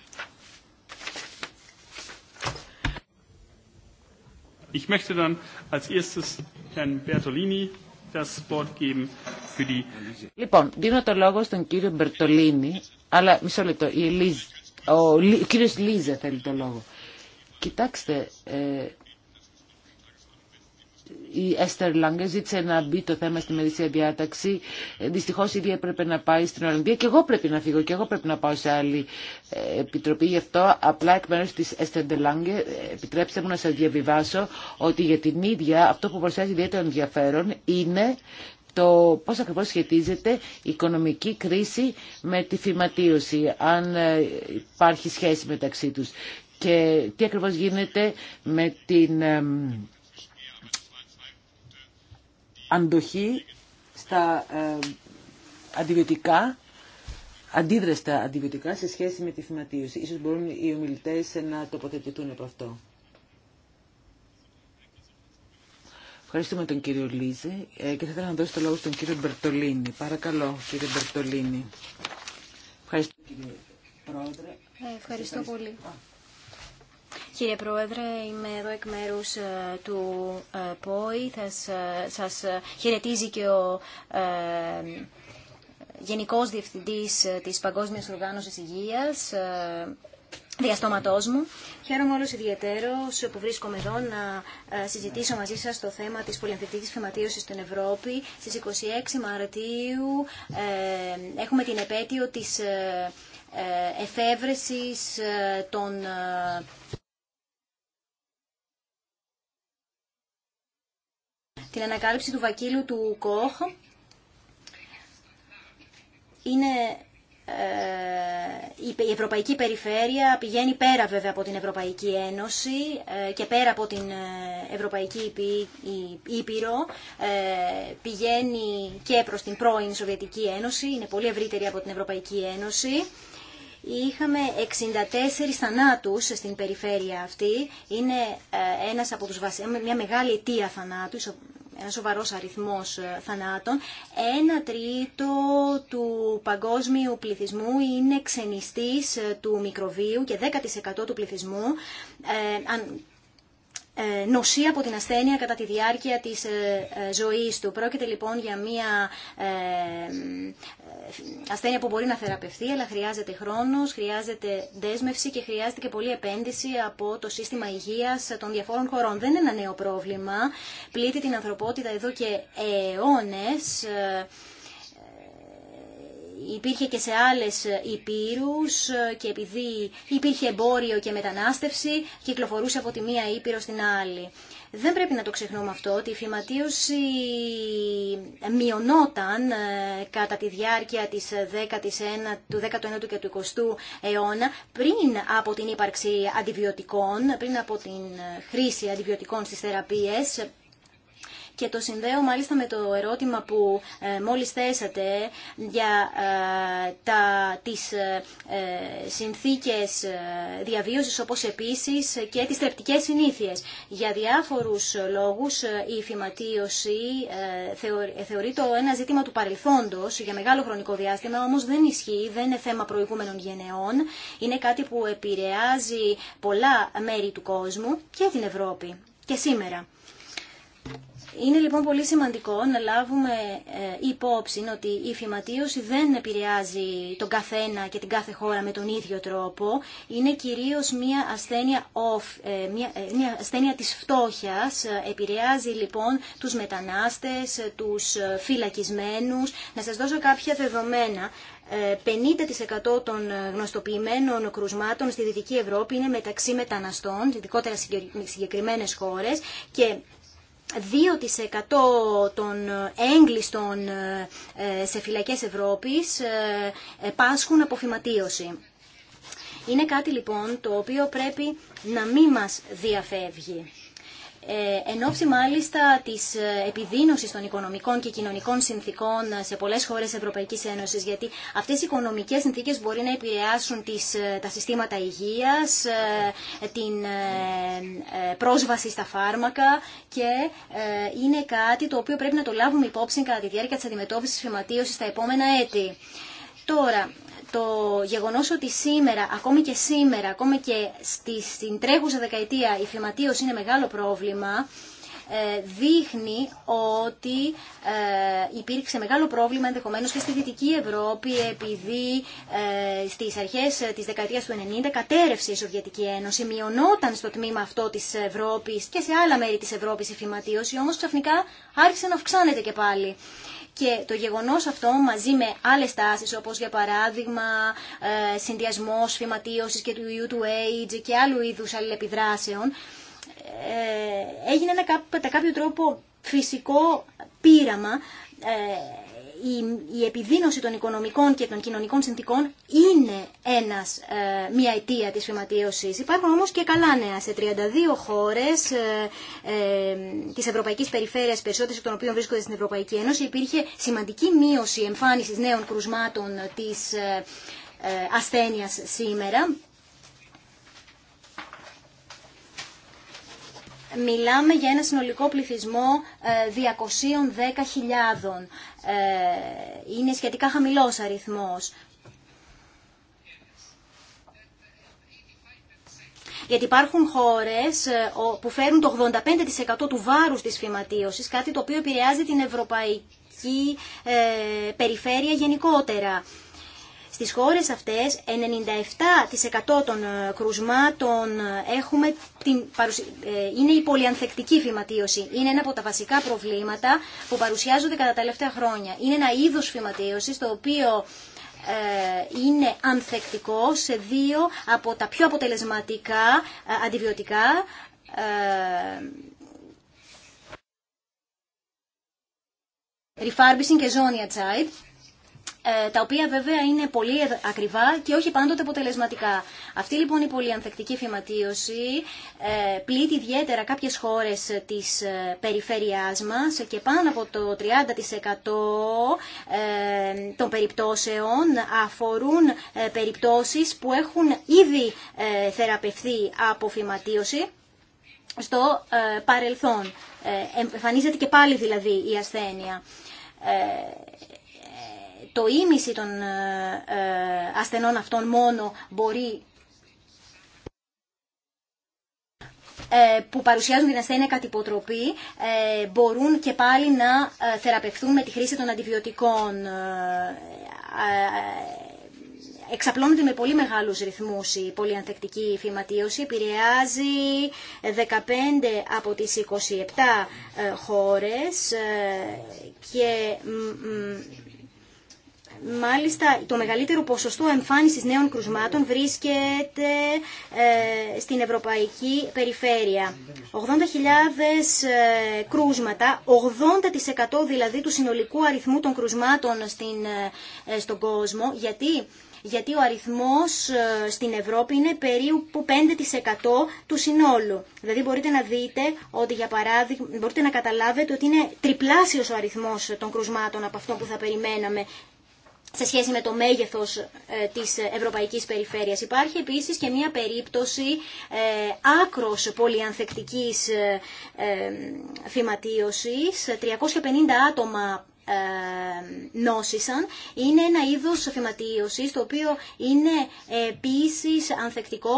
Ich möchte dann als erstes Herrn Bertolini das Wort geben für die... Λοιπόν, δίνω το λόγο στον κύριο Μπερτολίνη, αλλά μισό λεπτό, ο, κύριο κύριος Λίζα θέλει το λόγο. Κοιτάξτε, ε, η Έστερ Λάγκε ζήτησε να μπει το θέμα στη μερίσια διάταξη. Ε, Δυστυχώ η ίδια έπρεπε να πάει στην Ολλανδία και εγώ πρέπει να φύγω και εγώ πρέπει να πάω σε άλλη ε, επιτροπή. Γι' αυτό απλά εκ μέρου τη Έστερ Λάγκε ε, επιτρέψτε μου να σα διαβιβάσω ότι για την ίδια αυτό που προσθέτει ιδιαίτερο ενδιαφέρον είναι το πώς ακριβώς σχετίζεται η οικονομική κρίση με τη φυματίωση, αν υπάρχει σχέση μεταξύ τους και τι ακριβώ γίνεται με την αντοχή στα ε, αντιβιωτικά, αντίδραστα αντιβιωτικά σε σχέση με τη θυματίωση. Ίσως μπορούν οι ομιλητές να τοποθετηθούν από αυτό. Ευχαριστούμε τον κύριο Λίζη ε, και θα ήθελα να δώσω το λόγο στον κύριο Μπερτολίνη. Παρακαλώ, κύριε Μπερτολίνη. Ευχαριστώ, κύριε Πρόεδρε. Ε, ευχαριστώ πολύ. Κύριε Πρόεδρε, είμαι εδώ εκ μέρου ε, του ε, ΠΟΗ. Θα ε, σα χαιρετίζει και ο Γενικός Γενικό Διευθυντή τη Παγκόσμια Οργάνωση Υγεία. διαστόματός μου. Χαίρομαι όλους ιδιαίτερος που βρίσκομαι εδώ να συζητήσω μαζί σας το θέμα της πολυαμφιβητικής φυματίωσης στην Ευρώπη. Στις 26 Μαρτίου έχουμε την επέτειο της εφεύρεσης των την ανακάλυψη του βακίλου του Κόχ είναι ε, η Ευρωπαϊκή Περιφέρεια πηγαίνει πέρα βέβαια από την Ευρωπαϊκή Ένωση ε, και πέρα από την ε, Ευρωπαϊκή Ήπειρο πηγαίνει και προς την πρώην Σοβιετική Ένωση, είναι πολύ ευρύτερη από την Ευρωπαϊκή Ένωση. Είχαμε 64 θανάτους στην περιφέρεια αυτή. Είναι ένας από τους μια μεγάλη αιτία θανάτου, ένα σοβαρός αριθμός ε, θανάτων. Ένα τρίτο του παγκόσμιου πληθυσμού είναι ξενιστής ε, του μικροβίου και 10% του πληθυσμού, ε, αν ε, νοσή από την ασθένεια κατά τη διάρκεια της ε, ε, ζωής του. Πρόκειται λοιπόν για μια ασθένεια που μπορεί να θεραπευτεί, αλλά χρειάζεται χρόνος, χρειάζεται δέσμευση και χρειάζεται και πολλή επένδυση από το σύστημα υγείας των διαφόρων χωρών. Δεν είναι ένα νέο πρόβλημα. Πλήττει την ανθρωπότητα εδώ και αιώνες υπήρχε και σε άλλες ε, υπήρους ε, και επειδή υπήρχε εμπόριο και μετανάστευση κυκλοφορούσε από τη μία ήπειρο στην άλλη. Δεν πρέπει να το ξεχνούμε αυτό ότι η φυματίωση μειωνόταν ε, κατά τη διάρκεια της 19, του 19ου και του 20ου αιώνα πριν από την ύπαρξη αντιβιωτικών, πριν από την χρήση αντιβιωτικών στις θεραπείες και το συνδέω μάλιστα με το ερώτημα που ε, μόλις θέσατε για ε, τα, τις ε, συνθήκες διαβίωσης όπως επίσης και τις θρεπτικές συνήθειες. Για διάφορους λόγους η φυματίωση θεωρείται ένα ζήτημα του παρελθόντος για μεγάλο χρονικό διάστημα, όμως δεν ισχύει, δεν είναι θέμα προηγούμενων γενεών. Είναι κάτι που επηρεάζει πολλά μέρη του κόσμου και την Ευρώπη και σήμερα. Είναι λοιπόν πολύ σημαντικό να λάβουμε ε, υπόψη ότι η φυματίωση δεν επηρεάζει τον καθένα και την κάθε χώρα με τον ίδιο τρόπο. Είναι κυρίως μια ασθένεια, off, ε, μια, ε, μια της φτώχειας. Επηρεάζει λοιπόν τους μετανάστες, τους φυλακισμένους. Να σας δώσω κάποια δεδομένα. 50% των γνωστοποιημένων κρουσμάτων στη Δυτική Ευρώπη είναι μεταξύ μεταναστών, ειδικότερα συγκεκριμένες χώρες και 2% των έγκλειστων ε, ε, σε φυλακές Ευρώπης ε, πάσχουν από φυματίωση. Είναι κάτι λοιπόν το οποίο πρέπει να μην μας διαφεύγει. Ε, εν ώψη μάλιστα της ε, επιδείνωσης των οικονομικών και κοινωνικών συνθήκων ε, σε πολλές χώρες Ευρωπαϊκής Ένωσης, γιατί αυτές οι οικονομικές συνθήκες μπορεί να επηρεάσουν τις, τα συστήματα υγείας, την πρόσβαση στα φάρμακα και είναι κάτι το οποίο πρέπει να το λάβουμε υπόψη κατά τη διάρκεια της αντιμετώπισης φυματίωσης στα επόμενα έτη. Τώρα, το γεγονός ότι σήμερα, ακόμη και σήμερα, ακόμη και στη, στην τρέχουσα δεκαετία η φυματίωση είναι μεγάλο πρόβλημα, ε, δείχνει ότι ε, υπήρξε μεγάλο πρόβλημα ενδεχομένως και στη Δυτική Ευρώπη επειδή ε, στις αρχές της δεκαετίας του 90 κατέρευσε η Σοβιετική Ένωση, μειωνόταν στο τμήμα αυτό της Ευρώπης και σε άλλα μέρη της Ευρώπης η φυματίωση, όμως ξαφνικά άρχισε να αυξάνεται και πάλι. Και το γεγονός αυτό μαζί με άλλες τάσεις όπως για παράδειγμα ε, συνδυασμός φυματίωση και του ιού του AIDS και άλλου είδους αλληλεπιδράσεων ε, έγινε ένα, κατά κάποιο τρόπο φυσικό πείραμα ε, η επιδείνωση των οικονομικών και των κοινωνικών συνθήκων είναι ένας, ε, μια αιτία της φυματίωσης. Υπάρχουν όμως και καλά νέα. Σε 32 χώρες ε, ε, της Ευρωπαϊκής Περιφέρειας, περισσότερες των οποίων βρίσκονται στην Ευρωπαϊκή Ένωση, υπήρχε σημαντική μείωση εμφάνισης νέων κρουσμάτων της ε, ε, ασθένειας σήμερα μιλάμε για ένα συνολικό πληθυσμό 210.000. Ε, ε, είναι σχετικά χαμηλός αριθμός. Γιατί υπάρχουν χώρες ε, που φέρουν το 85% του βάρους της φυματίωσης, κάτι το οποίο επηρεάζει την ευρωπαϊκή περιφέρεια γενικότερα. Στις χώρες αυτές 97% των ε, κρουσμάτων ε, έχουμε την ε, είναι η πολυανθεκτική φυματίωση. Είναι ένα από τα βασικά προβλήματα που παρουσιάζονται κατά τα τελευταία χρόνια. Είναι ένα είδος φυματίωσης το οποίο είναι ανθεκτικό σε δύο από τα πιο αποτελεσματικά αντιβιωτικά Refurbishing και Zonia Child ε, τα οποία βέβαια είναι πολύ ακριβά και όχι πάντοτε αποτελεσματικά. Αυτή λοιπόν η πολυανθεκτική φυματίωση ε, πλήττει ιδιαίτερα κάποιες χώρες της ε, περιφέρειάς μας και πάνω από το 30% των περιπτώσεων αφορούν περιπτώσεις που έχουν ήδη θεραπευθεί από φυματίωση στο παρελθόν. Εμφανίζεται και πάλι δηλαδή η ασθένεια το ίμιση των ε, ε, ασθενών αυτών μόνο μπορεί ε, που παρουσιάζουν την ασθένεια κατ' υποτροπή μπορούν και πάλι να θεραπευθούν με τη χρήση των αντιβιωτικών. Εξαπλώνονται με πολύ μεγάλους ρυθμούς η πολυανθεκτική φυματίωση. Επηρεάζει 15 από τις 27 χώρες και Μάλιστα, το μεγαλύτερο ποσοστό εμφάνισης νέων κρουσμάτων βρίσκεται ε, στην Ευρωπαϊκή Περιφέρεια. 80.000 ε, κρούσματα, 80% δηλαδή του συνολικού αριθμού των κρουσμάτων στην, ε, στον κόσμο. Γιατί? Γιατί ο αριθμός στην Ευρώπη είναι περίπου 5% του συνόλου. Δηλαδή μπορείτε να δείτε ότι για παράδειγμα, μπορείτε να καταλάβετε ότι είναι τριπλάσιος ο αριθμός των κρουσμάτων από αυτό που θα περιμέναμε σε σχέση με το μέγεθος ε, της ευρωπαϊκής περιφέρειας. Υπάρχει επίσης και μια περίπτωση ε, άκρος πολυανθεκτικής ε, φυματίωσης. 350 άτομα νόσησαν. Είναι ένα είδος φυματίωσης το οποίο είναι επίσης ανθεκτικό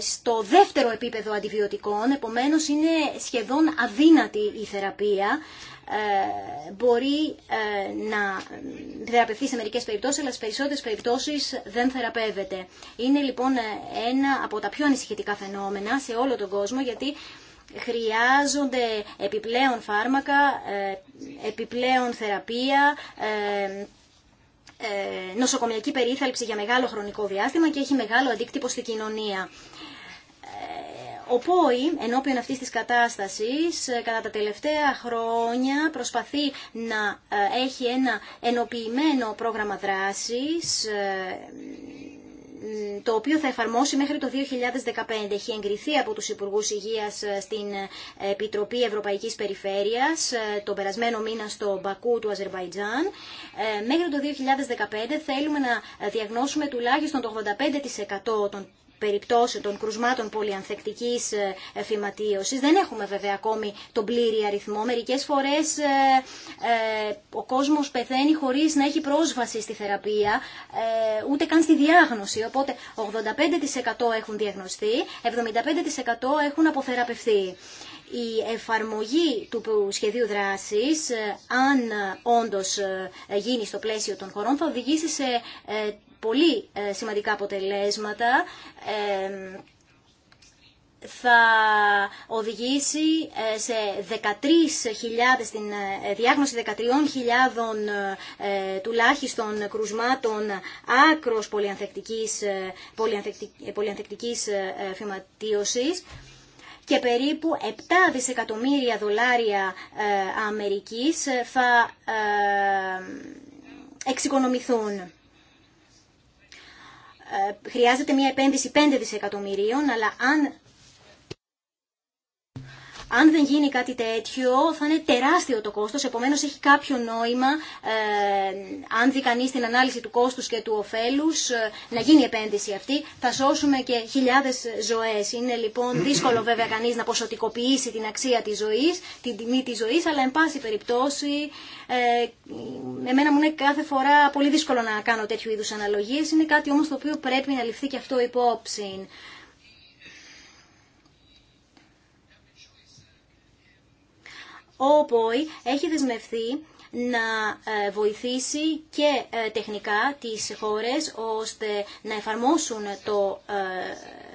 στο δεύτερο επίπεδο αντιβιωτικών. Επομένως είναι σχεδόν αδύνατη η θεραπεία. Ε, μπορεί ε, να θεραπευθεί σε μερικές περιπτώσεις, αλλά σε περισσότερες περιπτώσεις δεν θεραπεύεται. Είναι λοιπόν ε, ένα από τα πιο ανησυχητικά φαινόμενα σε όλο τον κόσμο, γιατί χρειάζονται επιπλέον φάρμακα, επιπλέον θεραπεία, νοσοκομιακή περίθαλψη για μεγάλο χρονικό διάστημα και έχει μεγάλο αντίκτυπο στην κοινωνία. Ο ΠΟΗ ενώπιον αυτής της κατάστασης ε, κατά τα τελευταία χρόνια προσπαθεί να ε, έχει ένα ενοποιημένο πρόγραμμα δράσης ε, το οποίο θα εφαρμόσει μέχρι το 2015. Έχει εγκριθεί από τους Υπουργούς Υγείας στην Επιτροπή Ευρωπαϊκής Περιφέρειας τον περασμένο μήνα στο Μπακού του Αζερβαϊτζάν. Μέχρι το 2015 θέλουμε να διαγνώσουμε τουλάχιστον το 85% των περιπτώσεων των κρουσμάτων πολυανθεκτικής ε, φυματίωσης. Δεν έχουμε βέβαια ακόμη τον πλήρη αριθμό. Μερικές φορές ε, ε, ο κόσμος πεθαίνει χωρίς να έχει πρόσβαση στη θεραπεία, ούτε καν στη διάγνωση. Οπότε 85% έχουν διαγνωστεί, 75% έχουν αποθεραπευθεί η εφαρμογή του σχεδίου δράσης, αν όντως γίνει στο πλαίσιο των χωρών, θα οδηγήσει σε πολύ ε, σημαντικά αποτελέσματα ε, θα οδηγήσει ε, σε 13.000, διάγνωση 13.000 τουλάχιστον κρουσμάτων άκρος πολυανθεκτικής, πολυανθεκτικής φυματίωσης και περίπου 7 δισεκατομμύρια δολάρια Αμερικής θα εξοικονομηθούν. Ε, χρειάζεται μια επένδυση 5 δισεκατομμυρίων, αλλά αν αν δεν γίνει κάτι τέτοιο θα είναι τεράστιο το κόστος, επομένως έχει κάποιο νόημα ε, αν δει κανείς την ανάλυση του κόστους και του ωφέλους ε, να γίνει επένδυση αυτή. Θα σώσουμε και χιλιάδες ζωές. Είναι λοιπόν δύσκολο βέβαια κανείς να ποσοτικοποιήσει την αξία της ζωής, την τιμή της ζωής, αλλά εν πάση περιπτώσει ε, εμένα μου είναι κάθε φορά πολύ δύσκολο να κάνω τέτοιου είδους αναλογίες. Είναι κάτι όμως το οποίο πρέπει να ληφθεί και αυτό υπόψη. ο ΠΟΗ έχει δεσμευθεί να ε, βοηθήσει και ε, τεχνικά τις χώρες ώστε να εφαρμόσουν το ε,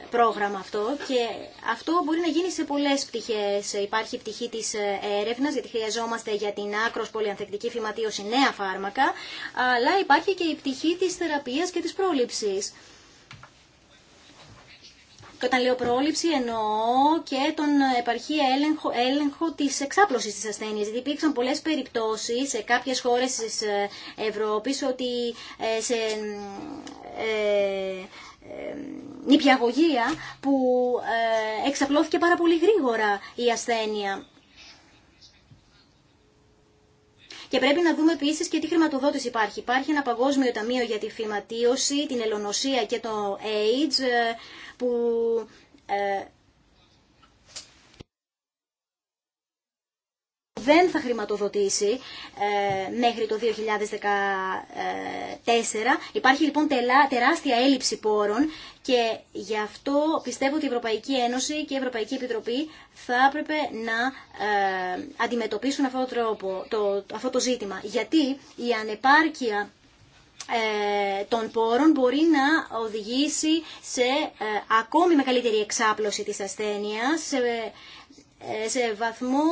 πρόγραμμα αυτό και αυτό μπορεί να γίνει σε πολλές πτυχές. Υπάρχει η πτυχή της έρευνας γιατί χρειαζόμαστε για την άκρος πολυανθεκτική φυματίωση νέα φάρμακα αλλά υπάρχει και η πτυχή της θεραπείας και της πρόληψης. Και όταν λέω πρόληψη εννοώ και τον επαρχή έλεγχο, έλεγχο της εξάπλωσης της ασθένειας. Γιατί υπήρξαν πολλές περιπτώσεις σε κάποιες χώρες τη ε, Ευρώπη ότι ε, σε... Ε, ε νηπιαγωγία που εξαπλώθηκε πάρα πολύ γρήγορα η ασθένεια. Και πρέπει να δούμε επίση και τι χρηματοδότηση υπάρχει. Υπάρχει ένα παγκόσμιο ταμείο για τη φυματίωση, την ελονοσία και το AIDS που ε, δεν θα χρηματοδοτήσει ε, μέχρι το 2014. Υπάρχει λοιπόν τεράστια έλλειψη πόρων και γι' αυτό πιστεύω ότι η Ευρωπαϊκή Ένωση και η Ευρωπαϊκή Επιτροπή θα έπρεπε να ε, αντιμετωπίσουν αυτό το, το, αυτό το ζήτημα. Γιατί η ανεπάρκεια ε, των πόρων μπορεί να οδηγήσει σε ε, ακόμη μεγαλύτερη εξάπλωση της ασθένειας σε ε, βαθμό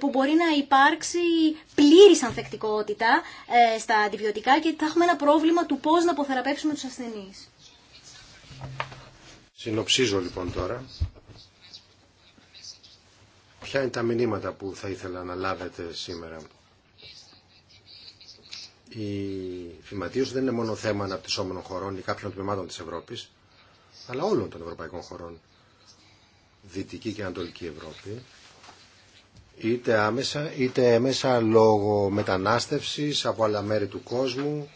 που μπορεί να υπάρξει πλήρης ανθεκτικότητα στα αντιβιωτικά και θα έχουμε ένα πρόβλημα του πώς να αποθεραπεύσουμε τους ασθενείς. Συνοψίζω λοιπόν τώρα. Ποια είναι τα μηνύματα που θα ήθελα να λάβετε σήμερα η φυματίωση δεν είναι μόνο θέμα αναπτυσσόμενων χωρών ή κάποιων τμήματων της Ευρώπης, αλλά όλων των ευρωπαϊκών χωρών. Δυτική και Ανατολική Ευρώπη, είτε άμεσα είτε έμεσα λόγω μετανάστευσης από άλλα μέρη του κόσμου,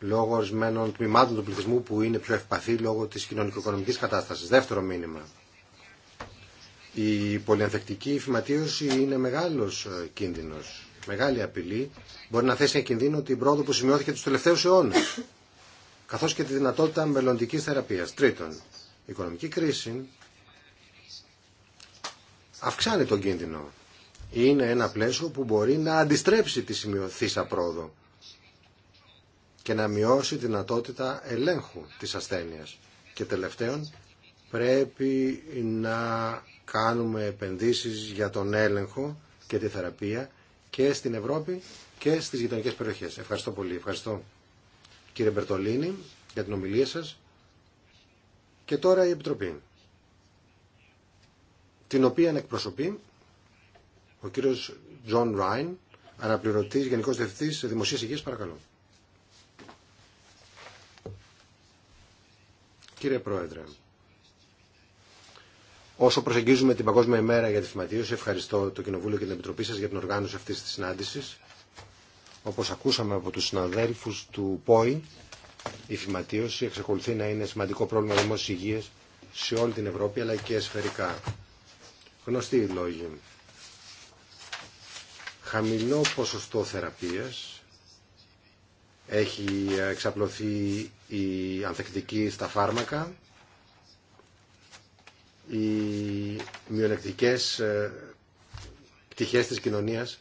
λόγω ορισμένων τμήματων του πληθυσμού που είναι πιο ευπαθή λόγω της κοινωνικο-οικονομικής κατάστασης. Δεύτερο μήνυμα. Η πολυανθεκτική φυματίωση είναι μεγάλος ε, κίνδυνος μεγάλη απειλή, μπορεί να θέσει ένα κινδύνο την πρόοδο που σημειώθηκε του τελευταίου αιώνε, καθώ και τη δυνατότητα μελλοντική θεραπεία. Τρίτον, η οικονομική κρίση αυξάνει τον κίνδυνο. Είναι ένα πλαίσιο που μπορεί να αντιστρέψει τη σημειωθήσα πρόοδο και να μειώσει τη δυνατότητα ελέγχου της ασθένεια Και τελευταίον, πρέπει να κάνουμε επενδύσεις για τον έλεγχο και τη θεραπεία και στην Ευρώπη και στις γειτονικέ περιοχές. Ευχαριστώ πολύ. Ευχαριστώ κύριε Μπερτολίνη για την ομιλία σας. Και τώρα η Επιτροπή, την οποία εκπροσωπεί ο κύριος Τζον Ράιν, αναπληρωτής Γενικός Διευθυντής Δημοσίας Υγείας, παρακαλώ. Κύριε Πρόεδρε, Όσο προσεγγίζουμε την Παγκόσμια ημέρα για τη φυματίωση, ευχαριστώ το Κοινοβούλιο και την Επιτροπή σας για την οργάνωση αυτής της συνάντησης. Όπως ακούσαμε από τους συναδέλφους του ΠΟΗ, η φυματίωση εξακολουθεί να είναι σημαντικό πρόβλημα δημόσιας υγείας σε όλη την Ευρώπη αλλά και σφαιρικά. Γνωστοί οι λόγοι. Χαμηλό ποσοστό θεραπείας έχει εξαπλωθεί η ανθεκτική στα φάρμακα οι μειονεκτικές ε, πτυχές της κοινωνίας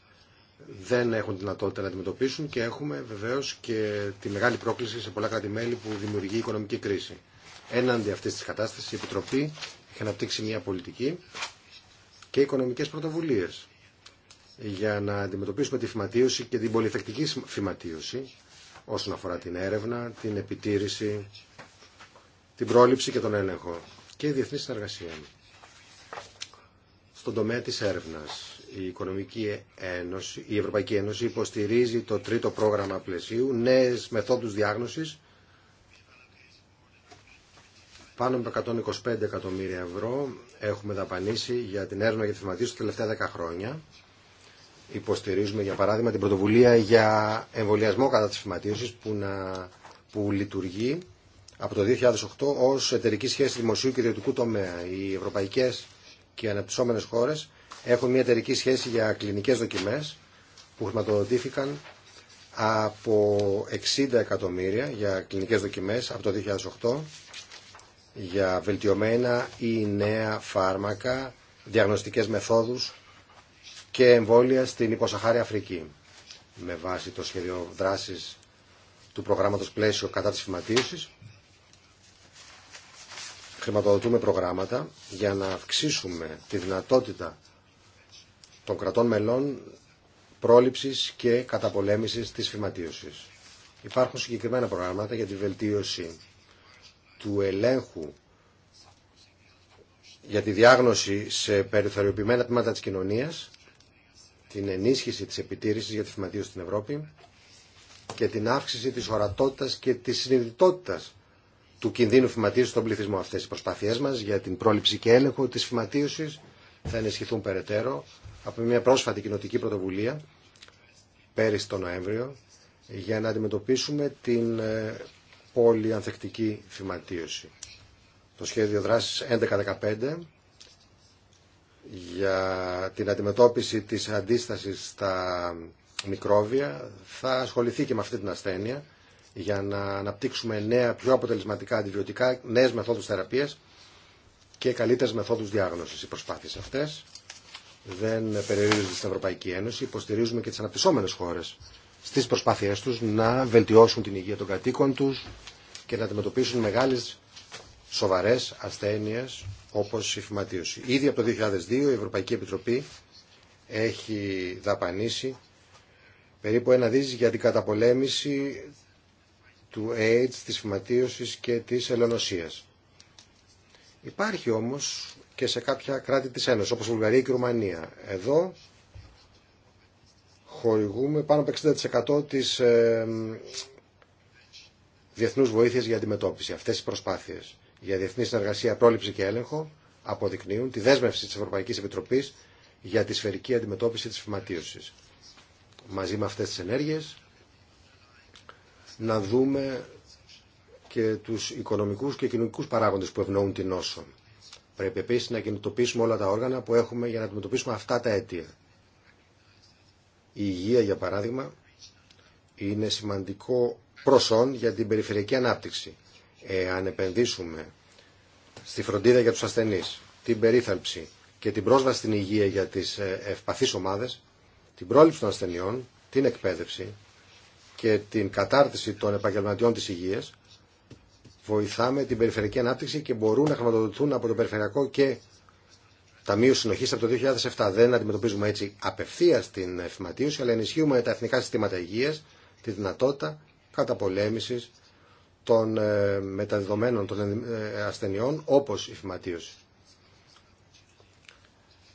δεν έχουν δυνατότητα να αντιμετωπίσουν και έχουμε βεβαίως και τη μεγάλη πρόκληση σε πολλά κράτη-μέλη που δημιουργεί η οικονομική κρίση. Έναντι αυτή τη κατάσταση, η Επιτροπή έχει αναπτύξει μια πολιτική και οικονομικές πρωτοβουλίες για να αντιμετωπίσουμε τη φυματίωση και την πολυθεκτική φυματίωση όσον αφορά την έρευνα, την επιτήρηση, την πρόληψη και τον έλεγχο και η διεθνή συνεργασία. Στον τομέα της έρευνας, η, Ευρωπαϊκή Ένωση υποστηρίζει το τρίτο πρόγραμμα πλαισίου, νέες μεθόδους διάγνωσης, πάνω από 125 εκατομμύρια ευρώ έχουμε δαπανίσει για την έρευνα για τη θυματίωση τα τελευταία 10 χρόνια. Υποστηρίζουμε, για παράδειγμα, την πρωτοβουλία για εμβολιασμό κατά τη θυματίωση που, που λειτουργεί από το 2008 ως εταιρική σχέση δημοσίου και ιδιωτικού τομέα. Οι ευρωπαϊκές και οι αναπτυσσόμενες χώρες έχουν μια εταιρική σχέση για κλινικές δοκιμές που χρηματοδοτήθηκαν από 60 εκατομμύρια για κλινικές δοκιμές από το 2008 για βελτιωμένα ή νέα φάρμακα, διαγνωστικές μεθόδους και εμβόλια στην υποσαχάρια Αφρική με βάση το σχέδιο δράσης του προγράμματος πλαίσιο κατά της φυματίωσης χρηματοδοτούμε προγράμματα για να αυξήσουμε τη δυνατότητα των κρατών μελών πρόληψης και καταπολέμησης της φυματίωσης. Υπάρχουν συγκεκριμένα προγράμματα για τη βελτίωση του ελέγχου για τη διάγνωση σε περιθωριοποιημένα τμήματα της κοινωνίας, την ενίσχυση της επιτήρησης για τη φυματίωση στην Ευρώπη και την αύξηση της ορατότητας και της συνειδητότητας του κινδύνου φυματίωσης στον πληθυσμό. αυτέ οι προσπάθειέ μας για την πρόληψη και έλεγχο της φυματίωσης θα ενισχυθούν περαιτέρω από μια πρόσφατη κοινοτική πρωτοβουλία πέρυσι το Νοέμβριο για να αντιμετωπίσουμε την ε, πολυανθεκτική φυματίωση. Το σχέδιο δράσης 11-15 για την αντιμετώπιση της αντίστασης στα μικρόβια θα ασχοληθεί και με αυτή την ασθένεια για να αναπτύξουμε νέα, πιο αποτελεσματικά αντιβιωτικά, νέε μεθόδου θεραπεία και καλύτερε μεθόδου διάγνωση Οι προσπάθειε. Αυτέ δεν περιορίζονται στην Ευρωπαϊκή Ένωση. Υποστηρίζουμε και τι αναπτυσσόμενες χώρε στι προσπάθειε του να βελτιώσουν την υγεία των κατοίκων του και να αντιμετωπίσουν μεγάλε σοβαρέ ασθένειε, όπω η φυματίωση. Ήδη από το 2002 η Ευρωπαϊκή Επιτροπή έχει δαπανίσει περίπου ένα δις για την καταπολέμηση του AIDS, της φυματίωσης και της ελονοσίας. Υπάρχει όμως και σε κάποια κράτη της Ένωσης, όπως Βουλγαρία και Ρουμανία. Εδώ χορηγούμε πάνω από 60% της ε, διεθνούς βοήθειας για αντιμετώπιση. Αυτές οι προσπάθειες για διεθνή συνεργασία, πρόληψη και έλεγχο αποδεικνύουν τη δέσμευση της Ευρωπαϊκής Επιτροπής για τη σφαιρική αντιμετώπιση της φυματίωσης. Μαζί με αυτές τις ενέργειες να δούμε και τους οικονομικούς και κοινωνικούς παράγοντες που ευνοούν την νόσο. Πρέπει επίση να κινητοποιήσουμε όλα τα όργανα που έχουμε για να αντιμετωπίσουμε αυτά τα αίτια. Η υγεία, για παράδειγμα, είναι σημαντικό προσόν για την περιφερειακή ανάπτυξη. Εάν επενδύσουμε στη φροντίδα για τους ασθενείς, την περίθαλψη και την πρόσβαση στην υγεία για τις ε, ευπαθείς ομάδες, την πρόληψη των ασθενειών, την εκπαίδευση, και την κατάρτιση των επαγγελματιών τη υγεία βοηθάμε την περιφερειακή ανάπτυξη και μπορούν να χρηματοδοτηθούν από το Περιφερειακό και Ταμείο Συνοχή από το 2007. Δεν αντιμετωπίζουμε έτσι απευθεία την εφηματίωση, αλλά ενισχύουμε τα εθνικά συστήματα υγεία, τη δυνατότητα καταπολέμηση των ε, μεταδεδομένων των ε, ασθενειών, όπω η εφηματίωση.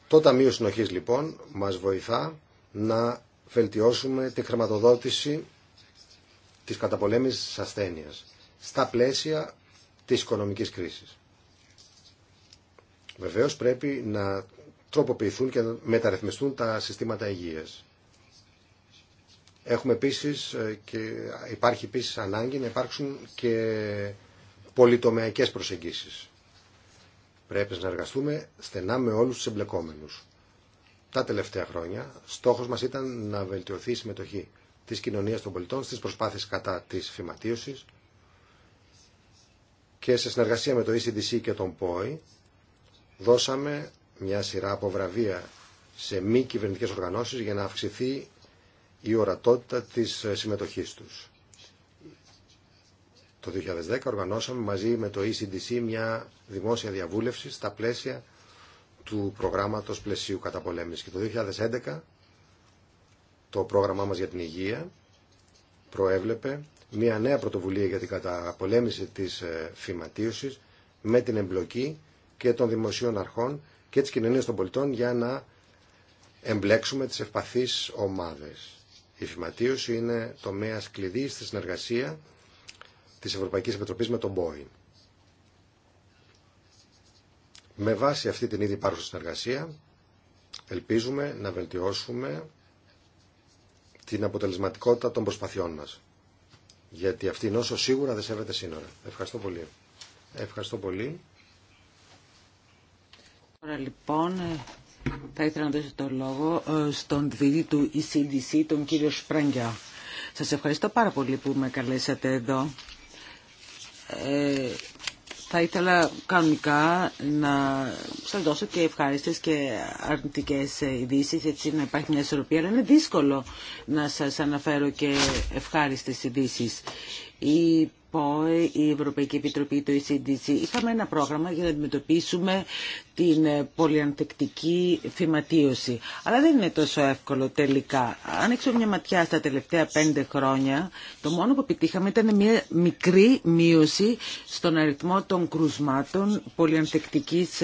Το Ταμείο Συνοχή λοιπόν μα βοηθά να βελτιώσουμε τη χρηματοδότηση της καταπολέμησης της ασθένειας στα πλαίσια της οικονομικής κρίσης. Βεβαίως πρέπει να τροποποιηθούν και να μεταρρυθμιστούν τα συστήματα υγείας. Έχουμε επίσης ε, και υπάρχει επίσης ανάγκη να υπάρξουν και πολυτομεακές προσεγγίσεις. Πρέπει να εργαστούμε στενά με όλους τους εμπλεκόμενους. Τα τελευταία χρόνια στόχος μας ήταν να βελτιωθεί η συμμετοχή της κοινωνίας των πολιτών στις προσπάθειες κατά της φυματίωσης και σε συνεργασία με το ECDC και τον ΠΟΗ δώσαμε μια σειρά από βραβεία σε μη κυβερνητικές οργανώσεις για να αυξηθεί η ορατότητα της συμμετοχής τους. Το 2010 οργανώσαμε μαζί με το ECDC μια δημόσια διαβούλευση στα πλαίσια του προγράμματος πλαισίου καταπολέμησης και το 2011 το πρόγραμμά μας για την υγεία προέβλεπε μια νέα πρωτοβουλία για την καταπολέμηση της ε, φυματίωσης με την εμπλοκή και των δημοσίων αρχών και της κοινωνίας των πολιτών για να εμπλέξουμε τις ευπαθείς ομάδες. Η φυματίωση είναι τομέα κλειδί στη συνεργασία της Ευρωπαϊκής Επιτροπής με τον ΠΟΗ. Με βάση αυτή την ήδη υπάρχουσα συνεργασία, ελπίζουμε να βελτιώσουμε την αποτελεσματικότητα των προσπαθειών μας. Γιατί αυτή η νόσο σίγουρα δεν σέβεται σύνορα. Ευχαριστώ πολύ. Ευχαριστώ πολύ. Τώρα λοιπόν ε, θα ήθελα να δώσω το λόγο ε, στον διδί του ECDC, τον κύριο Σπραγκιά. Σας ευχαριστώ πάρα πολύ που με καλέσατε εδώ. Ε, θα ήθελα κανονικά να σας δώσω και ευχάριστες και αρνητικές ειδήσει, έτσι να υπάρχει μια ισορροπία, αλλά είναι δύσκολο να σας αναφέρω και ευχάριστες ειδήσει η Ευρωπαϊκή Επιτροπή, το ECDC. Είχαμε ένα πρόγραμμα για να αντιμετωπίσουμε την πολυανθεκτική θυματίωση. Αλλά δεν είναι τόσο εύκολο τελικά. Αν έξω μια ματιά στα τελευταία πέντε χρόνια, το μόνο που επιτύχαμε ήταν μια μικρή μείωση στον αριθμό των κρουσμάτων πολυανθεκτικής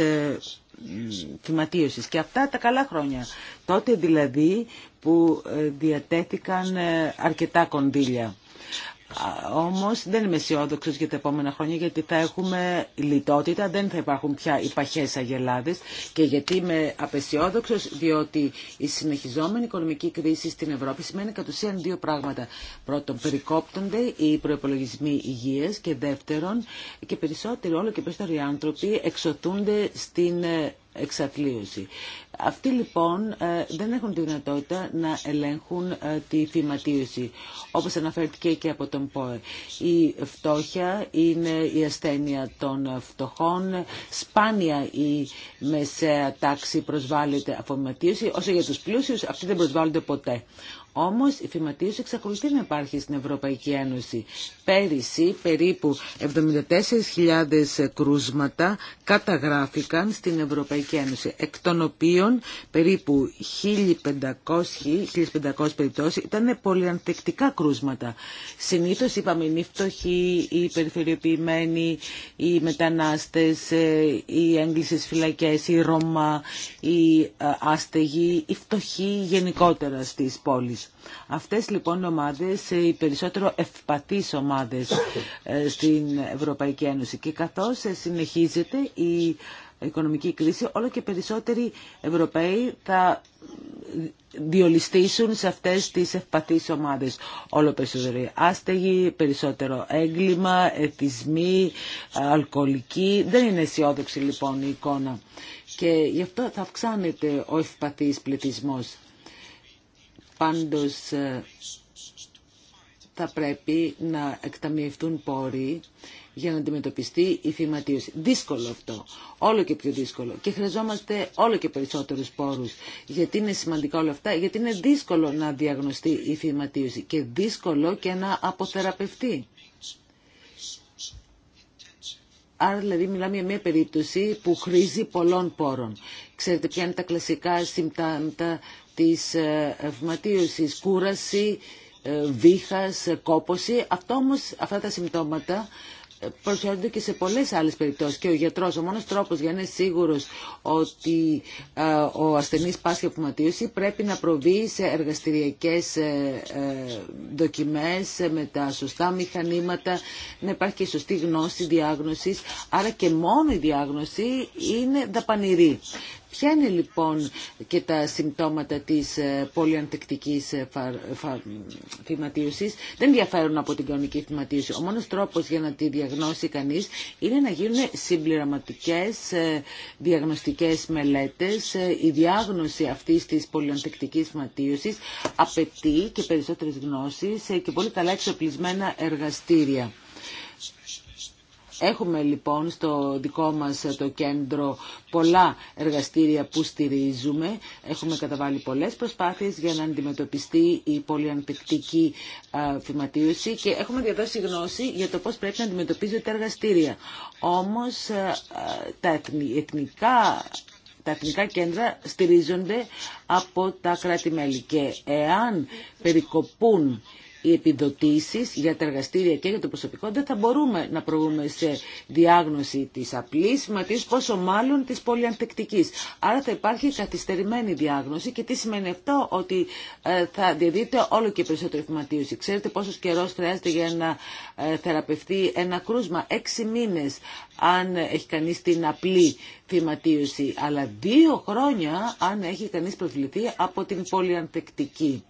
θυματίωσης. Ε, Και αυτά τα καλά χρόνια. Τότε δηλαδή που ε, διατέθηκαν ε, αρκετά κονδύλια. Όμω, δεν είμαι αισιόδοξο για τα επόμενα χρόνια γιατί θα έχουμε λιτότητα, δεν θα υπάρχουν πια οι παχέ και γιατί είμαι απεσιόδοξο διότι η συνεχιζόμενη οικονομική κρίση στην Ευρώπη σημαίνει κατ' ουσίαν δύο πράγματα. Πρώτον, περικόπτονται οι προπολογισμοί υγεία και δεύτερον και περισσότερο όλο και περισσότεροι άνθρωποι εξωθούνται στην ε, εξατλίωση. Αυτοί λοιπόν ε, δεν έχουν τη δυνατότητα να ελέγχουν ε, τη θυματίωση, όπως αναφέρθηκε και από τον ΠΟΕ. Η φτώχεια είναι η ασθένεια των φτωχών, σπάνια η μεσαία τάξη προσβάλλεται από όσο για τους πλούσιους αυτοί δεν προσβάλλονται ποτέ. Όμω, η φυματίωση εξακολουθεί να υπάρχει στην Ευρωπαϊκή Ένωση. Πέρυσι περίπου 74.000 κρούσματα καταγράφηκαν στην Ευρωπαϊκή Ένωση, εκ των οποίων περίπου 1.500, 1500 περιπτώσεις ήταν πολυανθεκτικά κρούσματα. Συνήθω είπαμε οι φτωχοί, οι περιφερειοποιημένοι, οι μετανάστες, ε, οι έγκλησες φυλακέ, οι Ρώμα, ε, οι άστεγοι, οι φτωχοί γενικότερα στις πόλεις. Αυτές λοιπόν οι ομάδες, οι περισσότερο ευπαθείς ομάδες ε, στην Ευρωπαϊκή Ένωση και καθώς ε, συνεχίζεται η οικονομική κρίση, όλο και περισσότεροι Ευρωπαίοι θα διολυστήσουν σε αυτές τις ευπαθείς ομάδες. Όλο περισσότερο άστεγοι, περισσότερο έγκλημα, εθισμοί, αλκοολικοί. Δεν είναι αισιόδοξη λοιπόν η εικόνα. Και γι' αυτό θα αυξάνεται ο ευπαθής πληθυσμός. Πάντως ε, θα πρέπει να εκταμιευτούν πόροι για να αντιμετωπιστεί η φυματίωση. Δύσκολο αυτό. Όλο και πιο δύσκολο. Και χρειαζόμαστε όλο και περισσότερους πόρους. Γιατί είναι σημαντικά όλα αυτά. Γιατί είναι δύσκολο να διαγνωστεί η φυματίωση και δύσκολο και να αποθεραπευτεί. Άρα δηλαδή μιλάμε για μια περίπτωση που χρήζει πολλών πόρων. Ξέρετε ποια είναι τα κλασικά συμπτάντα της ε, ευματίωσης, κούραση, ε, βήχας, ε, κόπωση. Αυτό αυτά τα συμπτώματα προσφέρονται και σε πολλές άλλες περιπτώσεις και ο γιατρός ο μόνος τρόπος για να είναι σίγουρος ότι ο ασθενής πάσχει από πρέπει να προβεί σε εργαστηριακές δοκιμές με τα σωστά μηχανήματα να υπάρχει και σωστή γνώση διάγνωσης άρα και μόνο η διάγνωση είναι δαπανηρή Ποια είναι λοιπόν και τα συμπτώματα της ε, πολυαντεκτικής ε, Φα... Δεν διαφέρουν από την κανονική θυματίωση. Ο μόνος τρόπος για να τη διαγνώσει κανείς είναι να γίνουν συμπληρωματικές ε, διαγνωστικές μελέτες. Η διάγνωση αυτής της πολυαντεκτικής θυματίωσης απαιτεί και περισσότερες γνώσεις και πολύ καλά εξοπλισμένα εργαστήρια. Έχουμε λοιπόν στο δικό μας ε, το κέντρο πολλά εργαστήρια που στηρίζουμε. Έχουμε καταβάλει πολλές προσπάθειες για να αντιμετωπιστεί η πολυανθεκτική ε, φυματίωση και έχουμε διαδώσει γνώση για το πώς πρέπει να αντιμετωπίζονται τα εργαστήρια. Όμως ε, τα εθνικά τα εθνικά κέντρα στηρίζονται από τα κράτη-μέλη και εάν περικοπούν οι επιδοτήσεις για τα εργαστήρια και για το προσωπικό δεν θα μπορούμε να προβούμε σε διάγνωση της απλής μα πόσο μάλλον της πολυαντεκτικής. Άρα θα υπάρχει καθυστερημένη διάγνωση και τι σημαίνει αυτό ότι ε, θα διαδίδεται όλο και περισσότερο ευματίωση. Ξέρετε πόσο καιρός χρειάζεται για να ε, θεραπευτεί ένα κρούσμα. Έξι μήνες αν έχει κανείς την απλή θυματίωση, αλλά δύο χρόνια αν έχει κανείς προβληθεί από την πολυαντεκτική.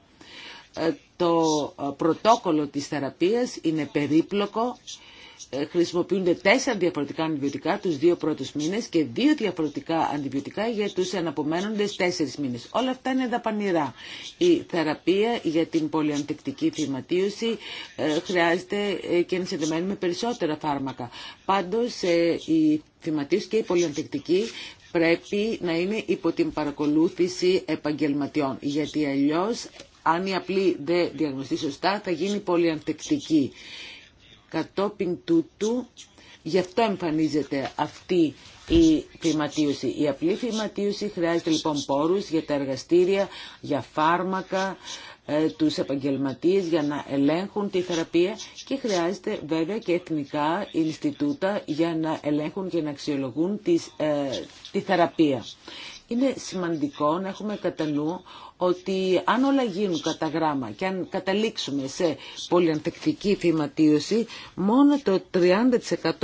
Ε, το ε, πρωτόκολλο της θεραπείας είναι περίπλοκο, ε, χρησιμοποιούνται τέσσερα διαφορετικά αντιβιωτικά τους δύο πρώτους μήνες και δύο διαφορετικά αντιβιωτικά για τους αναπομένοντες τέσσερις μήνες. Όλα αυτά είναι δαπανηρά. Η θεραπεία για την πολυαντεκτική θυματίωση χρειάζεται και ενσυνδεμένη με περισσότερα φάρμακα. Πάντως η θυματίωση και η πολυαντεκτική πρέπει να είναι υπό την παρακολούθηση επαγγελματιών, γιατί αλλιώς αν η απλή δεν διαγνωστεί σωστά, θα γίνει πολύ ανθεκτική. Κατόπιν τούτου, γι' αυτό εμφανίζεται αυτή η φυματίωση. Η απλή φυματίωση χρειάζεται λοιπόν πόρους για τα εργαστήρια, για φάρμακα, ε, τους για να ελέγχουν τη θεραπεία και χρειάζεται βέβαια και εθνικά Ινστιτούτα για να ελέγχουν και να αξιολογούν ε, τη θεραπεία. Είναι σημαντικό να έχουμε κατά νου ότι αν όλα γίνουν κατά γράμμα και αν καταλήξουμε σε πολυανθεκτική θυματίωση μόνο το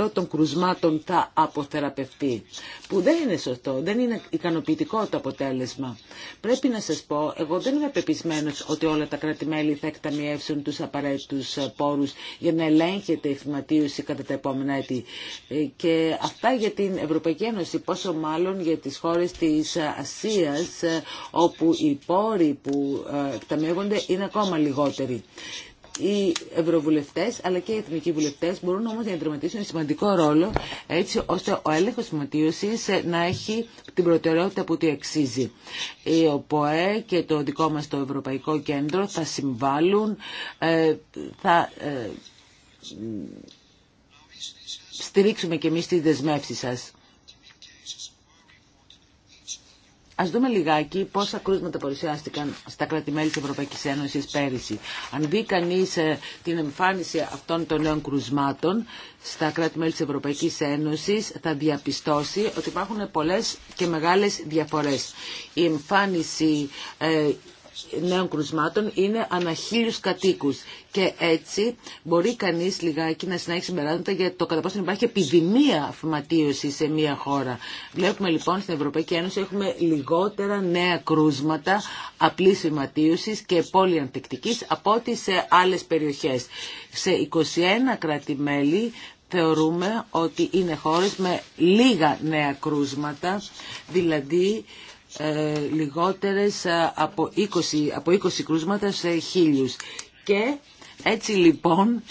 30% των κρουσμάτων θα αποθεραπευτεί. Που δεν είναι σωστό, δεν είναι ικανοποιητικό το αποτέλεσμα. Πρέπει να σας πω, εγώ δεν είμαι πεπισμένο ότι όλα τα κράτη-μέλη θα εκταμιεύσουν τους απαραίτητους πόρους για να ελέγχεται η θυματίωση κατά τα επόμενα έτη. Ε, και αυτά για την Ευρωπαϊκή Ένωση, πόσο μάλλον για τις χώρες της Ασίας, ε, όπου οι όροι που ε, εκταμείονται είναι ακόμα λιγότεροι. Οι ευρωβουλευτέ αλλά και οι εθνικοί βουλευτέ μπορούν όμω να διαδραματίσουν σημαντικό ρόλο έτσι ώστε ο έλεγχο συμματίωση ε, να έχει την προτεραιότητα που του αξίζει. Η ΟΠΟΕ και το δικό μα το Ευρωπαϊκό Κέντρο θα συμβάλλουν, ε, θα στηρίξουμε και εμεί τι δεσμεύσει σα. Ας δούμε λιγάκι πόσα κρούσματα παρουσιάστηκαν στα κράτη-μέλη της Ευρωπαϊκής Ένωσης πέρυσι. Αν δει κανείς ε, την εμφάνιση αυτών των νέων κρουσμάτων στα κράτη-μέλη της Ευρωπαϊκής Ένωσης θα διαπιστώσει ότι υπάρχουν πολλέ και μεγάλες διαφορέ. Η εμφάνιση ε, νέων κρουσμάτων είναι ανά χίλιους κατοίκους. Και έτσι μπορεί κανείς λιγάκι να συνέχει συμπεράσματα για το κατά πόσο υπάρχει επιδημία φυματίωση σε μια χώρα. Βλέπουμε λοιπόν στην Ευρωπαϊκή Ένωση έχουμε λιγότερα νέα κρούσματα απλή φυματίωσης και πολυανθεκτικής από ό,τι σε άλλες περιοχές. Σε 21 κράτη-μέλη θεωρούμε ότι είναι χώρες με λίγα νέα κρούσματα, δηλαδή ε, λιγότερες ε, από 20, από 20 κρούσματα σε χίλιους. Και έτσι λοιπόν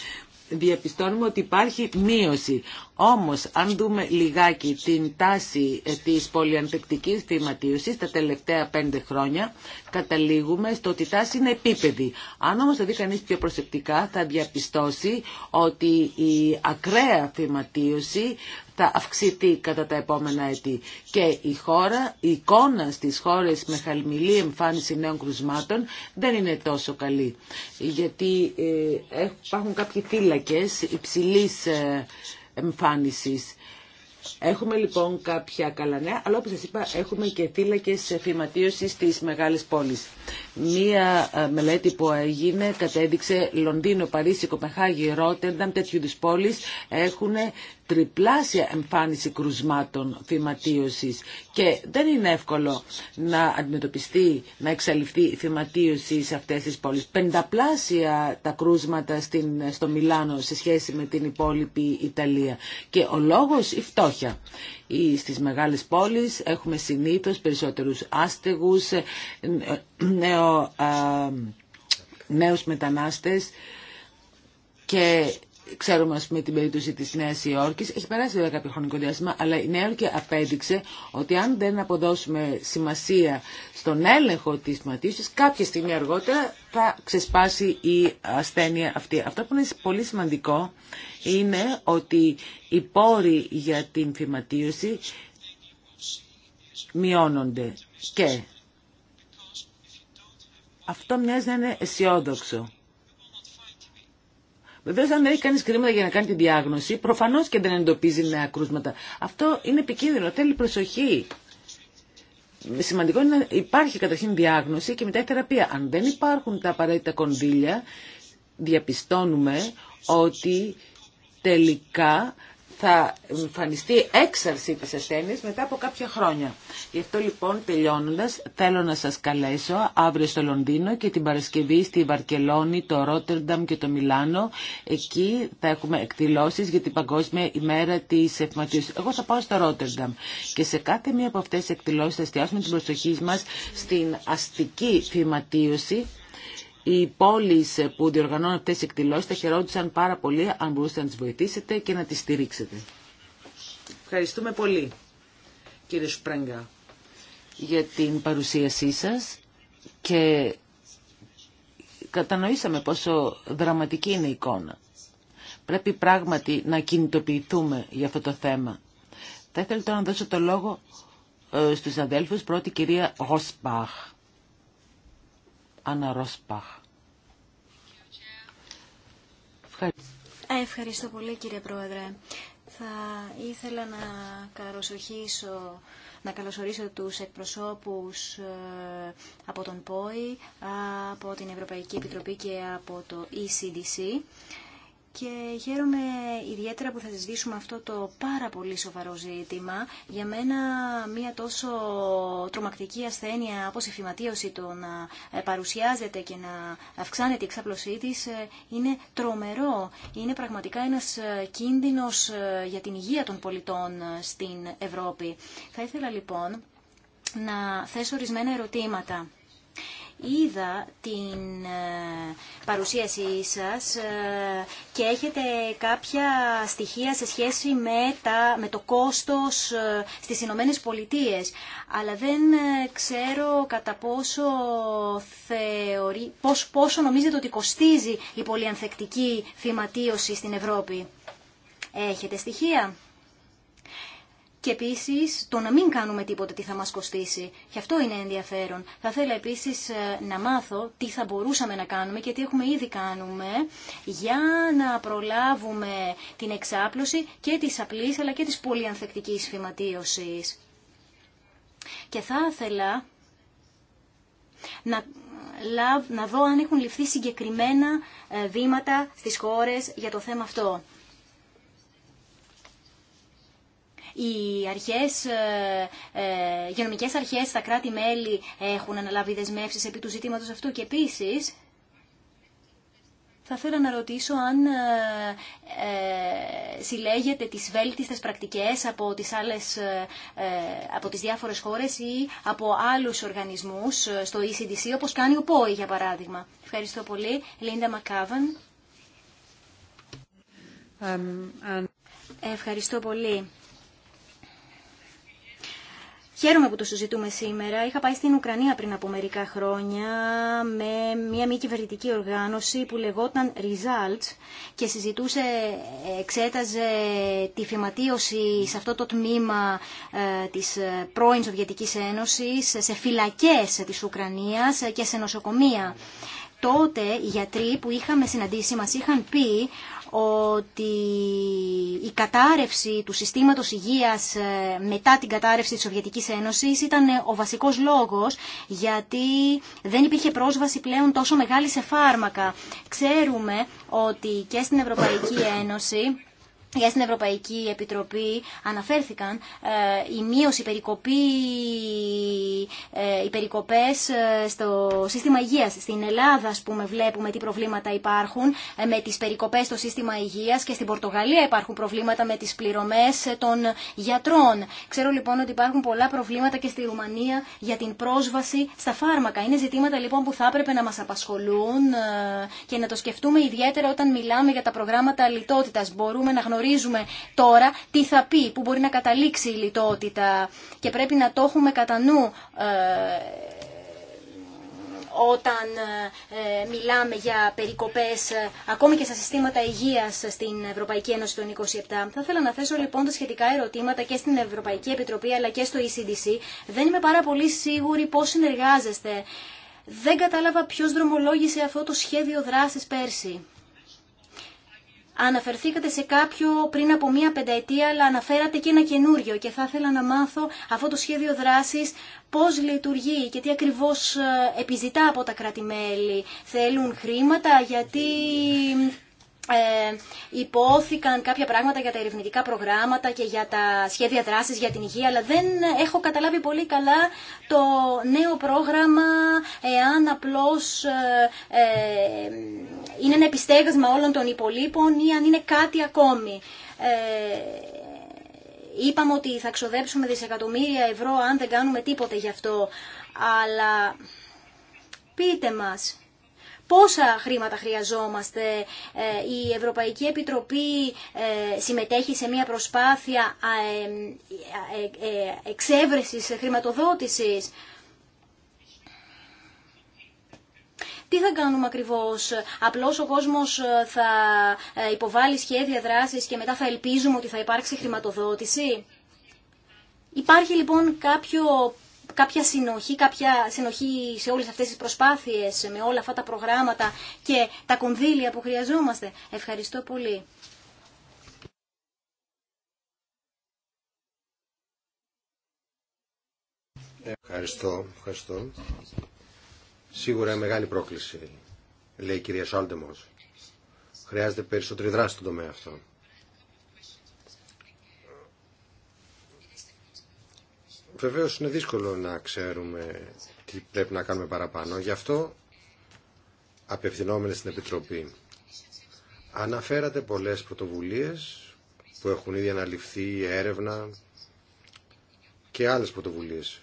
διαπιστώνουμε ότι υπάρχει μείωση. Όμως, αν δούμε λιγάκι την τάση ε, της πολυανθεκτικής θυματίωσης τα τελευταία πέντε χρόνια, καταλήγουμε στο ότι η τάση είναι επίπεδη. Αν όμως το δει κανείς πιο προσεκτικά, θα διαπιστώσει ότι η ακραία θυματίωση θα αυξηθεί κατά τα επόμενα έτη. Και η χώρα, η εικόνα στις χώρες με χαλμηλή εμφάνιση νέων κρουσμάτων δεν είναι τόσο καλή. Γιατί ε, υπάρχουν κάποιοι υψηλής ε, Εμφάνιση. Έχουμε λοιπόν κάποια καλά νέα, αλλά όπως σας είπα έχουμε και θύλακες φυματίωσης στις μεγάλες πόλεις. Μία ε, μελέτη που έγινε κατέδειξε Λονδίνο, Παρίσι, Κοπεχάγη, Ρότερνταμ, τέτοιου είδους πόλεις έχουν τριπλάσια εμφάνιση κρουσμάτων θυματίωση και δεν είναι εύκολο να αντιμετωπιστεί, να εξαλειφθεί η θυματίωση σε αυτές τις πόλεις. Πενταπλάσια τα κρούσματα στην, στο Μιλάνο σε σχέση με την υπόλοιπη Ιταλία και ο λόγος η φτώχεια. Ή στις μεγάλες πόλεις έχουμε συνήθως περισσότερους άστεγους, ε, νέου ε, νέους μετανάστες και Ξέρουμε, α πούμε, την περίπτωση τη Νέα Υόρκη. Έχει περάσει βέβαια κάποιο χρονικό διάστημα, αλλά η Νέα Υόρκη απέδειξε ότι αν δεν αποδώσουμε σημασία στον έλεγχο τη ματίωση, κάποια στιγμή αργότερα θα ξεσπάσει η ασθένεια αυτή. Αυτό που είναι πολύ σημαντικό είναι ότι οι πόροι για την φυματίωση μειώνονται και αυτό μοιάζει να είναι αισιόδοξο. Βεβαίω, αν δεν έχει κανεί κρίματα για να κάνει τη διάγνωση, προφανώ και δεν εντοπίζει νέα κρούσματα. Αυτό είναι επικίνδυνο. Θέλει προσοχή. Σημαντικό είναι να υπάρχει καταρχήν διάγνωση και μετά η θεραπεία. Αν δεν υπάρχουν τα απαραίτητα κονδύλια, διαπιστώνουμε ότι τελικά θα εμφανιστεί έξαρση της ασθένειας μετά από κάποια χρόνια. Γι' αυτό λοιπόν τελειώνοντας θέλω να σας καλέσω αύριο στο Λονδίνο και την Παρασκευή στη Βαρκελόνη, το Ρότερνταμ και το Μιλάνο. Εκεί θα έχουμε εκδηλώσεις για την Παγκόσμια ημέρα της ευματίωσης. Εγώ θα πάω στο Ρότερνταμ και σε κάθε μία από αυτές τις εκδηλώσεις θα εστιάσουμε την προσοχή μας στην αστική φηματίωση οι πόλει που διοργανώνουν αυτές τις εκδηλώσεις θα χαιρόντουσαν πάρα πολύ αν μπορούσατε να τι βοηθήσετε και να τις στηρίξετε. Ευχαριστούμε πολύ κύριε Σπρέγκα για την παρουσίασή σας και κατανοήσαμε πόσο δραματική είναι η εικόνα. Πρέπει πράγματι να κινητοποιηθούμε για αυτό το θέμα. Θα ήθελα τώρα να δώσω το λόγο ε, στους αδέλφους, πρώτη κυρία Ροσπάχ. Άννα Ροσπάχ. Ευχαριστώ πολύ κύριε Πρόεδρε. Θα ήθελα να καλωσορίσω, να καλωσορίσω τους εκπροσώπους ε, από τον ΠΟΗ, από την Ευρωπαϊκή Επιτροπή και από το ECDC και χαίρομαι ιδιαίτερα που θα συζητήσουμε αυτό το πάρα πολύ σοβαρό ζήτημα. Για μένα μια τόσο τρομακτική ασθένεια όπως η φυματίωση το να ε, παρουσιάζεται και να αυξάνεται η εξάπλωσή της ε, είναι τρομερό. Είναι πραγματικά ένας ε, κίνδυνος για την υγεία των πολιτών στην Ευρώπη. Θα ήθελα λοιπόν να θέσω ορισμένα ερωτήματα είδα την ε, παρουσίασή σας ε, και έχετε κάποια στοιχεία σε σχέση με, τα, με το κόστος ε, στις Ηνωμένε Πολιτείε. Αλλά δεν ξέρω κατά πόσο, θεωρεί, πόσο, πόσο νομίζετε ότι κοστίζει η πολυανθεκτική φυματίωση στην Ευρώπη. Έχετε στοιχεία και επίσης το να μην κάνουμε τίποτε τι θα μας κοστίσει. Και αυτό είναι ενδιαφέρον. Θα ήθελα επίσης ε, να μάθω τι θα μπορούσαμε να κάνουμε και τι έχουμε ήδη κάνουμε για να προλάβουμε την εξάπλωση και τη απλή, αλλά και της πολυανθεκτική φυματίωση. Και θα ήθελα να, να δω αν έχουν ληφθεί συγκεκριμένα ε, βήματα στις χώρες για το θέμα αυτό. Οι αρχές, ε, ε, οι αρχές στα κράτη-μέλη έχουν αναλάβει δεσμεύσεις επί του ζητήματος αυτού και επίσης θα ήθελα να ρωτήσω αν ε, ε συλλέγετε τις βέλτιστες πρακτικές από τις, άλλες, από τις διάφορες χώρες ή από άλλους οργανισμούς στο ECDC, όπως κάνει ο ΠΟΗ, για παράδειγμα. Ευχαριστώ πολύ. Λίντα Μακάβαν. Um, Ευχαριστώ πολύ. Χαίρομαι που το συζητούμε σήμερα. Είχα πάει στην Ουκρανία πριν από μερικά χρόνια με μια μη κυβερνητική οργάνωση που λεγόταν Results και συζητούσε, εξέταζε τη φυματίωση σε αυτό το τμήμα ε, της ε, πρώην Σοβιετικής Ένωσης, σε φυλακές της Ουκρανίας και σε νοσοκομεία τότε οι γιατροί που είχαμε συναντήσει μας είχαν πει ότι η κατάρρευση του συστήματος υγείας ε, μετά την κατάρρευση της Σοβιετικής Ένωσης ήταν ε, ο βασικός λόγος γιατί δεν υπήρχε πρόσβαση πλέον τόσο μεγάλη σε φάρμακα. Ξέρουμε ότι και στην Ευρωπαϊκή Ένωση για στην Ευρωπαϊκή Επιτροπή αναφέρθηκαν ε, η μείωση, ε, οι περικοπές ε, στο σύστημα υγείας. Στην Ελλάδα, βλέπουμε τι προβλήματα υπάρχουν ε, με τις περικοπές στο σύστημα υγείας και στην Πορτογαλία υπάρχουν προβλήματα με τις πληρωμές των γιατρών. Ξέρω λοιπόν ότι υπάρχουν πολλά προβλήματα και στη Ρουμανία για την πρόσβαση στα φάρμακα. Είναι ζητήματα λοιπόν που θα έπρεπε να μας απασχολούν και να το σκεφτούμε ιδιαίτερα όταν μιλάμε για τα προγράμματα λιτότητας. Μπορούμε να γνωρίζουμε τώρα τι θα πει, που μπορεί να καταλήξει η λιτότητα και πρέπει να το έχουμε κατά νου ε, όταν ε, μιλάμε για περικοπές ε, ακόμη και στα συστήματα υγείας στην Ευρωπαϊκή Ένωση των 27. Θα ήθελα να θέσω λοιπόν τα σχετικά ερωτήματα και στην Ευρωπαϊκή Επιτροπή αλλά και στο ECDC. Δεν είμαι πάρα πολύ σίγουρη πώς συνεργάζεστε. Δεν κατάλαβα ποιος δρομολόγησε αυτό το σχέδιο δράσης πέρσι. Αναφερθήκατε σε κάποιο πριν από μία πενταετία, αλλά αναφέρατε και ένα καινούριο και θα ήθελα να μάθω αυτό το σχέδιο δράσης πώς λειτουργεί και τι ακριβώς ε, επιζητά από τα κράτη-μέλη. Θέλουν χρήματα γιατί ε, υπόθηκαν κάποια πράγματα για τα ερευνητικά προγράμματα και για τα σχέδια δράσης για την υγεία, αλλά δεν έχω καταλάβει πολύ καλά το νέο πρόγραμμα, εάν απλώς ε, ε είναι ένα επιστέγασμα όλων των υπολείπων ή αν είναι κάτι ακόμη. Ε, είπαμε ότι θα ξοδέψουμε δισεκατομμύρια ευρώ αν δεν κάνουμε τίποτε γι' αυτό, αλλά πείτε μας πόσα χρήματα χρειαζόμαστε. Ε, η Ευρωπαϊκή Επιτροπή ε, συμμετέχει σε μια προσπάθεια ε, εξέβρεσης χρηματοδότησης. Τι θα κάνουμε ακριβώς, απλώς ο κόσμος θα υποβάλει σχέδια δράσης και μετά θα ελπίζουμε ότι θα υπάρξει χρηματοδότηση. Υπάρχει λοιπόν κάποιο κάποια συνοχή, κάποια συνοχή σε όλες αυτές τις προσπάθειες, με όλα αυτά τα προγράμματα και τα κονδύλια που χρειαζόμαστε. Ευχαριστώ πολύ. Ευχαριστώ, ευχαριστώ. Σίγουρα μεγάλη πρόκληση, λέει η κυρία Σάλτεμος. Χρειάζεται περισσότερη δράση στον τομέα αυτό. Βεβαίως είναι δύσκολο να ξέρουμε τι πρέπει να κάνουμε παραπάνω. Γι' αυτό απευθυνόμενοι στην Επιτροπή. Αναφέρατε πολλές πρωτοβουλίες που έχουν ήδη αναλυφθεί, έρευνα και άλλες πρωτοβουλίες.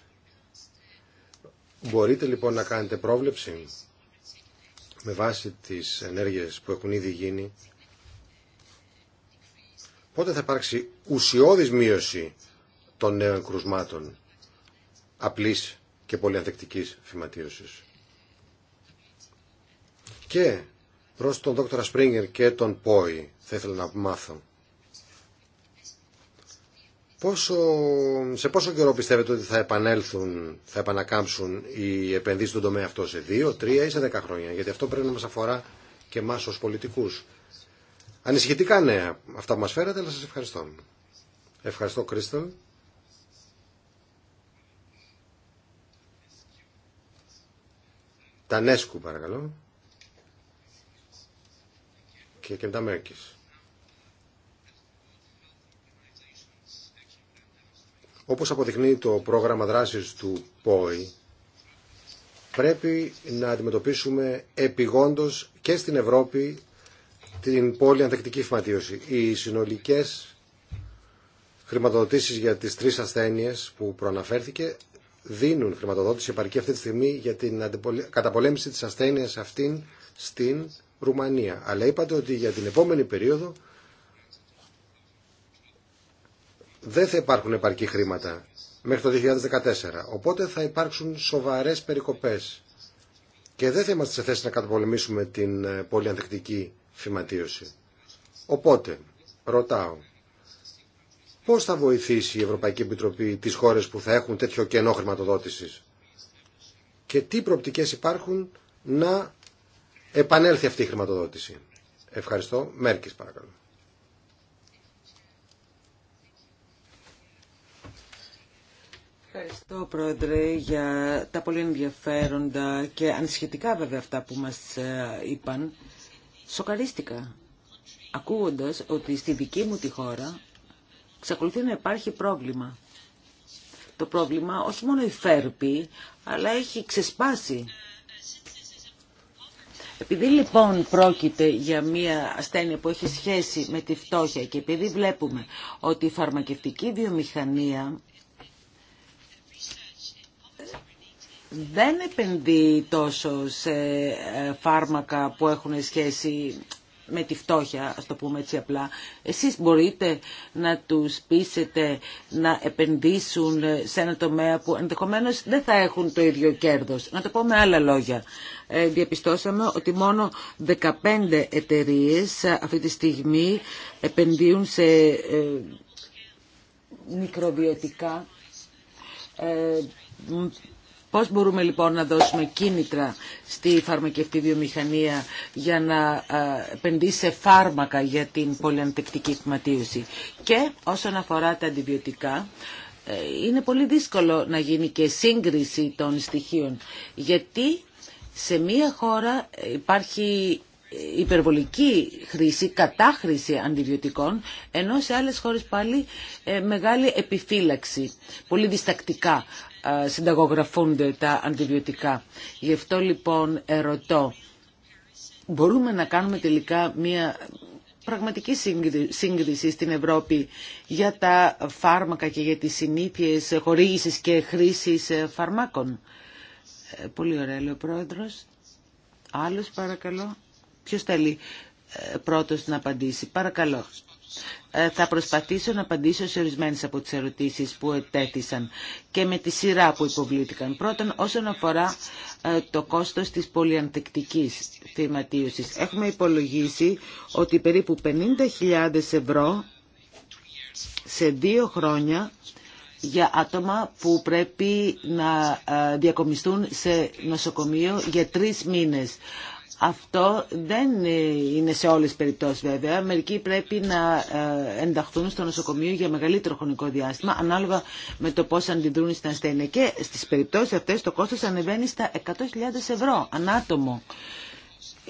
Μπορείτε λοιπόν να κάνετε πρόβλεψη με βάση τις ενέργειες που έχουν ήδη γίνει. Πότε θα υπάρξει ουσιώδης μείωση των νέων κρουσμάτων απλής και πολυανθεκτικής φυματίωσης. Και προς τον Δόκτωρα Σπρίγκερ και τον Πόη θα ήθελα να μάθω. σε πόσο καιρό πιστεύετε ότι θα επανέλθουν, θα επανακάμψουν οι επενδύσεις στον τομέα αυτό σε 2, 3 ή σε 10 χρόνια. Γιατί αυτό πρέπει να μας αφορά και εμάς ως πολιτικούς. Ανησυχητικά νέα αυτά που μας φέρατε, αλλά σας ευχαριστώ. Ευχαριστώ Κρίστολ. Τανέσκου παρακαλώ. Και Κεντά Μέρκης. Όπως αποδεικνύει το πρόγραμμα δράσης του ΠΟΗ, πρέπει να αντιμετωπίσουμε επιγόντως και στην Ευρώπη την πόλη ανθεκτική φυματίωση. Οι συνολικές χρηματοδοτήσεις για τις τρεις ασθένειες που προαναφέρθηκε δίνουν χρηματοδότηση επαρκή αυτή τη στιγμή για την καταπολέμηση της ασθένειας αυτήν στην Ρουμανία. Αλλά είπατε ότι για την επόμενη περίοδο δεν θα υπάρχουν επαρκή χρήματα μέχρι το 2014. Οπότε θα υπάρξουν σοβαρές περικοπές και δεν θα είμαστε σε θέση να καταπολεμήσουμε την ε, πολύ φυματίωση. Οπότε, ρωτάω, Πώς θα βοηθήσει η Ευρωπαϊκή Επιτροπή τις χώρες που θα έχουν τέτοιο κενό χρηματοδότησης και τι προοπτικές υπάρχουν να επανέλθει αυτή η χρηματοδότηση. Ευχαριστώ. Μέρκης παρακαλώ. Ευχαριστώ Πρόεδρε για τα πολύ ενδιαφέροντα και ανησυχητικά βέβαια αυτά που μας ε, είπαν. Σοκαρίστηκα ακούγοντας ότι στη δική μου τη χώρα εξακολουθεί να υπάρχει πρόβλημα. Το πρόβλημα όχι μόνο υφέρπει, αλλά έχει ξεσπάσει. Επειδή λοιπόν πρόκειται για μια ασθένεια που έχει σχέση με τη φτώχεια και επειδή βλέπουμε ότι η φαρμακευτική βιομηχανία δεν επενδύει τόσο σε ε, φάρμακα που έχουν σχέση με τη φτώχεια, α το πούμε έτσι απλά. Εσείς μπορείτε να τους πείσετε να επενδύσουν σε ένα τομέα που ενδεχομένως δεν θα έχουν το ίδιο κέρδο. Να το πω με άλλα λόγια. Ε, διαπιστώσαμε ότι μόνο 15 εταιρείε ε, αυτή τη στιγμή επενδύουν σε ε, μικροβιωτικά Πώς μπορούμε λοιπόν να δώσουμε κίνητρα στη φαρμακευτική βιομηχανία για να ε, επενδύσει σε φάρμακα για την πολυαντεκτική χρηματίωση. Και όσον αφορά τα αντιβιωτικά, ε, είναι πολύ δύσκολο να γίνει και σύγκριση των στοιχείων, γιατί σε μία χώρα υπάρχει υπερβολική χρήση, κατάχρηση αντιβιωτικών, ενώ σε άλλες χώρες πάλι ε, μεγάλη επιφύλαξη. Πολύ διστακτικά ε, συνταγογραφούνται τα αντιβιωτικά. Γι' αυτό λοιπόν ερωτώ, μπορούμε να κάνουμε τελικά μια πραγματική σύγκριση στην Ευρώπη για τα φάρμακα και για τις συνήθειες χορήγησης και χρήσης ε, φαρμάκων. Πολύ ωραία λέει ο Πρόεδρος. Άλλος παρακαλώ. Ποιος θέλει ε, πρώτος να απαντήσει. Παρακαλώ. Ε, θα προσπαθήσω να απαντήσω σε ορισμένες από τις ερωτήσεις που ετέθησαν και με τη σειρά που υποβλήθηκαν. Πρώτον, όσον αφορά ε, το κόστος της πολυαντεκτικής θυματίωσης. Έχουμε υπολογίσει ότι περίπου 50.000 ευρώ σε δύο χρόνια για άτομα που πρέπει να διακομιστούν σε νοσοκομείο για τρεις μήνες. Αυτό δεν ε, είναι σε όλες τις περιπτώσεις βέβαια. Μερικοί πρέπει να ε, ενταχθούν στο νοσοκομείο για μεγαλύτερο χρονικό διάστημα ανάλογα με το πώς αντιδρούν στην ασθένεια. Και στις περιπτώσεις αυτές το κόστος ανεβαίνει στα 100.000 ευρώ ανάτομο.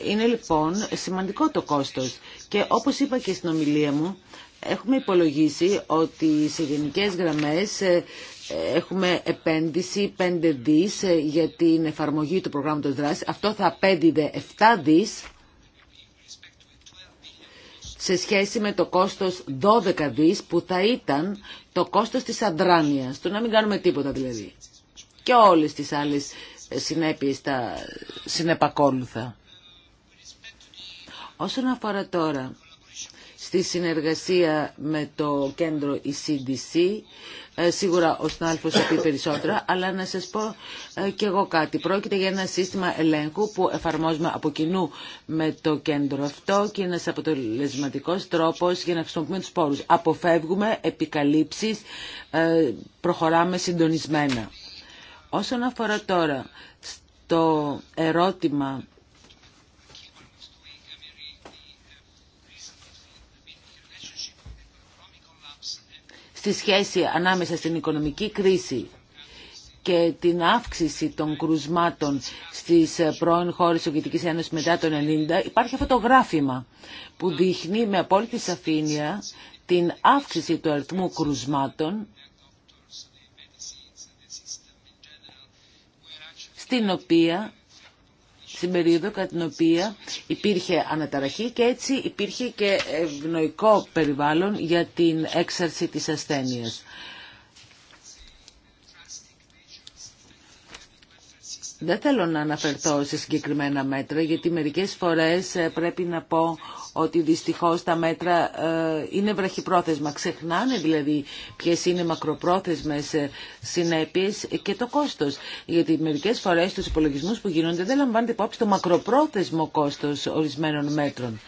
Είναι λοιπόν σημαντικό το κόστος. Και όπως είπα και στην ομιλία μου, έχουμε υπολογίσει ότι σε γενικές γραμμές ε, έχουμε επένδυση 5 δις ε, για την εφαρμογή του προγράμματος δράσης. Αυτό θα απέδιδε 7 δις σε σχέση με το κόστος 12 δις που θα ήταν το κόστος της αδράνειας, του να μην κάνουμε τίποτα δηλαδή. Και όλες τις άλλες ε, συνέπειες τα συνεπακόλουθα. Όσον αφορά τώρα στη συνεργασία με το κέντρο η e ε, Σίγουρα ο συνάδελφος θα πει περισσότερα, αλλά να σας πω ε, και εγώ κάτι. Πρόκειται για ένα σύστημα ελέγχου που εφαρμόζουμε από κοινού με το κέντρο αυτό και ένας αποτελεσματικός τρόπος για να χρησιμοποιούμε τους πόρους. Αποφεύγουμε επικαλύψεις, ε, προχωράμε συντονισμένα. Όσον αφορά τώρα στο ερώτημα στη σχέση ανάμεσα στην οικονομική κρίση και την αύξηση των κρουσμάτων στις πρώην χώρες Σοβιετικής Ένωσης μετά το 1990, υπάρχει αυτό το γράφημα που δείχνει με απόλυτη σαφήνεια την αύξηση του αριθμού κρουσμάτων στην οποία στην περίοδο κατά την οποία υπήρχε αναταραχή και έτσι υπήρχε και ευνοϊκό περιβάλλον για την έξαρση της ασθένειας. Δεν θέλω να αναφερθώ σε συγκεκριμένα μέτρα, γιατί μερικές φορές ε, πρέπει να πω ότι δυστυχώς τα μέτρα ε, είναι βραχυπρόθεσμα. Ξεχνάνε δηλαδή ποιες είναι μακροπρόθεσμες ε, συνέπειες και το κόστος. Γιατί μερικές φορές τους υπολογισμούς που γίνονται δεν λαμβάνεται υπόψη το μακροπρόθεσμο κόστος ορισμένων μέτρων.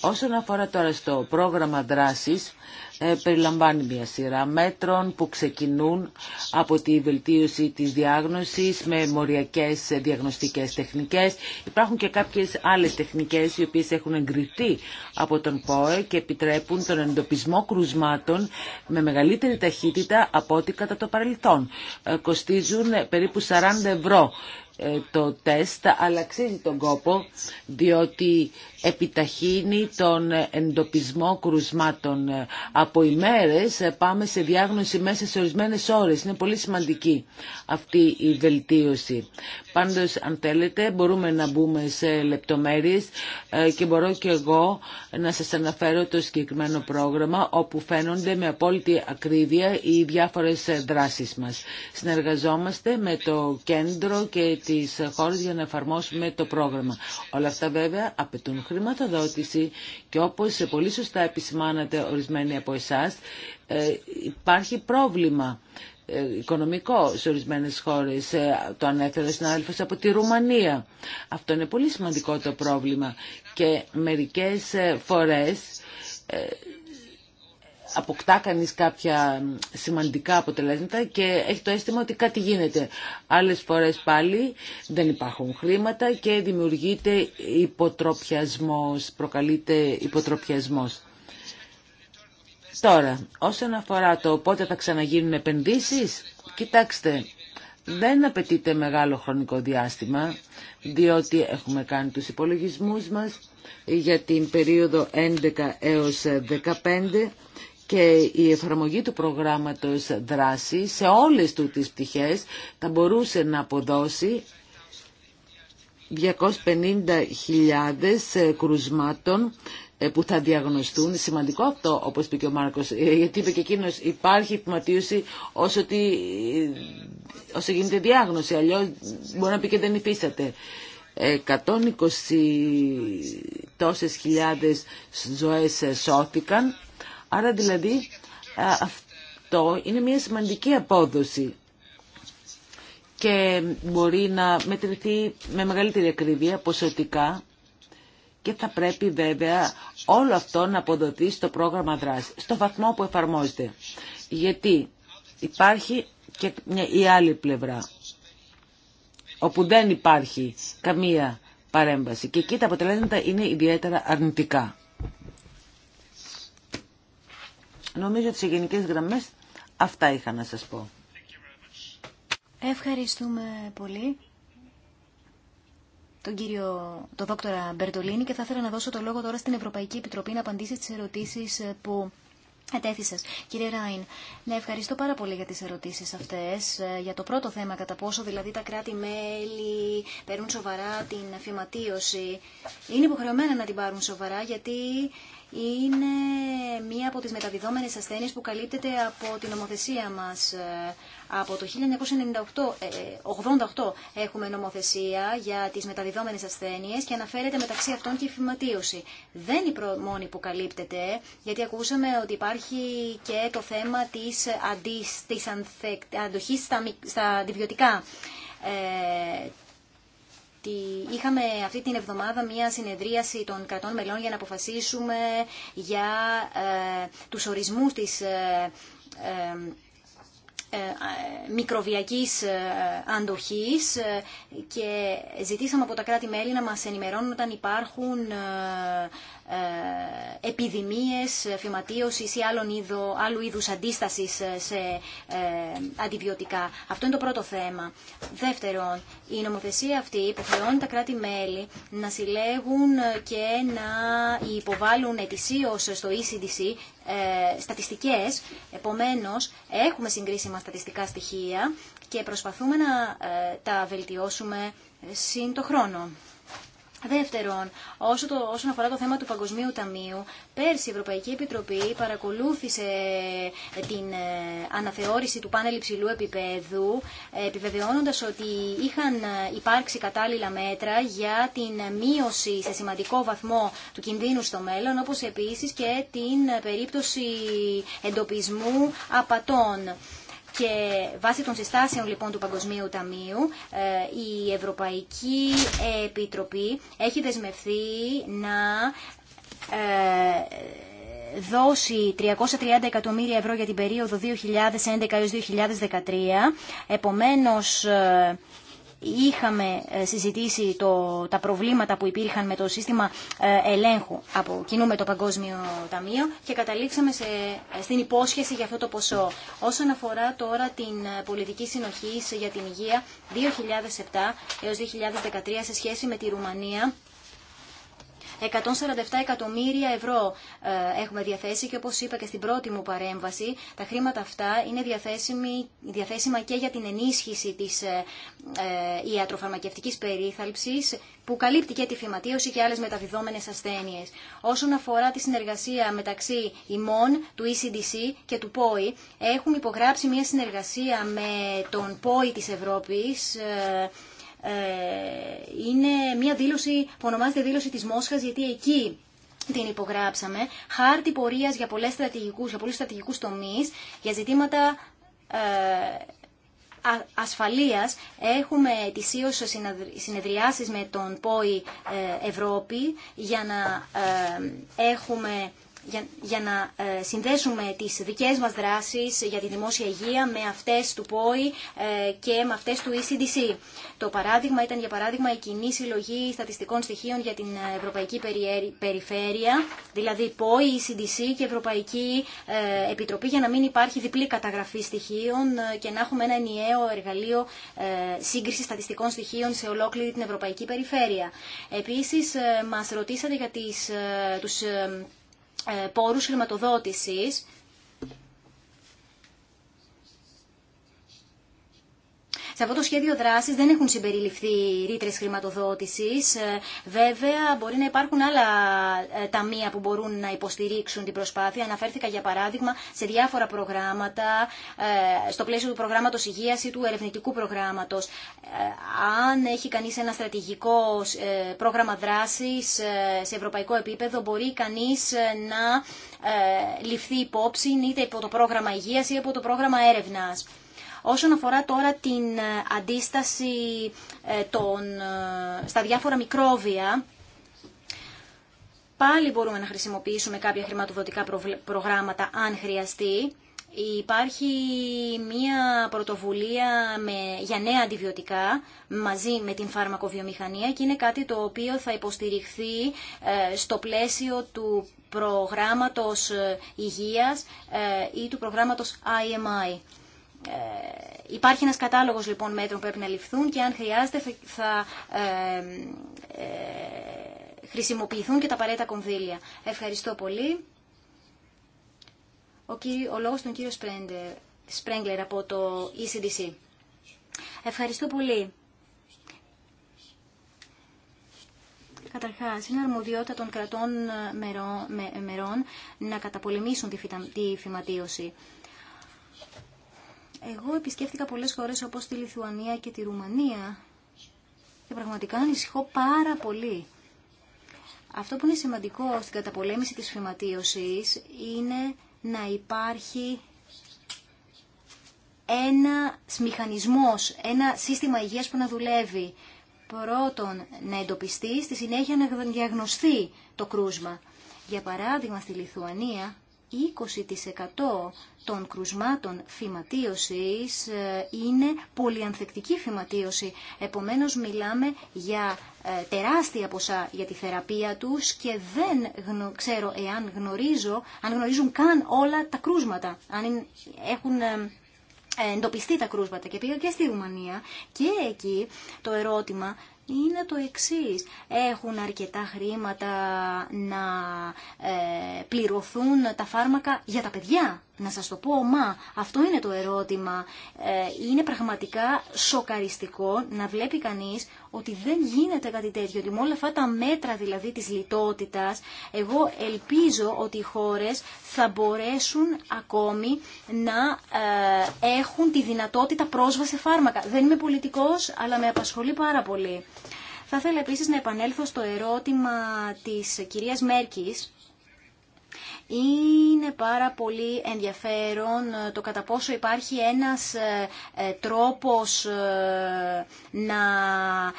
Όσον αφορά τώρα στο πρόγραμμα δράσης, ε, περιλαμβάνει μια σειρά μέτρων που ξεκινούν από τη βελτίωση της διάγνωσης με μοριακές διαγνωστικές τεχνικές. Υπάρχουν και κάποιες άλλες τεχνικές οι οποίες έχουν εγκριθεί από τον ΠΟΕ και επιτρέπουν τον εντοπισμό κρουσμάτων με μεγαλύτερη ταχύτητα από ό,τι κατά το παρελθόν. Ε, κοστίζουν περίπου 40 ευρώ ε, το τεστ, αλλά αξίζει τον κόπο, διότι επιταχύνει τον εντοπισμό κρουσμάτων. Ε, από ημέρες ε, πάμε σε διάγνωση μέσα σε ορισμένες ώρες. Είναι πολύ σημαντική αυτή η βελτίωση. Πάντως, αν θέλετε, μπορούμε να μπούμε σε λεπτομέρειες και μπορώ και εγώ να σας αναφέρω το συγκεκριμένο πρόγραμμα, όπου φαίνονται με απόλυτη ακρίβεια οι διάφορες δράσεις μας. Συνεργαζόμαστε με το κέντρο και τις χώρε για να εφαρμόσουμε το πρόγραμμα. Όλα αυτά βέβαια απαιτούν χρηματοδότηση και όπως πολύ σωστά επισημάνατε ορισμένοι από εσάς, ε, υπάρχει πρόβλημα ε, οικονομικό σε ορισμένε χώρε. Ε, το ανέφερε ο συνάδελφο από τη Ρουμανία. Αυτό είναι πολύ σημαντικό το πρόβλημα. Και μερικέ φορέ αποκτά κανείς κάποια σημαντικά αποτελέσματα και έχει το αίσθημα ότι κάτι γίνεται. Άλλες φορές πάλι δεν υπάρχουν χρήματα και δημιουργείται υποτροπιασμός, προκαλείται υποτροπιασμός. Τώρα, όσον αφορά το πότε θα ξαναγίνουν επενδύσεις, κοιτάξτε, δεν απαιτείται μεγάλο χρονικό διάστημα, διότι έχουμε κάνει τους υπολογισμούς μας για την περίοδο 11 έως 15 και η εφαρμογή του προγράμματος δράση σε όλες του τις πτυχές θα μπορούσε να αποδώσει 250.000 κρουσμάτων ε, που θα διαγνωστούν. Σημαντικό αυτό, όπως είπε και ο Μάρκος, ε, γιατί είπε και εκείνο υπάρχει υπηματίωση όσο, ε, όσο γίνεται διάγνωση, αλλιώς μπορεί να πει και δεν υφίσταται. 120 τόσες χιλιάδες ζωές σώθηκαν Άρα δηλαδή αυτό είναι μια σημαντική απόδοση και μπορεί να μετρηθεί με μεγαλύτερη ακρίβεια ποσοτικά και θα πρέπει βέβαια όλο αυτό να αποδοθεί στο πρόγραμμα δράση, στο βαθμό που εφαρμόζεται. Γιατί υπάρχει και η άλλη πλευρά, όπου δεν υπάρχει καμία παρέμβαση και εκεί τα αποτελέσματα είναι ιδιαίτερα αρνητικά. Νομίζω ότι σε γενικές γραμμές αυτά είχα να σας πω. Ευχαριστούμε πολύ τον κύριο, τον δόκτωρα Μπερτολίνη και θα ήθελα να δώσω το λόγο τώρα στην Ευρωπαϊκή Επιτροπή να απαντήσει στις ερωτήσεις ε, που Ετέθησες. Κύριε Ράιν, να ευχαριστώ πάρα πολύ για τις ερωτήσεις αυτές. Ε, για το πρώτο θέμα, κατά πόσο δηλαδή τα κράτη-μέλη παίρνουν σοβαρά την αφηματίωση. Είναι υποχρεωμένα να την πάρουν σοβαρά, γιατί είναι μία από τις μεταδιδόμενες ασθένειες που καλύπτεται από την νομοθεσία μας. Από το 1988 ε, ε, έχουμε νομοθεσία για τις μεταδιδόμενες ασθένειες και αναφέρεται μεταξύ αυτών και η φυματίωση. Δεν είναι η μόνη που καλύπτεται, γιατί ακούσαμε ότι υπάρχει και το θέμα της, αντί, της αντοχής στα, στα αντιβιωτικά ε, ότι είχαμε αυτή την εβδομάδα μία συνεδρίαση των κρατών μελών για να αποφασίσουμε για ε, τους ορισμούς της ε, ε, ε μικροβιακής ε, αντοχής και ζητήσαμε από τα κράτη-μέλη να μας ενημερώνουν όταν υπάρχουν ε, επιδημίες φυματίωσης ή άλλων είδο, άλλου είδους αντίστασης ε, σε ε, αντιβιωτικά. Αυτό είναι το πρώτο θέμα. Δεύτερον, η νομοθεσία αυτή υποχρεώνει τα κράτη-μέλη να συλλέγουν και να υποβάλουν ετησίως στο ECDC στατιστικές. Επομένως, έχουμε συγκρίσιμα στατιστικά στοιχεία και προσπαθούμε να τα βελτιώσουμε σύν χρόνο. Δεύτερον, όσο το, όσον αφορά το θέμα του Παγκοσμίου Ταμείου, πέρσι η Ευρωπαϊκή Επιτροπή παρακολούθησε ε, την ε, αναθεώρηση του πάνελ υψηλού επίπεδου, ε, επιβεβαιώνοντας ότι είχαν υπάρξει κατάλληλα μέτρα για την μείωση σε σημαντικό βαθμό του κινδύνου στο μέλλον, όπως επίσης και την περίπτωση εντοπισμού απατών. Και βάσει των συστάσεων λοιπόν του Παγκοσμίου Ταμείου, ε, η Ευρωπαϊκή Επιτροπή έχει δεσμευθεί να ε, δώσει 330 εκατομμύρια ευρώ για την περίοδο 2011 έως 2013. Επομένως, ε, είχαμε ε, συζητήσει το, τα προβλήματα που υπήρχαν με το σύστημα ε, ελέγχου από κοινού με το Παγκόσμιο Ταμείο και καταλήξαμε σε, ε, στην υπόσχεση για αυτό το ποσό. Όσον αφορά τώρα την πολιτική συνοχή για την υγεία 2007 έως 2013 σε σχέση με τη Ρουμανία, 147 εκατομμύρια ευρώ ε, έχουμε διαθέσει και όπως είπα και στην πρώτη μου παρέμβαση, τα χρήματα αυτά είναι διαθέσιμα και για την ενίσχυση της ε, ε, ιατροφαρμακευτικής περίθαλψης που καλύπτει και τη φυματίωση και άλλες μεταβιδόμενες ασθένειες. Όσον αφορά τη συνεργασία μεταξύ ημών, του ECDC και του ΠΟΗ, έχουμε υπογράψει μια συνεργασία με τον ΠΟΗ της Ευρώπης, ε, είναι μια δήλωση που ονομάζεται δήλωση της Μόσχας γιατί εκεί την υπογράψαμε. Χάρτη πορείας για, πολλές στρατηγικούς, για πολλούς τομείς, για ζητήματα ε, ασφαλείας έχουμε ετησίως συνεδριάσεις με τον ΠΟΗ ε, Ευρώπη για να έχουμε για, για να ε, συνδέσουμε τις δικές μας δράσεις για τη δημόσια υγεία με αυτές του ΠΟΗ ε, και με αυτές του ECDC. Το παράδειγμα ήταν για παράδειγμα η κοινή συλλογή στατιστικών στοιχείων για την Ευρωπαϊκή Περιφέρεια, δηλαδή ΠΟΗ, ECDC και Ευρωπαϊκή ε, Επιτροπή για να μην υπάρχει διπλή καταγραφή στοιχείων και να έχουμε ένα ενιαίο εργαλείο σύγκριση στατιστικών στοιχείων σε ολόκληρη την Ευρωπαϊκή Περιφέρεια. Επίσης, μας ρωτήσατε για τις, τους ε, πόρους χρηματοδότησης Σε αυτό το σχέδιο δράση δεν έχουν συμπεριληφθεί ρήτρε χρηματοδότηση. Ε, βέβαια, μπορεί να υπάρχουν άλλα ε, ταμεία που μπορούν να υποστηρίξουν την προσπάθεια. Αναφέρθηκα, για παράδειγμα, σε διάφορα προγράμματα, ε, στο πλαίσιο του προγράμματο υγεία ή του ερευνητικού προγράμματο. Αν έχει κανεί ένα στρατηγικό πρόγραμμα δράση σε ευρωπαϊκό επίπεδο, μπορεί κανεί να ληφθεί υπόψη είτε υπό το πρόγραμμα υγεία ή από το πρόγραμμα έρευνα. Όσον αφορά τώρα την ε, αντίσταση ε, των, ε, στα διάφορα μικρόβια, πάλι μπορούμε να χρησιμοποιήσουμε κάποια χρηματοδοτικά προγράμματα αν χρειαστεί. Υπάρχει μία πρωτοβουλία με, για νέα αντιβιωτικά μαζί με την φαρμακοβιομηχανία και είναι κάτι το οποίο θα υποστηριχθεί στο πλαίσιο του προγράμματος υγείας ή του προγράμματος IMI. Ε, υπάρχει ένας κατάλογος λοιπόν μέτρων που πρέπει να ληφθούν και αν χρειάζεται θα ε, ε, χρησιμοποιηθούν και τα παρέτα κονδύλια. Ευχαριστώ πολύ. Ο, κύρι, ο λόγος του κύριο Σπρέγκλερ από το ECDC. Ευχαριστώ πολύ. Καταρχάς, είναι αρμοδιότητα των κρατών μερών, μερών να καταπολεμήσουν τη φυματίωση. Εγώ επισκέφτηκα πολλές χώρες όπως τη Λιθουανία και τη Ρουμανία και πραγματικά ανησυχώ πάρα πολύ. Αυτό που είναι σημαντικό στην καταπολέμηση της φυματίωσης είναι να υπάρχει ένα μηχανισμός, ένα σύστημα υγείας που να δουλεύει. Πρώτον να εντοπιστεί, στη συνέχεια να διαγνωστεί το κρούσμα. Για παράδειγμα στη Λιθουανία 20% των κρουσμάτων φυματίωσης ε, είναι πολυανθεκτική φυματίωση. Επομένως μιλάμε για ε, τεράστια ποσά για τη θεραπεία τους και δεν ξέρω εάν γνωρίζω, αν γνωρίζουν καν όλα τα κρούσματα, αν έχουν ε, εντοπιστεί τα κρούσματα και πήγα και στη Ρουμανία και εκεί το ερώτημα είναι το εξής. Έχουν αρκετά χρήματα να ε, πληρωθούν τα φάρμακα για τα παιδιά. Να σας το πω, μα, αυτό είναι το ερώτημα. Ε, είναι πραγματικά σοκαριστικό να βλέπει κανείς ότι δεν γίνεται κάτι τέτοιο, ότι με όλα αυτά τα μέτρα δηλαδή της λιτότητας, εγώ ελπίζω ότι οι χώρες θα μπορέσουν ακόμη να ε, έχουν τη δυνατότητα πρόσβαση φάρμακα. Δεν είμαι πολιτικός, αλλά με απασχολεί πάρα πολύ. Θα ήθελα επίσης να επανέλθω στο ερώτημα της κυρίας Μέρκης, είναι πάρα πολύ ενδιαφέρον ε, το κατά πόσο υπάρχει ένας ε, ε, τρόπος να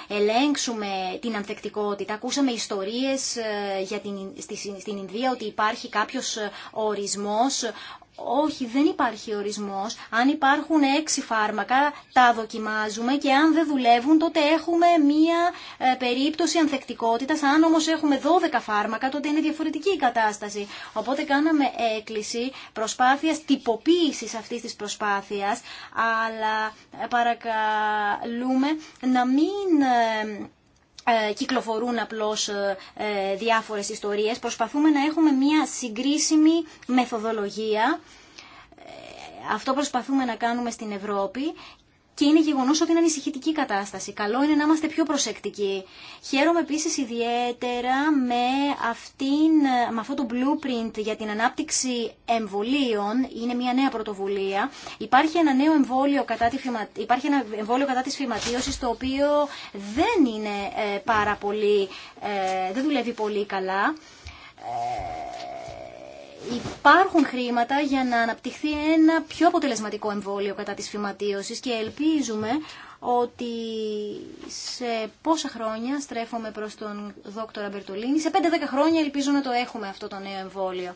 ελέγξουμε την ανθεκτικότητα. Ακούσαμε ιστορίες για την, στην Ινδία ότι υπάρχει κάποιος ορισμός όχι, δεν υπάρχει ορισμός. Αν υπάρχουν έξι φάρμακα, τα δοκιμάζουμε και αν δεν δουλεύουν, τότε έχουμε μία ε, περίπτωση ανθεκτικότητας. Αν όμως έχουμε 12 φάρμακα, τότε είναι διαφορετική η κατάσταση. Οπότε κάναμε έκκληση προσπάθειας τυποποίησης αυτής της προσπάθειας, αλλά παρακαλούμε να μην ε, ε, κυκλοφορούν απλώς ε, ε, διάφορες ιστορίες. Προσπαθούμε να έχουμε μια συγκρίσιμη μεθοδολογία. Αυτό προσπαθούμε να κάνουμε στην Ευρώπη και είναι γεγονό ότι είναι ανησυχητική κατάσταση. Καλό είναι να είμαστε πιο προσεκτικοί. Χαίρομαι επίση ιδιαίτερα με, αυτήν, με αυτό το blueprint για την ανάπτυξη εμβολίων. Είναι μια νέα πρωτοβουλία. Υπάρχει ένα νέο εμβόλιο κατά τη, φυμα... Υπάρχει ένα εμβόλιο κατά της φυματίωση, το οποίο δεν είναι ε, πάρα πολύ, ε, δεν δουλεύει πολύ καλά ε, υπάρχουν χρήματα για να αναπτυχθεί ένα πιο αποτελεσματικό εμβόλιο κατά της φυματίωσης και ελπίζουμε ότι σε πόσα χρόνια στρέφομαι προς τον δόκτωρα Μπερτολίνη, σε 5-10 χρόνια ελπίζω να το έχουμε αυτό το νέο εμβόλιο.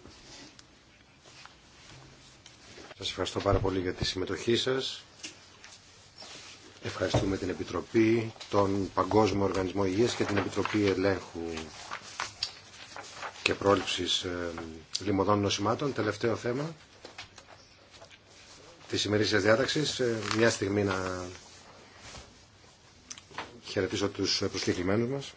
Σας ευχαριστώ πάρα πολύ για τη συμμετοχή σας. Ευχαριστούμε την Επιτροπή, τον Παγκόσμιο Οργανισμό Υγείας και την Επιτροπή Ελέγχου και πρόληψης ε, λιμωδών νοσημάτων. Τελευταίο θέμα της ημερήσιας διάταξης. Ε, μια στιγμή να χαιρετήσω τους προσκεκλημένους μας.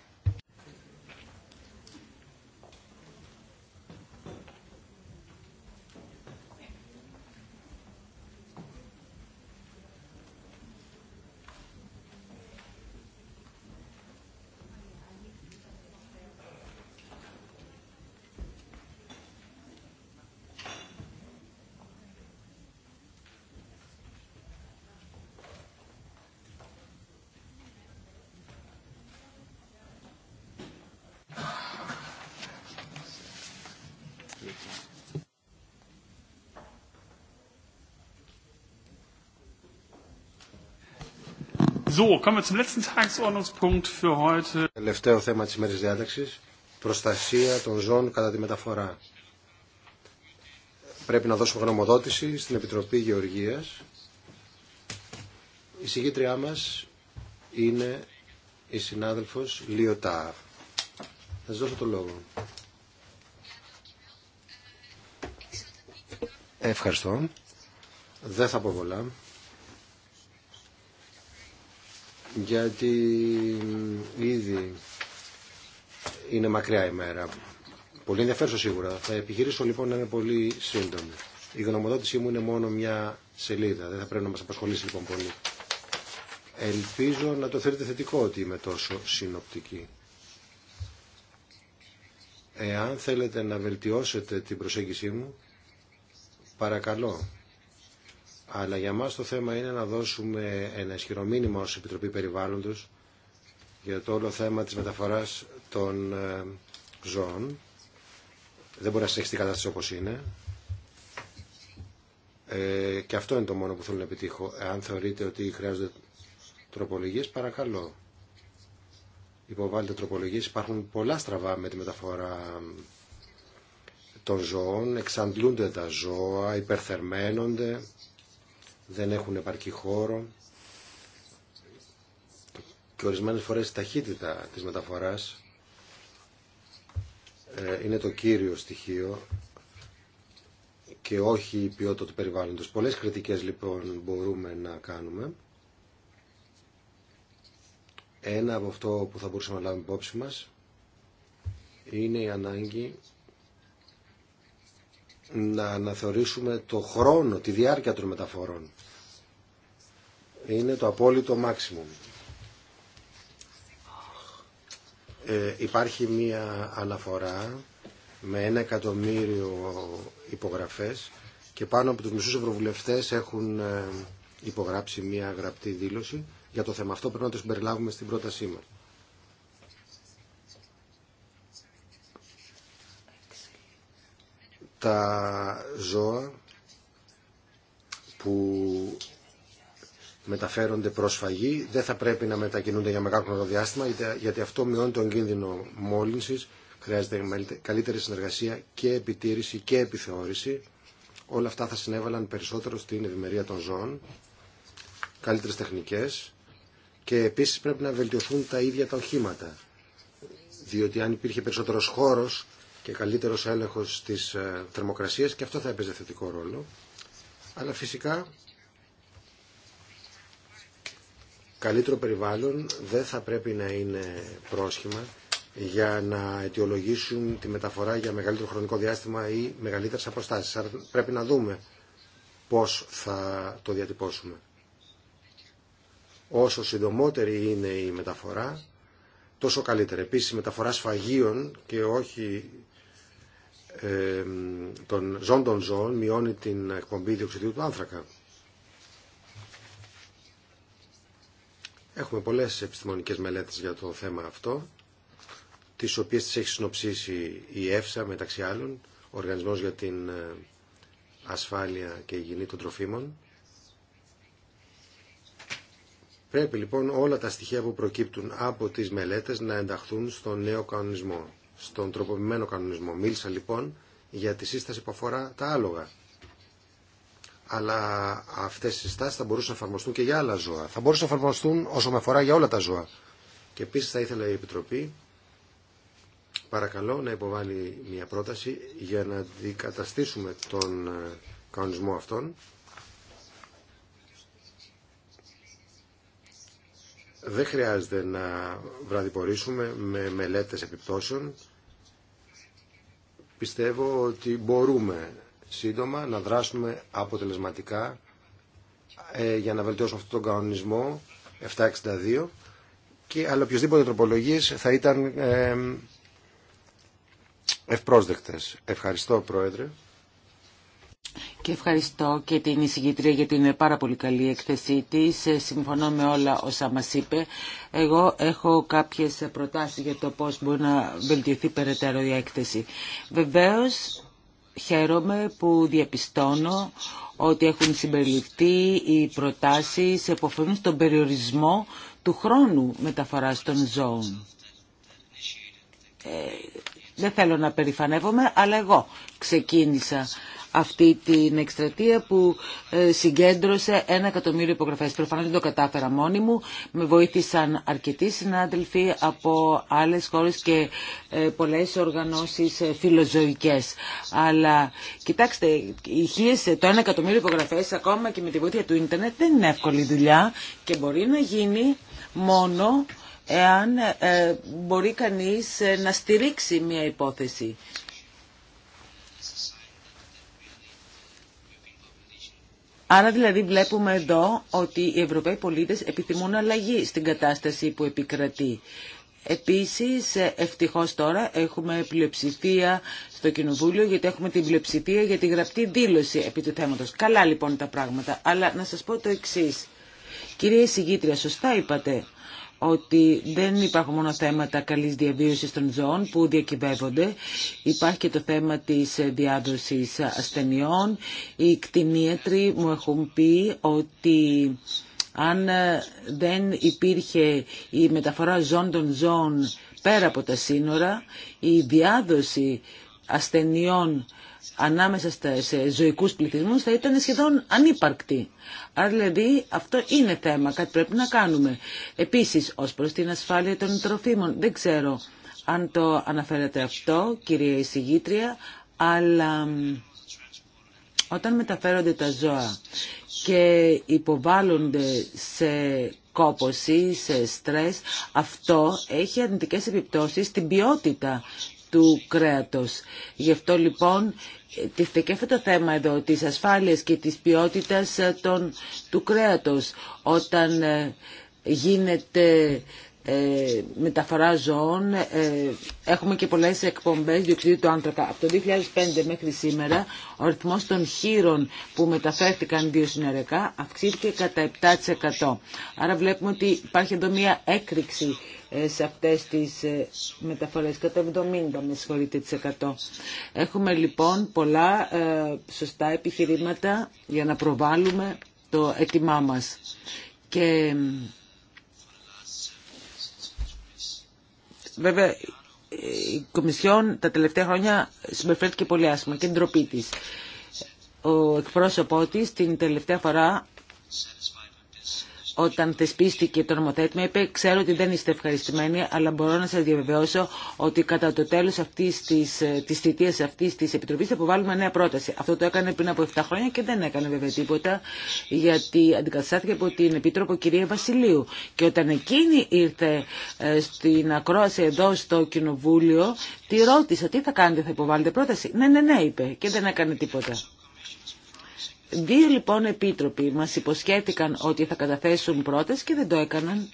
So, Τελευταίο θέμα της ημέρης διάταξης, προστασία των ζώων κατά τη μεταφορά. Πρέπει να δώσουμε γνωμοδότηση στην Επιτροπή Γεωργίας. Η συγκήτριά μας είναι η συνάδελφος Λιωτάρ. Θα σας δώσω το λόγο. Ευχαριστώ. Δεν θα πω πολλά. γιατί ήδη είναι μακριά η μέρα. Πολύ ενδιαφέρουσα σίγουρα. Θα επιχειρήσω λοιπόν να είναι πολύ σύντομη. Η γνωμοδότησή μου είναι μόνο μια σελίδα. Δεν θα πρέπει να μας απασχολήσει λοιπόν πολύ. Ελπίζω να το θέλετε θετικό ότι είμαι τόσο συνοπτική. Εάν θέλετε να βελτιώσετε την προσέγγιση μου, παρακαλώ αλλά για μας το θέμα είναι να δώσουμε ένα ισχυρό μήνυμα ως Επιτροπή Περιβάλλοντος για το όλο θέμα της μεταφοράς των ε, ζώων. Δεν μπορεί να συνεχιστεί η κατάσταση όπως είναι. Ε, και αυτό είναι το μόνο που θέλω να επιτύχω. Αν θεωρείτε ότι χρειάζονται τροπολογίες, παρακαλώ. Υποβάλλετε τροπολογίες. Υπάρχουν πολλά στραβά με τη μεταφορά των ζώων. Εξαντλούνται τα ζώα, υπερθερμαίνονται δεν έχουν επαρκή χώρο και ορισμένες φορές η ταχύτητα της μεταφοράς ε, είναι το κύριο στοιχείο και όχι η ποιότητα του περιβάλλοντος. Πολλές κριτικές λοιπόν μπορούμε να κάνουμε. Ένα από αυτό που θα μπορούσαμε να λάβουμε υπόψη μας είναι η ανάγκη να αναθεωρήσουμε το χρόνο, τη διάρκεια των μεταφορών. Είναι το απόλυτο maximum. Ε, υπάρχει μία αναφορά με ένα εκατομμύριο υπογραφές και πάνω από τους μισούς ευρωβουλευτές έχουν ε, υπογράψει μία γραπτή δήλωση. Για το θέμα αυτό πρέπει να το συμπεριλάβουμε στην πρότασή μας. τα ζώα που μεταφέρονται προσφαγή δεν θα πρέπει να μετακινούνται για μεγάλο χρονοδιάστημα γιατί αυτό μειώνει τον κίνδυνο μόλυνσης χρειάζεται καλύτερη συνεργασία και επιτήρηση και επιθεώρηση όλα αυτά θα συνέβαλαν περισσότερο στην ευημερία των ζώων καλύτερες τεχνικές και επίσης πρέπει να βελτιωθούν τα ίδια τα οχήματα διότι αν υπήρχε περισσότερος χώρος και καλύτερος έλεγχος της ε, θερμοκρασίας και αυτό θα έπαιζε θετικό ρόλο. Αλλά φυσικά καλύτερο περιβάλλον δεν θα πρέπει να είναι πρόσχημα για να αιτιολογήσουν τη μεταφορά για μεγαλύτερο χρονικό διάστημα ή μεγαλύτερες αποστάσεις. πρέπει να δούμε πώς θα το διατυπώσουμε. Όσο συντομότερη είναι η μεταφορά, τόσο καλύτερα. Επίσης η μεταφορά σφαγίων και όχι ε, των ζών των ζώων μειώνει την εκπομπή διοξιδίου του άνθρακα. Έχουμε πολλές επιστημονικές μελέτες για το θέμα αυτό, τις οποίες τις έχει συνοψίσει η ΕΦΣΑ μεταξύ άλλων, ο Οργανισμός για την ε, Ασφάλεια και Υγιεινή των Τροφίμων. Πρέπει λοιπόν όλα τα στοιχεία που προκύπτουν από τις μελέτες να ενταχθούν στον νέο κανονισμό στον τροποποιημένο κανονισμό. Μίλησα λοιπόν για τη σύσταση που αφορά τα άλογα. Αλλά αυτέ οι συστάσει θα μπορούσαν να εφαρμοστούν και για άλλα ζώα. Θα μπορούσαν να εφαρμοστούν όσο με αφορά για όλα τα ζώα. Και επίση θα ήθελα η Επιτροπή, παρακαλώ, να υποβάλει μια πρόταση για να αντικαταστήσουμε τον ε, κανονισμό αυτόν. Δεν χρειάζεται να βραδιπορήσουμε με μελέτες επιπτώσεων πιστεύω ότι μπορούμε σύντομα να δράσουμε αποτελεσματικά ε, για να βελτιώσουμε αυτόν τον κανονισμό 762 και, αλλά οποιοδήποτε τροπολογίες θα ήταν ε, ευπρόσδεκτες. Ευχαριστώ Πρόεδρε. Και ευχαριστώ και την εισηγήτρια για την πάρα πολύ καλή εκθεσή της. Ε, συμφωνώ με όλα όσα μας είπε. Εγώ έχω κάποιες προτάσεις για το πώς μπορεί να βελτιωθεί περαιτέρω η έκθεση. Βεβαίως, χαίρομαι που διαπιστώνω ότι έχουν συμπεριληφθεί οι προτάσεις που αφορούν στον περιορισμό του χρόνου μεταφοράς των ζώων. Ε, δεν θέλω να περηφανεύομαι, αλλά εγώ ξεκίνησα αυτή την εκστρατεία που ε, συγκέντρωσε ένα εκατομμύριο υπογραφές. Προφανώς δεν το κατάφερα μόνη μου. Με βοήθησαν αρκετοί συνάδελφοι από άλλες χώρες και ε, πολλές οργανώσεις ε, φιλοζωικές. Αλλά κοιτάξτε, η το ένα εκατομμύριο υπογραφές ακόμα και με τη βοήθεια του ίντερνετ δεν είναι εύκολη δουλειά και μπορεί να γίνει μόνο εάν μπορεί κανείς να στηρίξει μια υπόθεση. Άρα δηλαδή βλέπουμε εδώ ότι οι Ευρωπαίοι πολίτες επιθυμούν αλλαγή στην κατάσταση που επικρατεί. Επίσης, ευτυχώς τώρα έχουμε πλειοψηφία στο Κοινοβούλιο, γιατί έχουμε την πλειοψηφία για τη γραπτή δήλωση επί του θέματος. Καλά λοιπόν τα πράγματα, αλλά να σας πω το εξής. Κυρία Συγήτρια, σωστά είπατε ότι δεν υπάρχουν μόνο θέματα καλής διαβίωσης των ζώων που διακυβεύονται. Υπάρχει και το θέμα της διάδοσης ασθενειών. Οι κτηνίατροι μου έχουν πει ότι αν δεν υπήρχε η μεταφορά ζών των ζώων πέρα από τα σύνορα, η διάδοση ασθενειών ανάμεσα σε ζωικούς πληθυσμούς θα ήταν σχεδόν ανύπαρκτη. Άρα δηλαδή αυτό είναι θέμα, κάτι πρέπει να κάνουμε. Επίσης, ως προς την ασφάλεια των τροφίμων, δεν ξέρω αν το αναφέρατε αυτό, κυρία εισηγήτρια, αλλά όταν μεταφέρονται τα ζώα και υποβάλλονται σε κόποση, σε στρες, αυτό έχει αρνητικές επιπτώσεις στην ποιότητα του κρέατος. Γι' αυτό λοιπόν τίθεται και αυτό το θέμα εδώ της ασφάλειας και της ποιότητας ε, των, του κρέατος όταν ε, γίνεται ε, μεταφορά ζώων ε, έχουμε και πολλές εκπομπές διοξιδίου του άνθρακα. Από το 2005 μέχρι σήμερα ο ρυθμός των χείρων που μεταφέρθηκαν συνερεκά αυξήθηκε κατά 7%. Άρα βλέπουμε ότι υπάρχει εδώ μια έκρηξη σε αυτές τις ε, μεταφορές, κατά 70 με συγχωρείτε της 100. Έχουμε λοιπόν πολλά ε, σωστά επιχειρήματα για να προβάλλουμε το έτοιμά μας. Και βέβαια η Κομισιόν τα τελευταία χρόνια συμπεριφέρθηκε πολύ άσχημα και ντροπή τη. Ο εκπρόσωπό τη την τελευταία φορά όταν θεσπίστηκε το νομοθέτημα είπε «Ξέρω ότι δεν είστε ευχαριστημένοι, αλλά μπορώ να σας διαβεβαιώσω ότι κατά το τέλος αυτής της, ε, της θητείας αυτής της Επιτροπής θα αποβάλουμε νέα πρόταση». Αυτό το έκανε πριν από 7 χρόνια και δεν έκανε βέβαια τίποτα, γιατί αντικαταστάθηκε από την Επίτροπο κυρία Βασιλείου. Και όταν εκείνη ήρθε ε, στην ακρόαση εδώ στο Κοινοβούλιο, τη ρώτησα «Τι θα κάνετε, θα υποβάλλετε πρόταση». «Ναι, ναι, ναι», είπε και δεν έκανε τίποτα. Δύο λοιπόν επίτροποι μας υποσχέθηκαν ότι θα καταθέσουν πρώτες και δεν το έκαναν.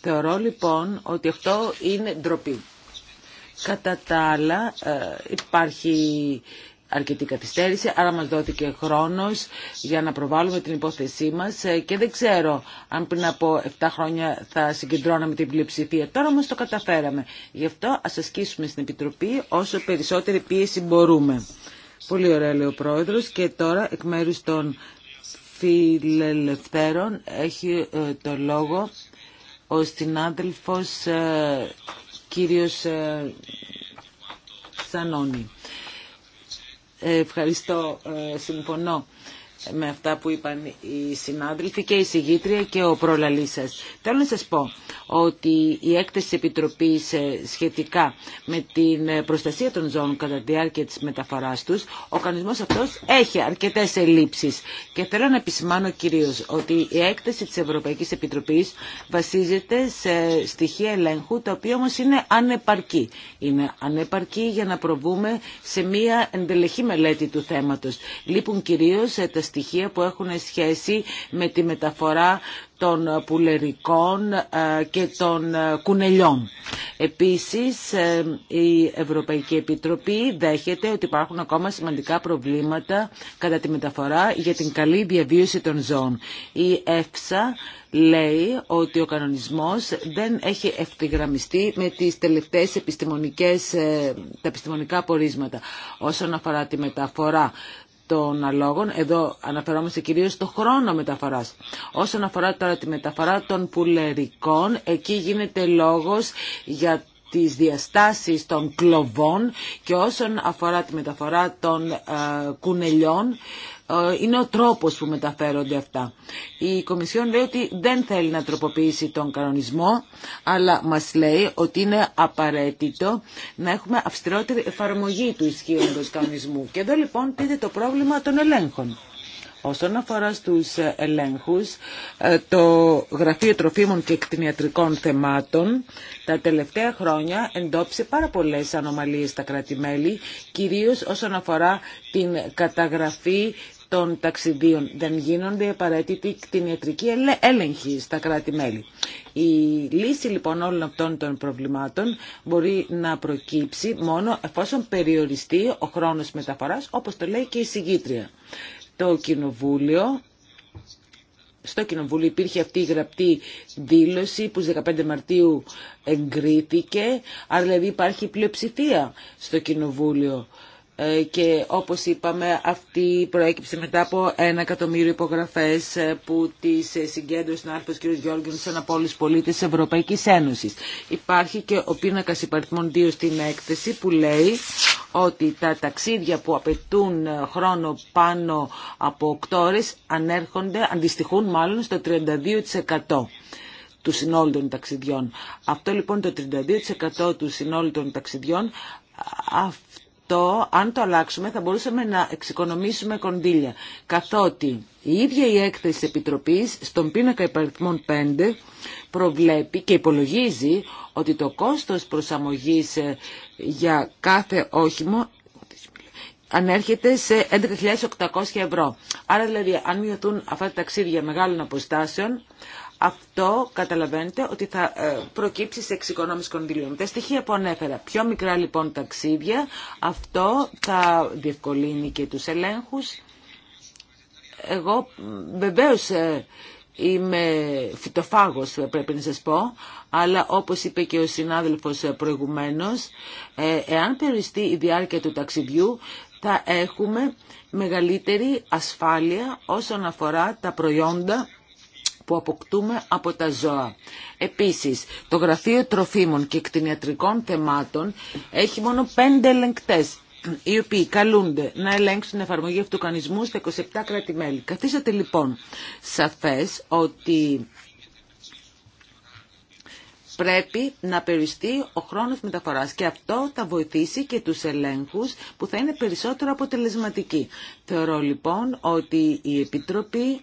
Θεωρώ λοιπόν ότι αυτό είναι ντροπή. Κατά τα άλλα ε, υπάρχει αρκετή καθυστέρηση, άρα μας δόθηκε χρόνος για να προβάλλουμε την υπόθεσή μας ε, και δεν ξέρω αν πριν από 7 χρόνια θα συγκεντρώναμε την πλειοψηφία. Τώρα όμως το καταφέραμε. Γι' αυτό ας ασκήσουμε στην Επιτροπή όσο περισσότερη πίεση μπορούμε. Πολύ ωραία λέει ο Πρόεδρος και τώρα εκ μέρους των φιλελευθέρων έχει ε, το λόγο ο συνάδελφος ε, κύριος ε, Σανώνη. Ε, ευχαριστώ, ε, συμφωνώ με αυτά που είπαν οι συνάδελφοι και η συγγήτρια και ο προλαλής σας. Θέλω να σας πω ότι η έκθεση της Επιτροπής ε, σχετικά με την ε, προστασία των ζώων κατά τη διάρκεια της μεταφοράς τους, ο κανονισμός αυτός έχει αρκετές ελλείψεις. Και θέλω να επισημάνω κυρίως ότι η έκθεση της Ευρωπαϊκής Επιτροπής βασίζεται σε στοιχεία ελέγχου, τα οποία όμως είναι ανεπαρκή. Είναι ανεπαρκή για να προβούμε σε μία εντελεχή μελέτη του θέματος. Λείπουν κυρίως ε, στοιχεία που έχουν σχέση με τη μεταφορά των πουλερικών ε, και των ε, κουνελιών. Επίσης, ε, η Ευρωπαϊκή Επιτροπή δέχεται ότι υπάρχουν ακόμα σημαντικά προβλήματα κατά τη μεταφορά για την καλή διαβίωση των ζώων. Η ΕΦΣΑ λέει ότι ο κανονισμός δεν έχει ευθυγραμμιστεί με τις τελευταίες επιστημονικές, τα επιστημονικά πορίσματα όσον αφορά τη μεταφορά των αλόγων, εδώ αναφερόμαστε κυρίως στο χρόνο μεταφοράς. Όσον αφορά τώρα τη μεταφορά των πουλερικών, εκεί γίνεται λόγος για τις διαστάσεις των κλοβών και όσον αφορά τη μεταφορά των ε, κουνελιών ε, είναι ο τρόπος που μεταφέρονται αυτά. Η Κομισιόν λέει ότι δεν θέλει να τροποποιήσει τον κανονισμό, αλλά μας λέει ότι είναι απαραίτητο να έχουμε αυστηρότερη εφαρμογή του ισχύοντος κανονισμού. Και εδώ λοιπόν τίθεται το πρόβλημα των ελέγχων. Όσον αφορά στους ελέγχους, ε, το Γραφείο Τροφίμων και Εκτινιατρικών Θεμάτων τα τελευταία χρόνια εντόπισε πάρα πολλές ανομαλίες στα κράτη-μέλη, κυρίως όσον αφορά την καταγραφή των ταξιδίων δεν γίνονται απαραίτητοι κτηνιατρικοί έλεγχοι στα κράτη-μέλη. Η λύση λοιπόν όλων αυτών των προβλημάτων μπορεί να προκύψει μόνο εφόσον περιοριστεί ο χρόνος μεταφοράς, όπως το λέει και η συγκήτρια. Το Κοινοβούλιο στο Κοινοβούλιο υπήρχε αυτή η γραπτή δήλωση που στις 15 Μαρτίου εγκρίθηκε, άρα δηλαδή υπάρχει πλειοψηφία στο Κοινοβούλιο ε, και όπως είπαμε αυτή προέκυψε μετά από ένα εκατομμύριο υπογραφές ε, που τις ε, συγκέντρωσε ο άρθρος κ. Γιώργενσον από όλους τους πολίτες της Ευρωπαϊκής Ένωσης. Υπάρχει και ο πίνακας υπαριθμών 2 στην έκθεση που λέει ότι τα ταξίδια που απαιτούν χρόνο πάνω από 8 ώρες ανέρχονται, αντιστοιχούν μάλλον στο 32% του συνόλου των ταξιδιών. Αυτό λοιπόν το 32% του συνόλου των ταξιδιών αυτό, αν το αλλάξουμε, θα μπορούσαμε να εξοικονομήσουμε κονδύλια. Καθότι η ίδια η έκθεση Επιτροπής, στον πίνακα υπαριθμών 5, προβλέπει και υπολογίζει ότι το κόστος προσαμογής ε, για κάθε όχημο ανέρχεται σε 11.800 ευρώ. Άρα δηλαδή αν μειωθούν αυτά τα ταξίδια μεγάλων αποστάσεων, αυτό καταλαβαίνετε ότι θα ε, προκύψει σε εξοικονόμηση κονδυλίων. Τα στοιχεία που ανέφερα, πιο μικρά λοιπόν ταξίδια, αυτό θα διευκολύνει και τους ελέγχους. Εγώ βεβαίως ε, είμαι φυτοφάγος πρέπει να σας πω, αλλά όπως είπε και ο συνάδελφος προηγουμένως, ε, εάν περιοριστεί η διάρκεια του ταξιδιού, θα έχουμε μεγαλύτερη ασφάλεια όσον αφορά τα προϊόντα που αποκτούμε από τα ζώα. Επίσης, το Γραφείο Τροφίμων και κτηνιατρικών Θεμάτων έχει μόνο πέντε ελεγκτές οι οποίοι καλούνται να ελέγξουν την εφαρμογή αυτοκανισμού του στα 27 κράτη-μέλη. Καθίσατε λοιπόν σαφές ότι πρέπει να περιστεί ο χρόνος μεταφοράς και αυτό θα βοηθήσει και τους ελέγχους που θα είναι περισσότερο αποτελεσματικοί. Θεωρώ λοιπόν ότι η Επιτροπή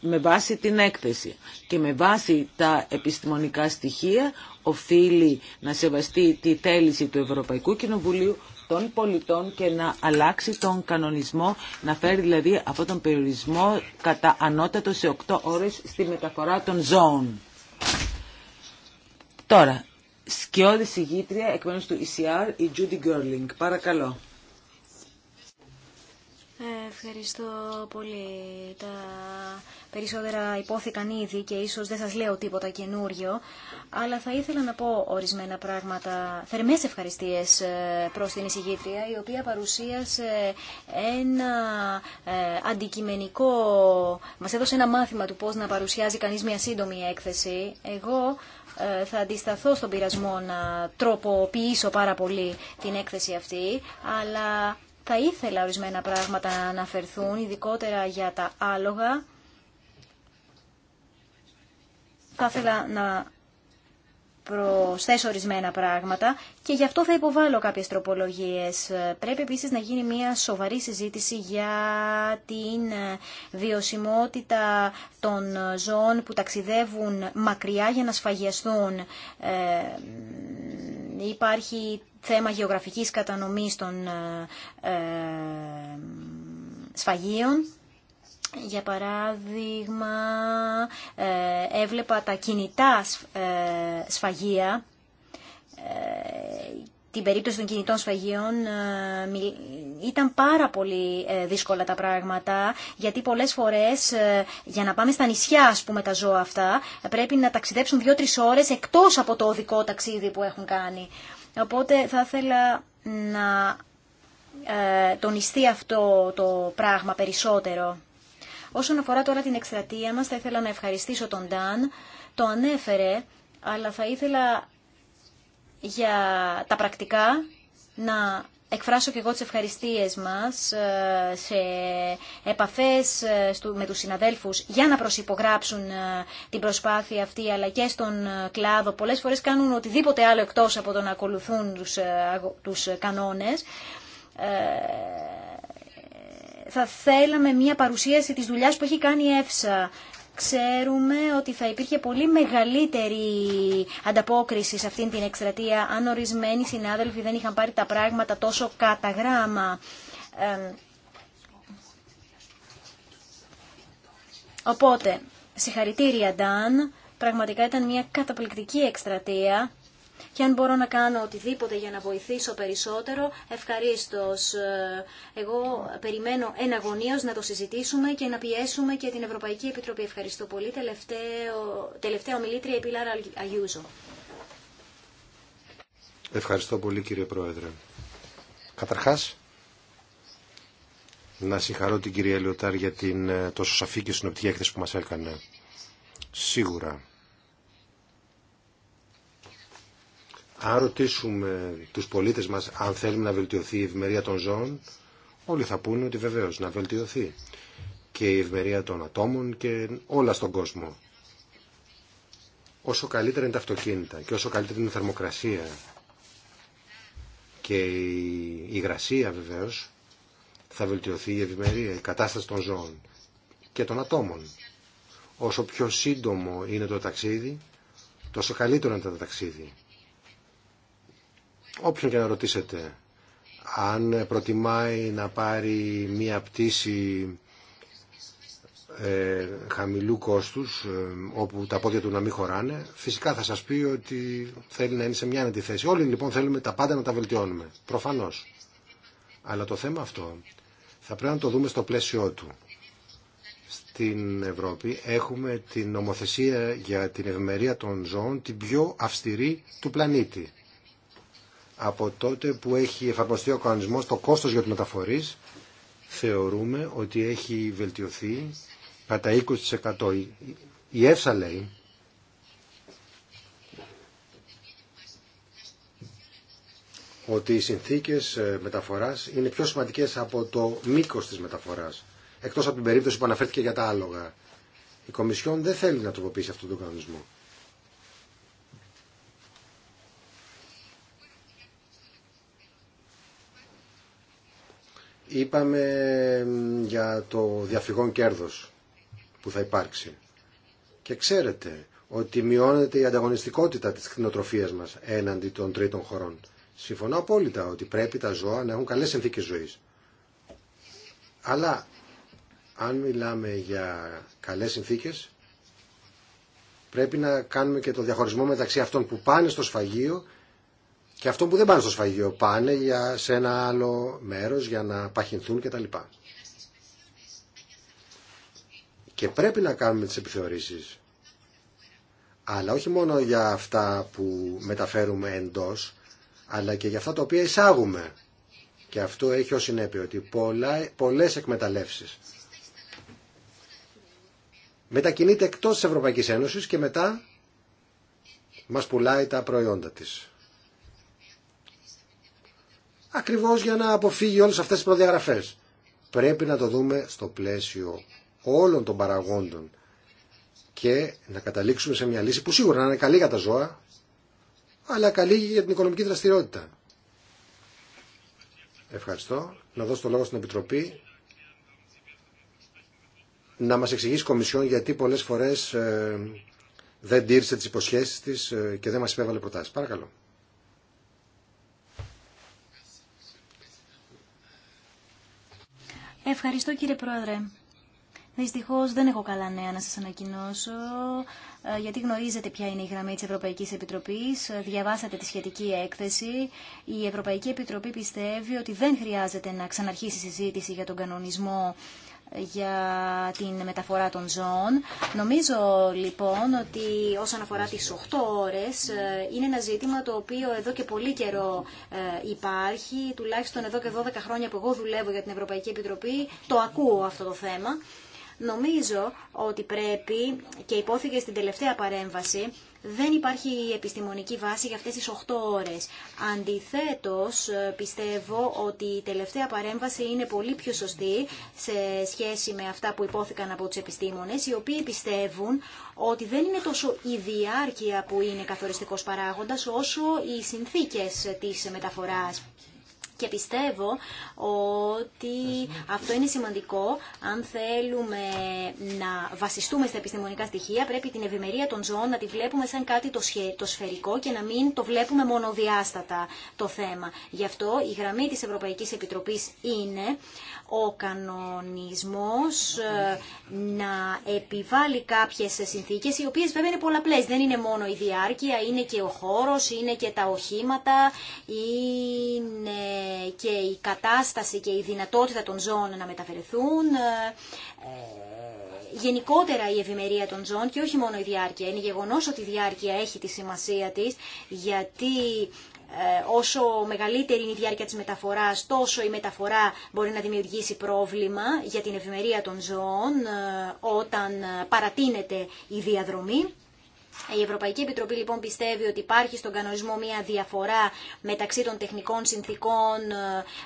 με βάση την έκθεση και με βάση τα επιστημονικά στοιχεία οφείλει να σεβαστεί τη θέληση του Ευρωπαϊκού Κοινοβουλίου των πολιτών και να αλλάξει τον κανονισμό, να φέρει δηλαδή αυτόν τον περιορισμό κατά ανώτατο σε 8 ώρες στη μεταφορά των ζώων. Τώρα, σκιώδη συγγήτρια εκ μέρους του ECR, η Judy Gerling. Παρακαλώ. Ευχαριστώ πολύ. Τα περισσότερα υπόθηκαν ήδη και ίσως δεν σας λέω τίποτα καινούριο, αλλά θα ήθελα να πω ορισμένα πράγματα. Θερμές ευχαριστίες ε, προς την εισηγήτρια, η οποία παρουσίασε ένα ε, αντικειμενικό, μας έδωσε ένα μάθημα του πώς να παρουσιάζει κανείς μια σύντομη έκθεση. Εγώ ε, θα αντισταθώ στον πειρασμό να τροποποιήσω πάρα πολύ την έκθεση αυτή, αλλά θα ήθελα ορισμένα πράγματα να αναφερθούν, ειδικότερα για τα άλογα. Θα ήθελα να προσθέσω ορισμένα πράγματα και γι' αυτό θα υποβάλω κάποιες τροπολογίες. Πρέπει επίσης να γίνει μια σοβαρή συζήτηση για την βιωσιμότητα των ζώων που ταξιδεύουν μακριά για να σφαγιαστούν. Ε, υπάρχει θέμα γεωγραφικής κατανομής των ε, ε, σφαγίων. Για παράδειγμα, ε, έβλεπα τα κινητά σφαγεία την περίπτωση των κινητών σφαγείων ήταν πάρα πολύ δύσκολα τα πράγματα γιατί πολλές φορές για να πάμε στα νησιά ας πούμε τα ζώα αυτά πρέπει να ταξιδέψουν δύο-τρεις ώρες εκτός από το οδικό ταξίδι που έχουν κάνει. Οπότε θα ήθελα να ε, τονιστεί αυτό το πράγμα περισσότερο. Όσον αφορά τώρα την εκστρατεία μας, θα ήθελα να ευχαριστήσω τον Ντάν. Το ανέφερε, αλλά θα ήθελα για τα πρακτικά να εκφράσω και εγώ τις ευχαριστίες μας ε, σε επαφές ε, με τους συναδέλφους για να προσυπογράψουν ε, την προσπάθεια αυτή αλλά και στον κλάδο. Πολλές φορές κάνουν οτιδήποτε άλλο εκτός από το να ακολουθούν τους, κανόνε. κανόνες. Θα θέλαμε μια παρουσίαση της δουλειάς που έχει κάνει η ΕΦΣΑ ξέρουμε ότι θα υπήρχε πολύ μεγαλύτερη ανταπόκριση σε αυτήν την εκστρατεία αν ορισμένοι συνάδελφοι δεν είχαν πάρει τα πράγματα τόσο κατά γράμμα. Οπότε, συγχαρητήρια Νταν, πραγματικά ήταν μια καταπληκτική εκστρατεία και αν μπορώ να κάνω οτιδήποτε για να βοηθήσω περισσότερο, ευχαρίστως. Ε, εγώ περιμένω εναγωνίως να το συζητήσουμε και να πιέσουμε και την Ευρωπαϊκή Επιτροπή. Ευχαριστώ πολύ. Τελευταίο, τελευταία ομιλήτρια η Πιλάρα Αγιούζο. Ευχαριστώ πολύ κύριε Πρόεδρε. Καταρχάς, να συγχαρώ την κυρία Λιωτάρ για την ε, τόσο σαφή και συνοπτική έκθεση που μας έκανε. Σίγουρα Αν ρωτήσουμε τους πολίτες μας αν θέλουμε να βελτιωθεί η ευημερία των ζώων, όλοι θα πούνε ότι βεβαίως να βελτιωθεί και η ευημερία των ατόμων και όλα στον κόσμο. Όσο καλύτερα είναι τα αυτοκίνητα και όσο καλύτερη είναι η θερμοκρασία και η υγρασία βεβαίως, θα βελτιωθεί η ευημερία, η κατάσταση των ζώων και των ατόμων. Όσο πιο σύντομο είναι το ταξίδι, τόσο καλύτερο είναι το ταξίδι όποιον και να ρωτήσετε αν προτιμάει να πάρει μία πτήση ε, χαμηλού κόστους ε, όπου τα πόδια του να μην χωράνε φυσικά θα σας πει ότι θέλει να είναι σε μια αντιθέση. Όλοι λοιπόν θέλουμε τα πάντα να τα βελτιώνουμε. Προφανώς. Αλλά το θέμα αυτό θα πρέπει να το δούμε στο πλαίσιο του. Στην Ευρώπη έχουμε την νομοθεσία για την ευμερία των ζώων την πιο αυστηρή του πλανήτη. Από τότε που έχει εφαρμοστεί ο κανονισμός, το κόστος για τη μεταφορή θεωρούμε ότι έχει βελτιωθεί κατά 20%. Η ΕΦΣΑ λέει ότι οι συνθήκες ε, μεταφοράς είναι πιο σημαντικές από το μήκος της μεταφοράς, εκτός από την περίπτωση που αναφέρθηκε για τα άλογα. Η Κομισιόν δεν θέλει να τροποποιήσει αυτόν τον κανονισμό. Είπαμε για το διαφυγόν κέρδος που θα υπάρξει. Και ξέρετε ότι μειώνεται η ανταγωνιστικότητα της κτηνοτροφίας μας έναντι των τρίτων χωρών. Συμφωνώ απόλυτα ότι πρέπει τα ζώα να έχουν καλές συνθήκες ζωής. Αλλά αν μιλάμε για καλές συνθήκες πρέπει να κάνουμε και το διαχωρισμό μεταξύ αυτών που πάνε στο σφαγείο και αυτό που δεν πάνε στο σφαγείο πάνε για, σε ένα άλλο μέρος για να παχυνθούν κτλ. Και πρέπει να κάνουμε τις επιθεωρήσεις. Αλλά όχι μόνο για αυτά που μεταφέρουμε εντός, αλλά και για αυτά τα οποία εισάγουμε. Και αυτό έχει ως συνέπειο ότι πολλά, πολλές εκμεταλλεύσεις μετακινείται εκτός της Ευρωπαϊκής Ένωσης και μετά μας πουλάει τα προϊόντα της ακριβώς για να αποφύγει όλες αυτές τις προδιαγραφές. Πρέπει να το δούμε στο πλαίσιο όλων των παραγόντων και να καταλήξουμε σε μια λύση που σίγουρα να είναι καλή για τα ζώα, αλλά καλή για την οικονομική δραστηριότητα. Ευχαριστώ. Να δώσω το λόγο στην Επιτροπή να μας εξηγήσει η Κομισιόν γιατί πολλές φορές ε, δεν τήρησε τις υποσχέσεις της ε, και δεν μας υπέβαλε προτάσεις. Παρακαλώ. Ευχαριστώ κύριε Πρόεδρε. Δυστυχώ δεν έχω καλά νέα να σα ανακοινώσω, ε, γιατί γνωρίζετε ποια είναι η γραμμή τη Ευρωπαϊκή Επιτροπή. Ε, διαβάσατε τη σχετική έκθεση. Η Ευρωπαϊκή Επιτροπή πιστεύει ότι δεν χρειάζεται να ξαναρχίσει η συζήτηση για τον κανονισμό για την μεταφορά των ζώων. Νομίζω λοιπόν ότι όσον αφορά τις 8 ώρες ε, είναι ένα ζήτημα το οποίο εδώ και πολύ καιρό ε, υπάρχει, τουλάχιστον εδώ και 12 χρόνια που εγώ δουλεύω για την Ευρωπαϊκή Επιτροπή, το ακούω αυτό το θέμα. Νομίζω ότι πρέπει, και υπόθηκε στην τελευταία παρέμβαση, δεν υπάρχει επιστημονική βάση για αυτές τις 8 ώρες. Αντιθέτως, πιστεύω ότι η τελευταία παρέμβαση είναι πολύ πιο σωστή σε σχέση με αυτά που υπόθηκαν από τους επιστήμονες, οι οποίοι πιστεύουν ότι δεν είναι τόσο η διάρκεια που είναι καθοριστικός παράγοντας, όσο οι συνθήκες της μεταφοράς και πιστεύω ότι αυτό είναι σημαντικό. Αν θέλουμε να βασιστούμε στα επιστημονικά στοιχεία, πρέπει την ευημερία των ζώων να τη βλέπουμε σαν κάτι το σφαιρικό και να μην το βλέπουμε μονοδιάστατα το θέμα. Γι' αυτό η γραμμή της Ευρωπαϊκής Επιτροπής είναι ο κανονισμός ε, να επιβάλλει κάποιες συνθήκες, οι οποίες βέβαια είναι πολλαπλές. Δεν είναι μόνο η διάρκεια, είναι και ο χώρος, είναι και τα οχήματα, είναι και η κατάσταση και η δυνατότητα των ζώων να μεταφερεθούν ε, γενικότερα η ευημερία των ζώων και όχι μόνο η διάρκεια. Είναι γεγονός ότι η διάρκεια έχει τη σημασία της γιατί ε, όσο μεγαλύτερη είναι η διάρκεια της μεταφοράς, τόσο η μεταφορά μπορεί να δημιουργήσει πρόβλημα για την ευημερία των ζώων ε, όταν παρατείνεται η διαδρομή. Η Ευρωπαϊκή Επιτροπή λοιπόν πιστεύει ότι υπάρχει στον κανονισμό μια διαφορά μεταξύ των τεχνικών συνθήκων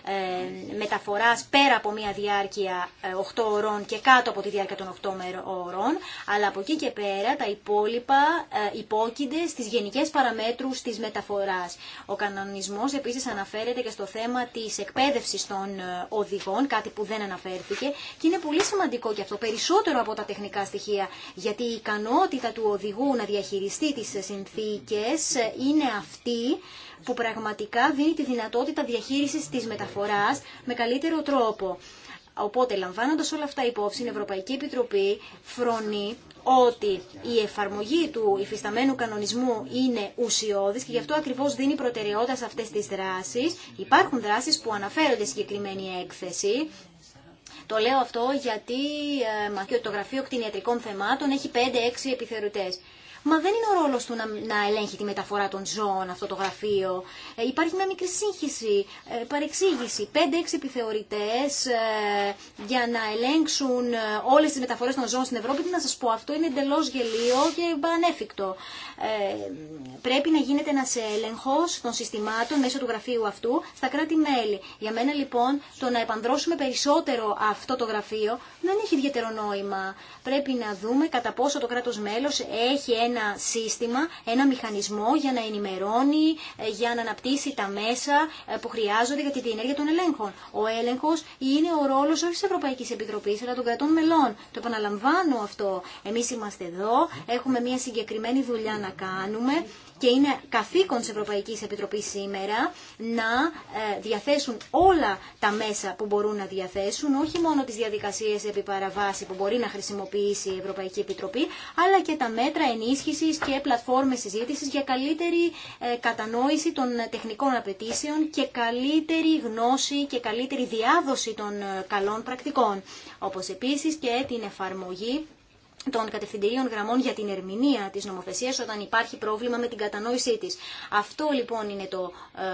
ε, ε μεταφοράς πέρα από μια διάρκεια 8 ε, ώρων και κάτω από τη διάρκεια των 8 ώρων, αλλά από εκεί και πέρα τα υπόλοιπα ε, υπόκεινται στις γενικές παραμέτρους της μεταφοράς. Ο κανονισμός επίσης αναφέρεται και στο θέμα της εκπαίδευσης των ε, οδηγών, κάτι που δεν αναφέρθηκε και είναι πολύ σημαντικό και αυτό περισσότερο από τα τεχνικά στοιχεία, γιατί η ικανότητα του οδηγού να διαχειριστεί τις συνθήκες είναι αυτή που πραγματικά δίνει τη δυνατότητα διαχείρισης της μεταφοράς με καλύτερο τρόπο. Οπότε, λαμβάνοντας όλα αυτά υπόψη, η Ευρωπαϊκή Επιτροπή φρονεί ότι η εφαρμογή του υφισταμένου κανονισμού είναι ουσιώδης και γι' αυτό ακριβώς δίνει προτεραιότητα σε αυτές τις δράσεις. Υπάρχουν δράσεις που αναφέρονται συγκεκριμένη έκθεση. Το λέω αυτό γιατί ε, το Γραφείο Κτηνιατρικών Θεμάτων έχει 5-6 επιθερωτές. Μα δεν είναι ο ρόλο του να, να ελέγχει τη μεταφορά των ζώων αυτό το γραφείο. Ε, υπάρχει μια μικρή σύγχυση, ε, παρεξήγηση. 5-6 επιθεωρητέ ε, για να ελέγξουν ε, όλε τι μεταφορέ των ζώων στην Ευρώπη. Τι να σα πω, αυτό είναι εντελώ γελίο και ανέφικτο. Ε, πρέπει να γίνεται ένα έλεγχο των συστημάτων μέσω του γραφείου αυτού στα κράτη-μέλη. Για μένα λοιπόν το να επανδρώσουμε περισσότερο αυτό το γραφείο δεν έχει ιδιαίτερο νόημα. Πρέπει να δούμε κατά πόσο το κράτο μέλο έχει ένα σύστημα, ένα μηχανισμό για να ενημερώνει, ε, για να αναπτύσσει τα μέσα ε, που χρειάζονται για την ενέργεια των ελέγχων. Ο έλεγχο είναι ο ρόλο όχι τη Ευρωπαϊκή Επιτροπή, αλλά των κρατών μελών. Το επαναλαμβάνω αυτό. Εμεί είμαστε εδώ, έχουμε μια συγκεκριμένη δουλειά να κάνουμε και είναι καθήκον της Ευρωπαϊκής Επιτροπής σήμερα να ε, διαθέσουν όλα τα μέσα που μπορούν να διαθέσουν, όχι μόνο τις διαδικασίες επί που μπορεί να χρησιμοποιήσει η Ευρωπαϊκή Επιτροπή, αλλά και τα μέτρα ενίσχυσης και πλατφόρμες συζήτησης για καλύτερη ε, κατανόηση των τεχνικών απαιτήσεων και καλύτερη γνώση και καλύτερη διάδοση των ε, καλών πρακτικών, όπως επίσης και την εφαρμογή των κατευθυντηρίων γραμμών για την ερμηνεία της νομοθεσίας όταν υπάρχει πρόβλημα με την κατανόησή της. Αυτό λοιπόν είναι το, ε,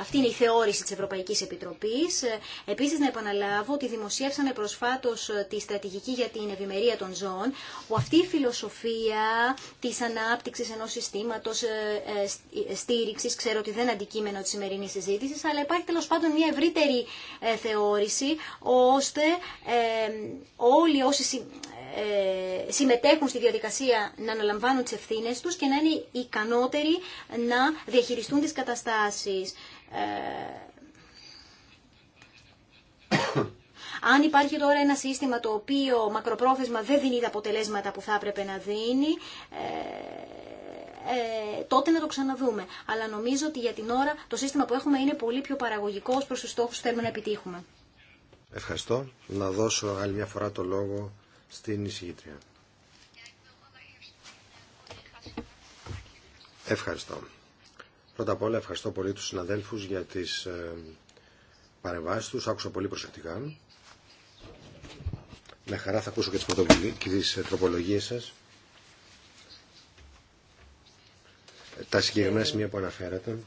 αυτή είναι η θεώρηση της Ευρωπαϊκής Επιτροπής. Ε, επίσης να επαναλάβω ότι δημοσίευσαμε προσφάτως ε, τη στρατηγική για την ευημερία των ζώων που αυτή η φιλοσοφία της ανάπτυξης ενός συστήματος ε, στήριξης, ξέρω ότι δεν είναι αντικείμενο της σημερινής συζήτησης, αλλά υπάρχει τέλος πάντων μια ευρύτερη θεώρηση ώστε όλοι όσοι ε, συμμετέχουν στη διαδικασία να αναλαμβάνουν τις ευθύνες τους και να είναι ικανότεροι να διαχειριστούν τις καταστάσεις. Ε, Αν υπάρχει τώρα ένα σύστημα το οποίο μακροπρόθεσμα δεν δίνει τα αποτελέσματα που θα έπρεπε να δίνει, ε, τότε να το ξαναδούμε. Αλλά νομίζω ότι για την ώρα το σύστημα που έχουμε είναι πολύ πιο παραγωγικό προς τους στόχους που θέλουμε να επιτύχουμε. Ευχαριστώ. Να δώσω άλλη μια φορά το λόγο στην εισηγήτρια. Ευχαριστώ. Πρώτα απ' όλα ευχαριστώ πολύ τους συναδέλφους για τις ε, παρεμβάσεις τους. Άκουσα πολύ προσεκτικά. Με χαρά θα ακούσω και τις πρωτοβουλίες και τις ε, σας. Τα συγκεκριμένα σημεία που αναφέρατε.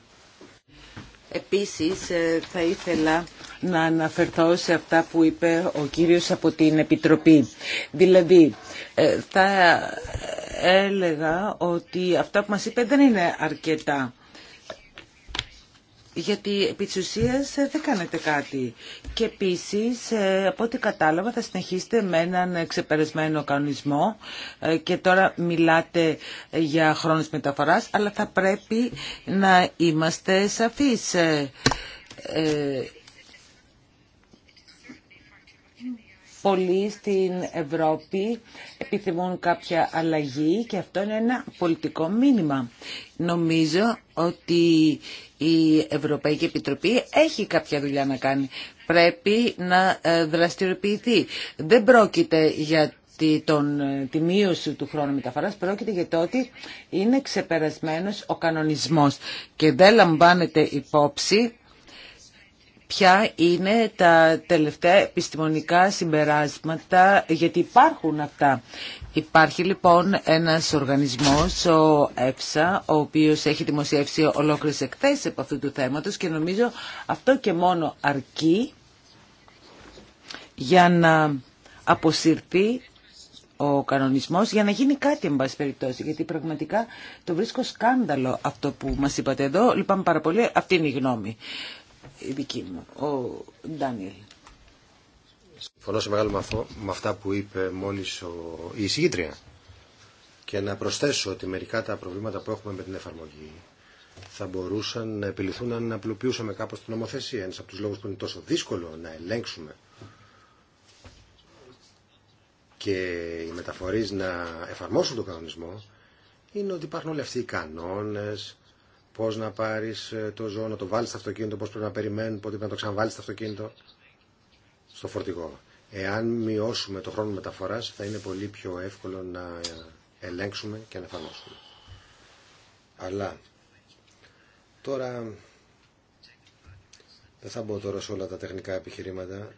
Επίσης ε, θα ήθελα να αναφερθώ σε αυτά που είπε ο κύριος από την Επιτροπή. Δηλαδή, ε, θα έλεγα ότι αυτά που μας είπε δεν είναι αρκετά. Γιατί επί της ουσίας ε, δεν κάνετε κάτι. Και επίσης, ε, από ό,τι κατάλαβα, θα συνεχίσετε με έναν ξεπερασμένο κανονισμό και τώρα μιλάτε για χρόνους μεταφοράς, αλλά θα πρέπει να είμαστε σαφείς. πολλοί στην Ευρώπη επιθυμούν κάποια αλλαγή και αυτό είναι ένα πολιτικό μήνυμα. Νομίζω ότι η Ευρωπαϊκή Επιτροπή έχει κάποια δουλειά να κάνει. Πρέπει να ε, δραστηριοποιηθεί. Δεν πρόκειται για τον, ε, τη μείωση του χρόνου μεταφοράς πρόκειται για το ότι είναι ξεπερασμένος ο κανονισμός και δεν λαμβάνεται υπόψη ποια είναι τα τελευταία επιστημονικά συμπεράσματα, γιατί υπάρχουν αυτά. Υπάρχει λοιπόν ένας οργανισμός, ο ΕΦΣΑ, ο οποίος έχει δημοσιεύσει ολόκληρες εκθέσεις από αυτού του θέματος και νομίζω αυτό και μόνο αρκεί για να αποσυρθεί ο κανονισμός για να γίνει κάτι εν πάση περιπτώσει γιατί πραγματικά το βρίσκω σκάνδαλο αυτό που μας είπατε εδώ λυπάμαι πάρα πολύ, αυτή είναι η γνώμη η ο Ντάνιελ. Συμφωνώ σε μεγάλο μαθό με αυτά που είπε μόλις ο... η εισηγήτρια και να προσθέσω ότι μερικά τα προβλήματα που έχουμε με την εφαρμογή θα μπορούσαν να επιληθούν αν απλοποιούσαμε κάπως την νομοθεσία. Ένας από τους λόγους που είναι τόσο δύσκολο να ελέγξουμε και οι μεταφορείς να εφαρμόσουν τον κανονισμό είναι ότι υπάρχουν όλοι αυτοί οι κανόνες, πώ να πάρει ε, το ζώο, να το βάλει στο αυτοκίνητο, πώ πρέπει να περιμένουν, πότε πρέπει να το ξαναβάλει στο αυτοκίνητο, στο φορτηγό. Εάν μειώσουμε το χρόνο μεταφορά, θα είναι πολύ πιο εύκολο να ε, ελέγξουμε και να εφαρμόσουμε. Αλλά τώρα δεν θα μπω τώρα σε όλα τα τεχνικά επιχειρήματα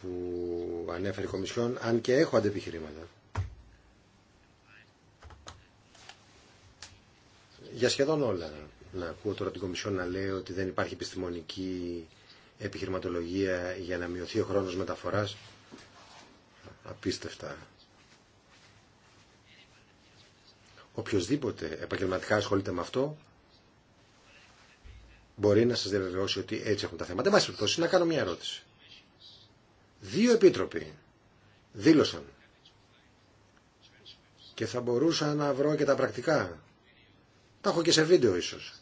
που ανέφερε η Κομισιόν, αν και έχω αντεπιχειρήματα. για σχεδόν όλα. Να ακούω τώρα την Κομισιόν να λέει ότι δεν υπάρχει επιστημονική επιχειρηματολογία για να μειωθεί ο χρόνος μεταφοράς. Απίστευτα. Οποιοςδήποτε επαγγελματικά ασχολείται με αυτό μπορεί να σας διαβεβαιώσει ότι έτσι έχουν τα θέματα. Εν πάση να κάνω μια ερώτηση. Δύο επίτροποι δήλωσαν και θα μπορούσα να βρω και τα πρακτικά τα έχω και σε βίντεο ίσως.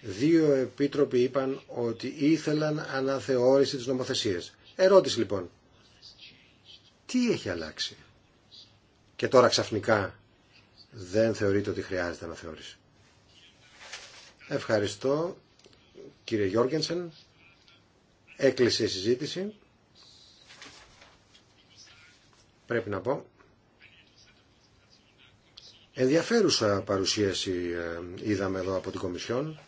Δύο επίτροποι είπαν ότι ήθελαν αναθεώρηση της νομοθεσίας. Ερώτηση λοιπόν. Τι έχει αλλάξει. Και τώρα ξαφνικά δεν θεωρείται ότι χρειάζεται αναθεώρηση. Ευχαριστώ κύριε Γιώργενσεν. Έκλεισε η συζήτηση. Πρέπει να πω Ενδιαφέρουσα παρουσίαση ε, είδαμε εδώ από την Κομισιόν.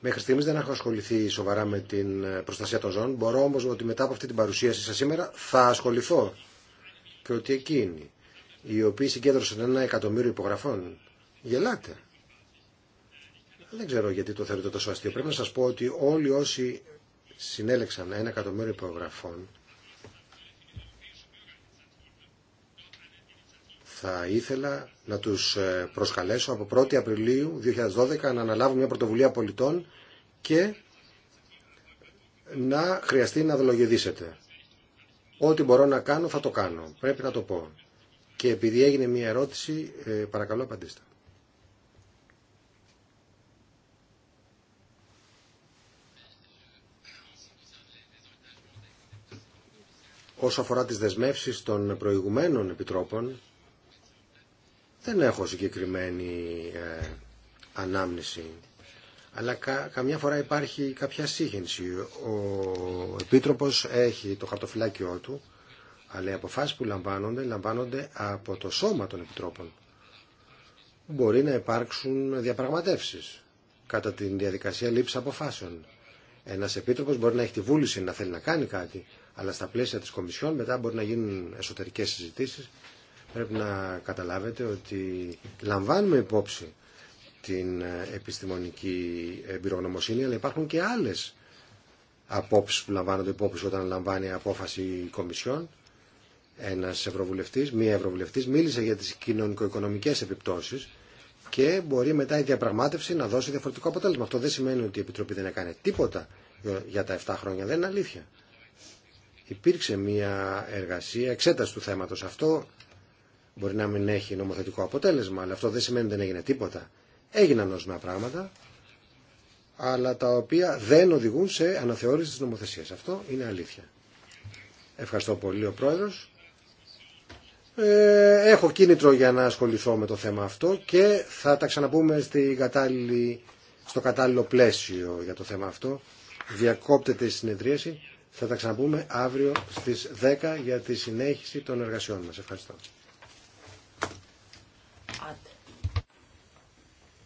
Μέχρι στιγμής δεν έχω ασχοληθεί σοβαρά με την ε, προστασία των ζών. Μπορώ όμως ότι μετά από αυτή την παρουσίαση σας σήμερα θα ασχοληθώ. Και ότι εκείνοι οι οποίοι συγκέντρωσαν ένα εκατομμύριο υπογραφών γελάτε. Δεν ξέρω γιατί το θεωρείτε τόσο αστείο. Πρέπει να σας πω ότι όλοι όσοι συνέλεξαν ένα εκατομμύριο υπογραφών θα ήθελα να τους ε, προσκαλέσω από 1η Απριλίου 2012 να αναλάβουν μια πρωτοβουλία πολιτών και να χρειαστεί να δολογεδίσετε. Ό,τι μπορώ να κάνω θα το κάνω. Πρέπει να το πω. Και επειδή έγινε μια ερώτηση, ε, παρακαλώ απαντήστε. Όσο αφορά τις δεσμεύσεις των προηγουμένων επιτρόπων, δεν έχω συγκεκριμένη ε, ανάμνηση, αλλά κα, καμιά φορά υπάρχει κάποια σύγχυνση. Ο Επίτροπος έχει το χαρτοφυλάκιό του, αλλά οι αποφάσεις που λαμβάνονται, λαμβάνονται από το σώμα των Επιτρόπων. Μπορεί να υπάρξουν διαπραγματεύσεις κατά τη διαδικασία λήψης αποφάσεων. Ένας Επίτροπος μπορεί να έχει τη βούληση να θέλει να κάνει κάτι, αλλά στα πλαίσια της Κομισιόν μετά μπορεί να γίνουν εσωτερικές συζητήσεις Πρέπει να καταλάβετε ότι λαμβάνουμε υπόψη την ε, επιστημονική εμπειρογνωμοσύνη, αλλά υπάρχουν και άλλες απόψεις που λαμβάνονται υπόψη όταν λαμβάνει απόφαση η Κομισιόν. Ένας ευρωβουλευτής, μία ευρωβουλευτής, μίλησε για τις κοινωνικο-οικονομικές επιπτώσεις και μπορεί μετά η διαπραγμάτευση να δώσει διαφορετικό αποτέλεσμα. Αυτό δεν σημαίνει ότι η Επιτροπή δεν έκανε τίποτα για τα 7 χρόνια. Δεν είναι αλήθεια. Υπήρξε μία εργασία εξέταση του θέματος. Αυτό Μπορεί να μην έχει νομοθετικό αποτέλεσμα, αλλά αυτό δεν σημαίνει ότι δεν έγινε τίποτα. Έγιναν ορισμένα πράγματα, αλλά τα οποία δεν οδηγούν σε αναθεώρηση της νομοθεσίας. Αυτό είναι αλήθεια. Ευχαριστώ πολύ ο Πρόεδρος. Ε, έχω κίνητρο για να ασχοληθώ με το θέμα αυτό και θα τα ξαναπούμε κατάλληλη, στο κατάλληλο πλαίσιο για το θέμα αυτό. Διακόπτεται η συνεδρίαση. Θα τα ξαναπούμε αύριο στις 10 για τη συνέχιση των εργασιών μας. Ευχαριστώ. Α,